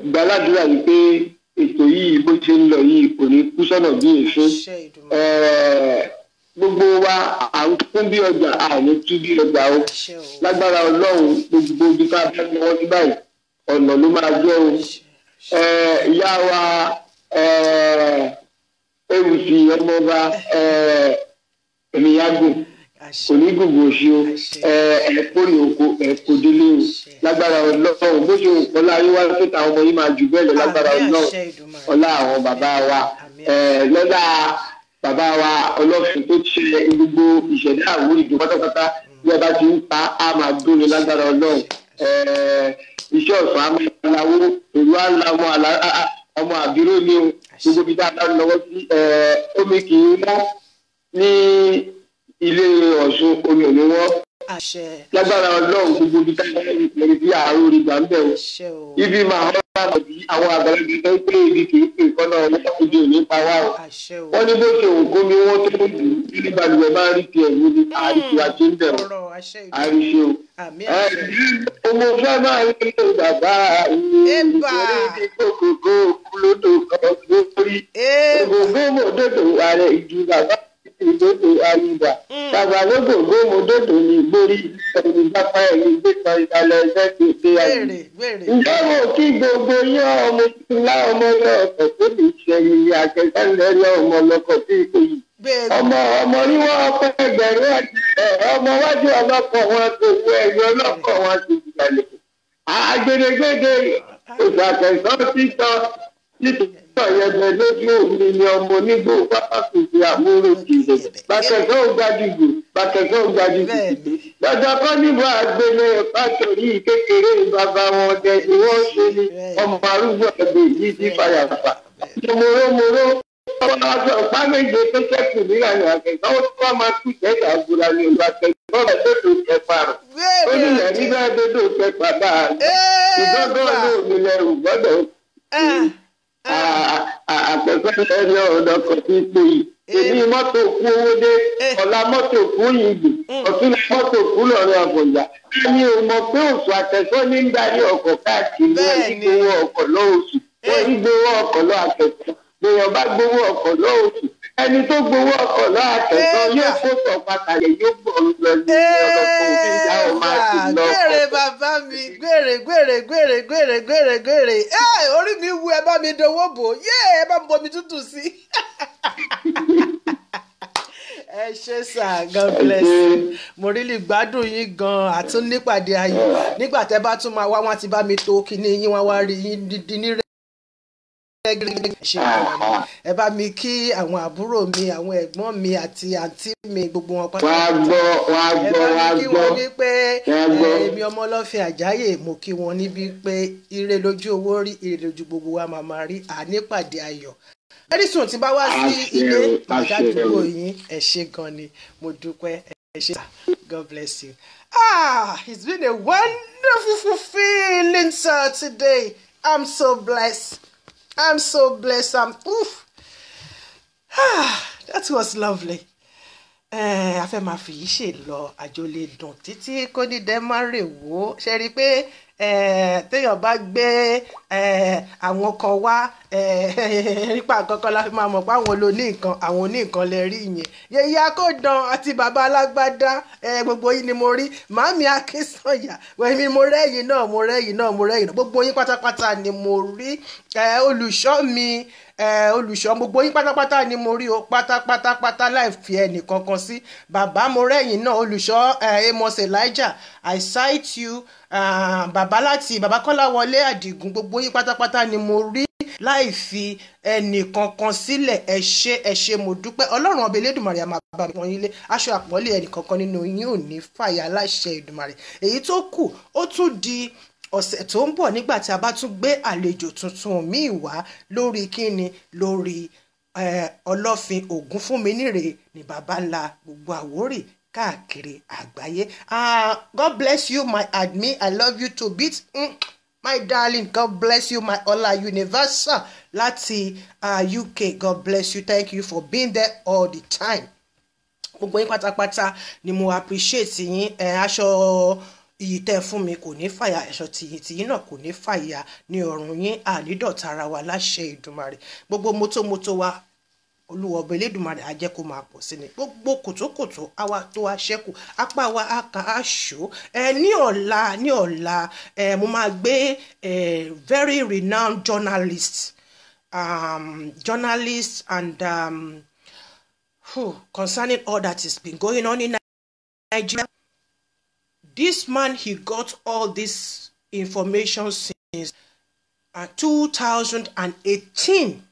gbàládùúrà wípé ètò yìí bó ṣe ń lọ yìí kò ní kú sọ́nà bí èso gbogbo wa à ń kún bí ọjà à ní tú bí ọjà o lágbára ọlọ́run gbogbo ibi ká fẹ́ mọ wọn ní báyìí ọ̀nà ló máa jẹ́ o ìyá wa olùsìn ọmọọba ènìyàn gùn onígbògbò ṣe o ẹ̀ẹ́dẹ́gbòrè oko ẹ̀ẹ́kò délé o lágbára ọlọ́run bó ṣe òkọ́ láyé wá tó táwọn ọmọ yìí máa jù bẹ́ẹ̀ lọ lágbára ọlọ́run ọlá àwọn bàbá wa lọ́lá bàbá wa ọlọ́fin tó ṣe gbogbo ìṣẹ̀dá àwọn ìdò pátápátá bí ọba ti ń pa á máa dóni lágbára ọlọ́run iṣẹ́ ọ̀sán á máa láwó èrò á la ọmọ àbíró ni o gbogbo bí dáadáa lọ́wọ́ sí omi kì í mọ́ ní ilé Ọ̀ṣun omi ò ní wọ́n lágbára ọlọ́run gbogbo ibi táwọn ẹni pẹ̀lú bí àárò rí ń bẹ̀ ibi máa ń bá wọn bí àwọn àgbàlagbà tó ń pè é ibi kì í pè kọ́nà wọn ojú òní pa wá o wọ́n ní bó ṣe òǹkó mi wọ́n tó kún jù nínú balùwẹ̀ máa ń rí tiẹ̀ mú ni àríṣe wa ń bẹ̀ wọ́n o. ọmọ fẹ́ máa ń rí bàbá ìṣòro ní kókòkò kúlódò kan lórí ògògó mọ̀ọ́dọ̀dọ̀ ààrẹ ìjù bàbá ìdókò àyíbá mm. bàbá gbogbo gbòmù dòdò ní gbórí ẹni bàbá ẹni gbẹkọ ìbàlẹ̀ ẹgbẹ́ kéde àyè. ǹjẹ́ wo kí gbogbo yán ọmọ ìlà ọmọ ọlọ́kọ̀ tó lè ṣẹ̀yìn àjẹsánlẹ̀ lọ ọmọ ọlọ́kọ̀ tí kò yìí. ọmọ ọmọ níwọ̀n ọkọ ẹgbẹ̀rún ọmọ wájú ọlọ́kọ̀ wọn kò wú ẹ̀yìn ọlọ́kọ̀ wọn ti gbàlẹ̀. àgbèrègbèdè ìgbàkẹ̀sán títọ́ títọ́ ọ̀yẹ́gbẹ́ lójú omi ni ọmọ onígbò pápákùnrin àmúrò jìnnà bàkẹ́kẹ́ ò gbajúgbò bàkẹ́kẹ́ ò gbajúgbò. dandan kọ́ níbo àgbélé pàtòrí kékeré bàbá wọn dẹ ni wọ́n ah. ṣe ni ọmọ arúgbó ẹ̀gbẹ́ yìí ti fàyàfà. mòròmòrò ọmọ ọ̀pá méje tó kẹ́kù nílànà àgbẹ̀gbẹ́ ó tún wá máa kú jẹ́ta àgùrà ní ìlú àgbẹ̀gbẹ́ ọ̀rẹ́ tó tó jẹ parọ̀ ó nílẹ̀ nígbà tó tó jẹ pàdà àgbẹ̀ ìgbọ́dọ̀ ló nílẹ̀ ògbọ́dọ̀. àpẹ̀pẹ̀ lọ lọkọ̀ tí ń pè yìí eh. èmi mọ́tò kú ọla dé eh. ọ̀la mọ́tò kú yìí hmm. ọ̀túnla mọ́tò kú lọ́rọ̀ ẹni pé oṣù àtẹ̀sọ́ ní darí ọkọ káàkiri wọn gbowó ọkọ lọ oṣù wọn eh. gbowó ẹni tó gbowó ọkọ̀ láàtẹ̀tọ́ yóò kó sọ pàtàkì yóò gbọ́ lọ ní ọlọ́pàá òbí ìyá ọ̀ máa ti lọ. gbèrè bàbá mi gbèrè gbèrè gbèrè gbèrè gbèrè gbèrè ẹ orí mi wú ẹ bá mi dánwó bò yé ẹ bá mi bomi tútù sí. ẹ ṣe sà god bless you mo rí lè gbádùn yín gan àtún nípàdé ayọ̀ nígbà tẹ́ bá tún máa wá wọn ti bá mi tó kíní yín wá wá rí yín dídí ní rẹ. Ah, ah. ẹ bá mi kí àwọn àbúrò mi àwọn ẹ̀gbọ́n mi àti àǹtí mi gbogbo wọn pátá. wàá gbọ́ wàá gbọ́ wàá gbọ́ ẹ bá mi kí wọ́n wí pé èmi ọmọ ọlọ́fin àjáyè mo kí wọn níbi pé ire lójú owó rí ire lójú gbogbo wa màmá rí ànípàdé ayọ̀ ẹrísùn tí bá wá sí ilé màdádúró yín ẹ ṣé gan ni mo dúpẹ́ ẹ ṣé God bless you. Ah, it's been a wonderful, fulfilling uh, today. I'm so blessed. I'm so blessed. I'm oof. Ah, that was lovely. Eh, a fẹ́ máa fi yìí ṣe lọ àjò lè dùn títí kò ní dẹ́ má rè wò ṣe rí i pé Eh, téèyàn bá gbé eh, àwọn ọkọ̀ wá eh, nípa kankan la fi máa mọ̀ pé àwọn olóní nǹkan àwọn oní nǹkan lè rí yẹn yẹyẹ akódàn àti bàbá alágbádá gbogbo yìí ni mo rí màámi akínsànyà wẹ̀mí mo rẹ́yìn náà mo rẹ́yìn náà mo rẹ́yìn náà gbogbo yín pátápátá ni mo rí olùṣọ́ mi olùṣọ́ gbogbo yín pátápátá ni mo rí o pátápátá pátá láì fi ẹnì kankan sí bàbá mo rẹ́yìn náà olùṣọ́ Amos Elijah I cite you. Ah, bàbá láti bàbá Kọ́láwọlé Àdìgún gbogbo yín pátápátá ni mo rí láì fi ẹnì kankan sílẹ̀ ẹ ṣé ẹ ṣé mo dúpẹ́ ọlọ́run ọba elédùnmarè àmà bàbá mi wọ́n ilé aṣọ àpọ́nlé ẹnì kankan nínú yín ò ní fàyà láṣẹ ìdùnmarè èyí tó kù ó tún di ọ̀sẹ̀ tó ń bọ̀ nígbà tí a bá tún gbé àlejò tuntun míì wá lórí kíni lórí eh, ọlọ́fin ògún fún mi nírè ní baba ńlá gbogbo àwórì káàkiri àgbáyé ah, god bless you my admin i love you too, bit mm, my darling god bless you my ola universal láti uh, ah, uk god bless you thank you for being there all the time gbogbo yín pátápátá ni mo appreciate yín ẹ aṣọ iyì tẹ́ fún mi kò ní fàyà ẹ̀ṣọ́ tìyìn tìyìn náà kò ní fàyà ní ọ̀run yín ànídọ̀tara wa láṣẹ Èdùmàrè gbogbo mọ́tòmọ́tò wa olúwa ọba elédùnmarè á máa pọ̀ sí ni gbogbo kòtòkòtò àwa tó wá ṣẹ́kù apá wa á kà ẹ ní ọ̀la ní ọ̀la ẹ mo máa gbé ẹ very renowned journalist um, journalist and um, whew, concerning all that is been going on in Nigeria this man he got all this information since uh, 2018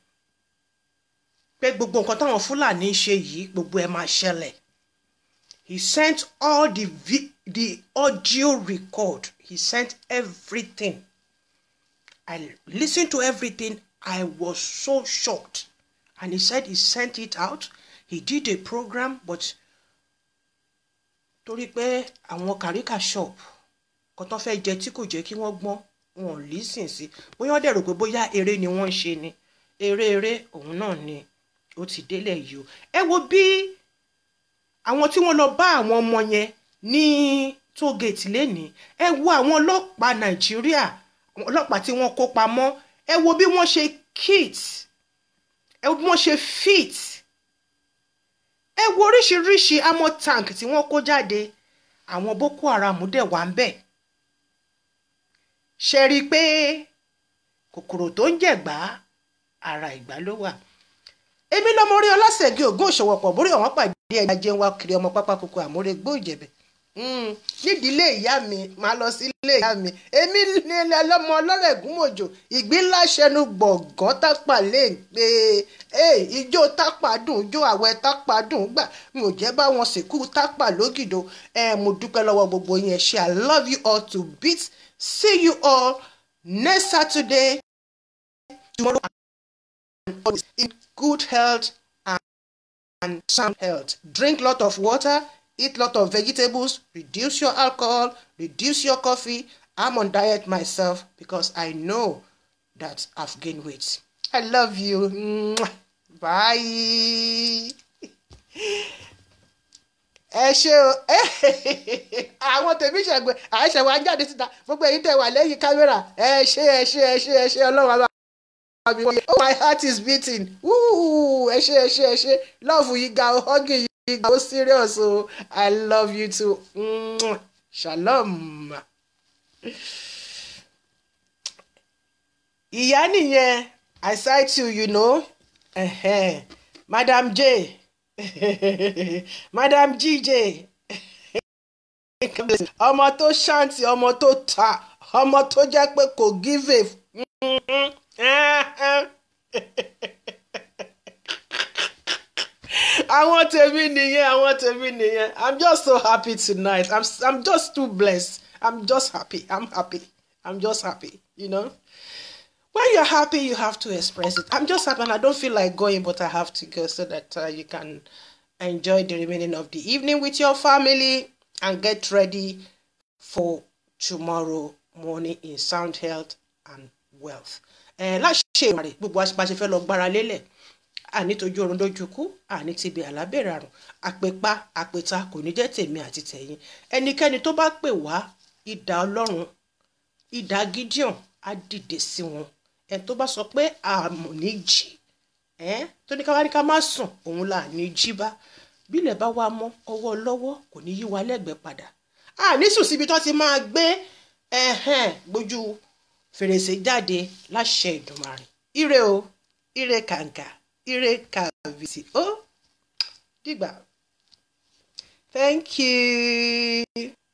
pé gbogbo nǹkan táwọn Fúlàní ṣe yìí gbogbo ẹ̀ máa ṣẹlẹ̀ he sent all the the audio record he sent everything I listened to everything I was so shocked and he said he sent it out he did a program but torí pé àwọn kàríkà shop kan tó fẹ́ jẹ tí kò jẹ́ kí wọ́n gbọ́n wọn ò lísìn sí bóyá wọ́n dẹ̀ eré ni wọ́n ń ṣe ni eré eré òun náà ni ó ti délẹ̀ yìí o ẹ wo bí àwọn tí wọ́n lọ bá àwọn ọmọ yẹn ní tógèètì lénìí ẹ wo àwọn ọlọ́pàá nàìjíríà àwọn ọlọ́pàá tí wọ́n kó pamọ́ ẹ wo bí wọ́n ṣe kit ẹ wo bí wọ́n ṣe fit ẹ wo oríṣiríṣi amọ̀ tank tí wọ́n kó jáde àwọn boko haram dẹ̀ wà ń bẹ̀ ṣe rí i pé kòkòrò tó ń jẹ̀gbá ara ìgbà ló wà èmi lọ́mọ orí ọlásẹ̀gì ògún òṣòwòpọ̀ borí ọ̀wọ́n pàdé ẹ̀yà jẹun wa kiri ọmọ pápá koko àmúrégbó ìjẹ̀bẹ̀ hmm, nídìí ilé ìyá mi máa lọ sí ilé ìyá mi èmi ní ilé ọlọ́mọ ọlọ́rẹ̀ gúnmòjò ìgbínlá ṣẹnu gbọ̀ngàn tápà lè pé ijó tápà dùn ijó àwẹ̀ tápà dùn gbà mi ò jẹ́ bá wọn sìnkú tápà lógìdó mo dúpẹ́ lọ́wọ́ gbogbo yín ṣe I love you all to bits see you all next Saturday tomorrow bodies in good health and, and sound health. Drink lot of water, eat lot of vegetables, reduce your alcohol, reduce your coffee. I'm on diet myself because I know that I've gained weight. I love you. Bye. ẹ ṣe o àwọn tèmi ṣẹgbẹ àìṣẹwà jáde síta gbogbo èyí tẹ́ wà lẹ́yìn kámẹ́rà ẹ ṣe ẹ ṣe ẹ ṣe ẹ ṣe Ọlọ́run àbá oh my heart is beating ẹ ṣé ẹ ṣé ẹ ṣé love yìí ga o hugging yìí ga o oh, serious o i love you too shalom. ìyá nìyẹn i cite you you know uh-huh. madam j madam gj ọmọ tó ṣáǹtì ọmọ tó ta ọmọ tó jẹ́ pé kò give a. Mm-hmm. àwọn tèmi nìyẹn àwọn tèmi nìyẹn i'm just so happy tonight i'm i'm just too blessed i'm just happy i'm happy i'm just happy you know when you're happy you have to express it i'm just happy and i don't feel like going but i have to go so that uh, you can enjoy the remaining of the evening with your family and get ready for tomorrow morning in sound health and wealth Eh, láṣẹ ìwà rẹ̀ gbogbo aṣípaṣe fẹ́ lọ gbára lélẹ̀ àní tójú oorun lójú kú àní tibi àlábẹ̀rẹ̀ àrùn àpèpá àpèta kò ní jẹ́ tèmi àti tẹ̀yìn ẹnikẹ́ni tó bá pè wá idà ọlọ́run idà gideon á dìde sí wọn ẹ̀ tó bá sọ pé àmọ̀ ní jí ẹ̀ tó ní ká wá ní ká má sùn òun là ní jí bá bílẹ̀ bá wá mọ́ ọwọ́ lọ́wọ́ kò ní yí wa lẹ́gbẹ̀ẹ́ padà àní sùn síbi tó ti máa gbé ẹ̀hẹ́n gbójú fèrèsé jáde láṣẹ Ìdùmarè ire o ire kàǹkà ire kàbìsì ó dìgbà thank you.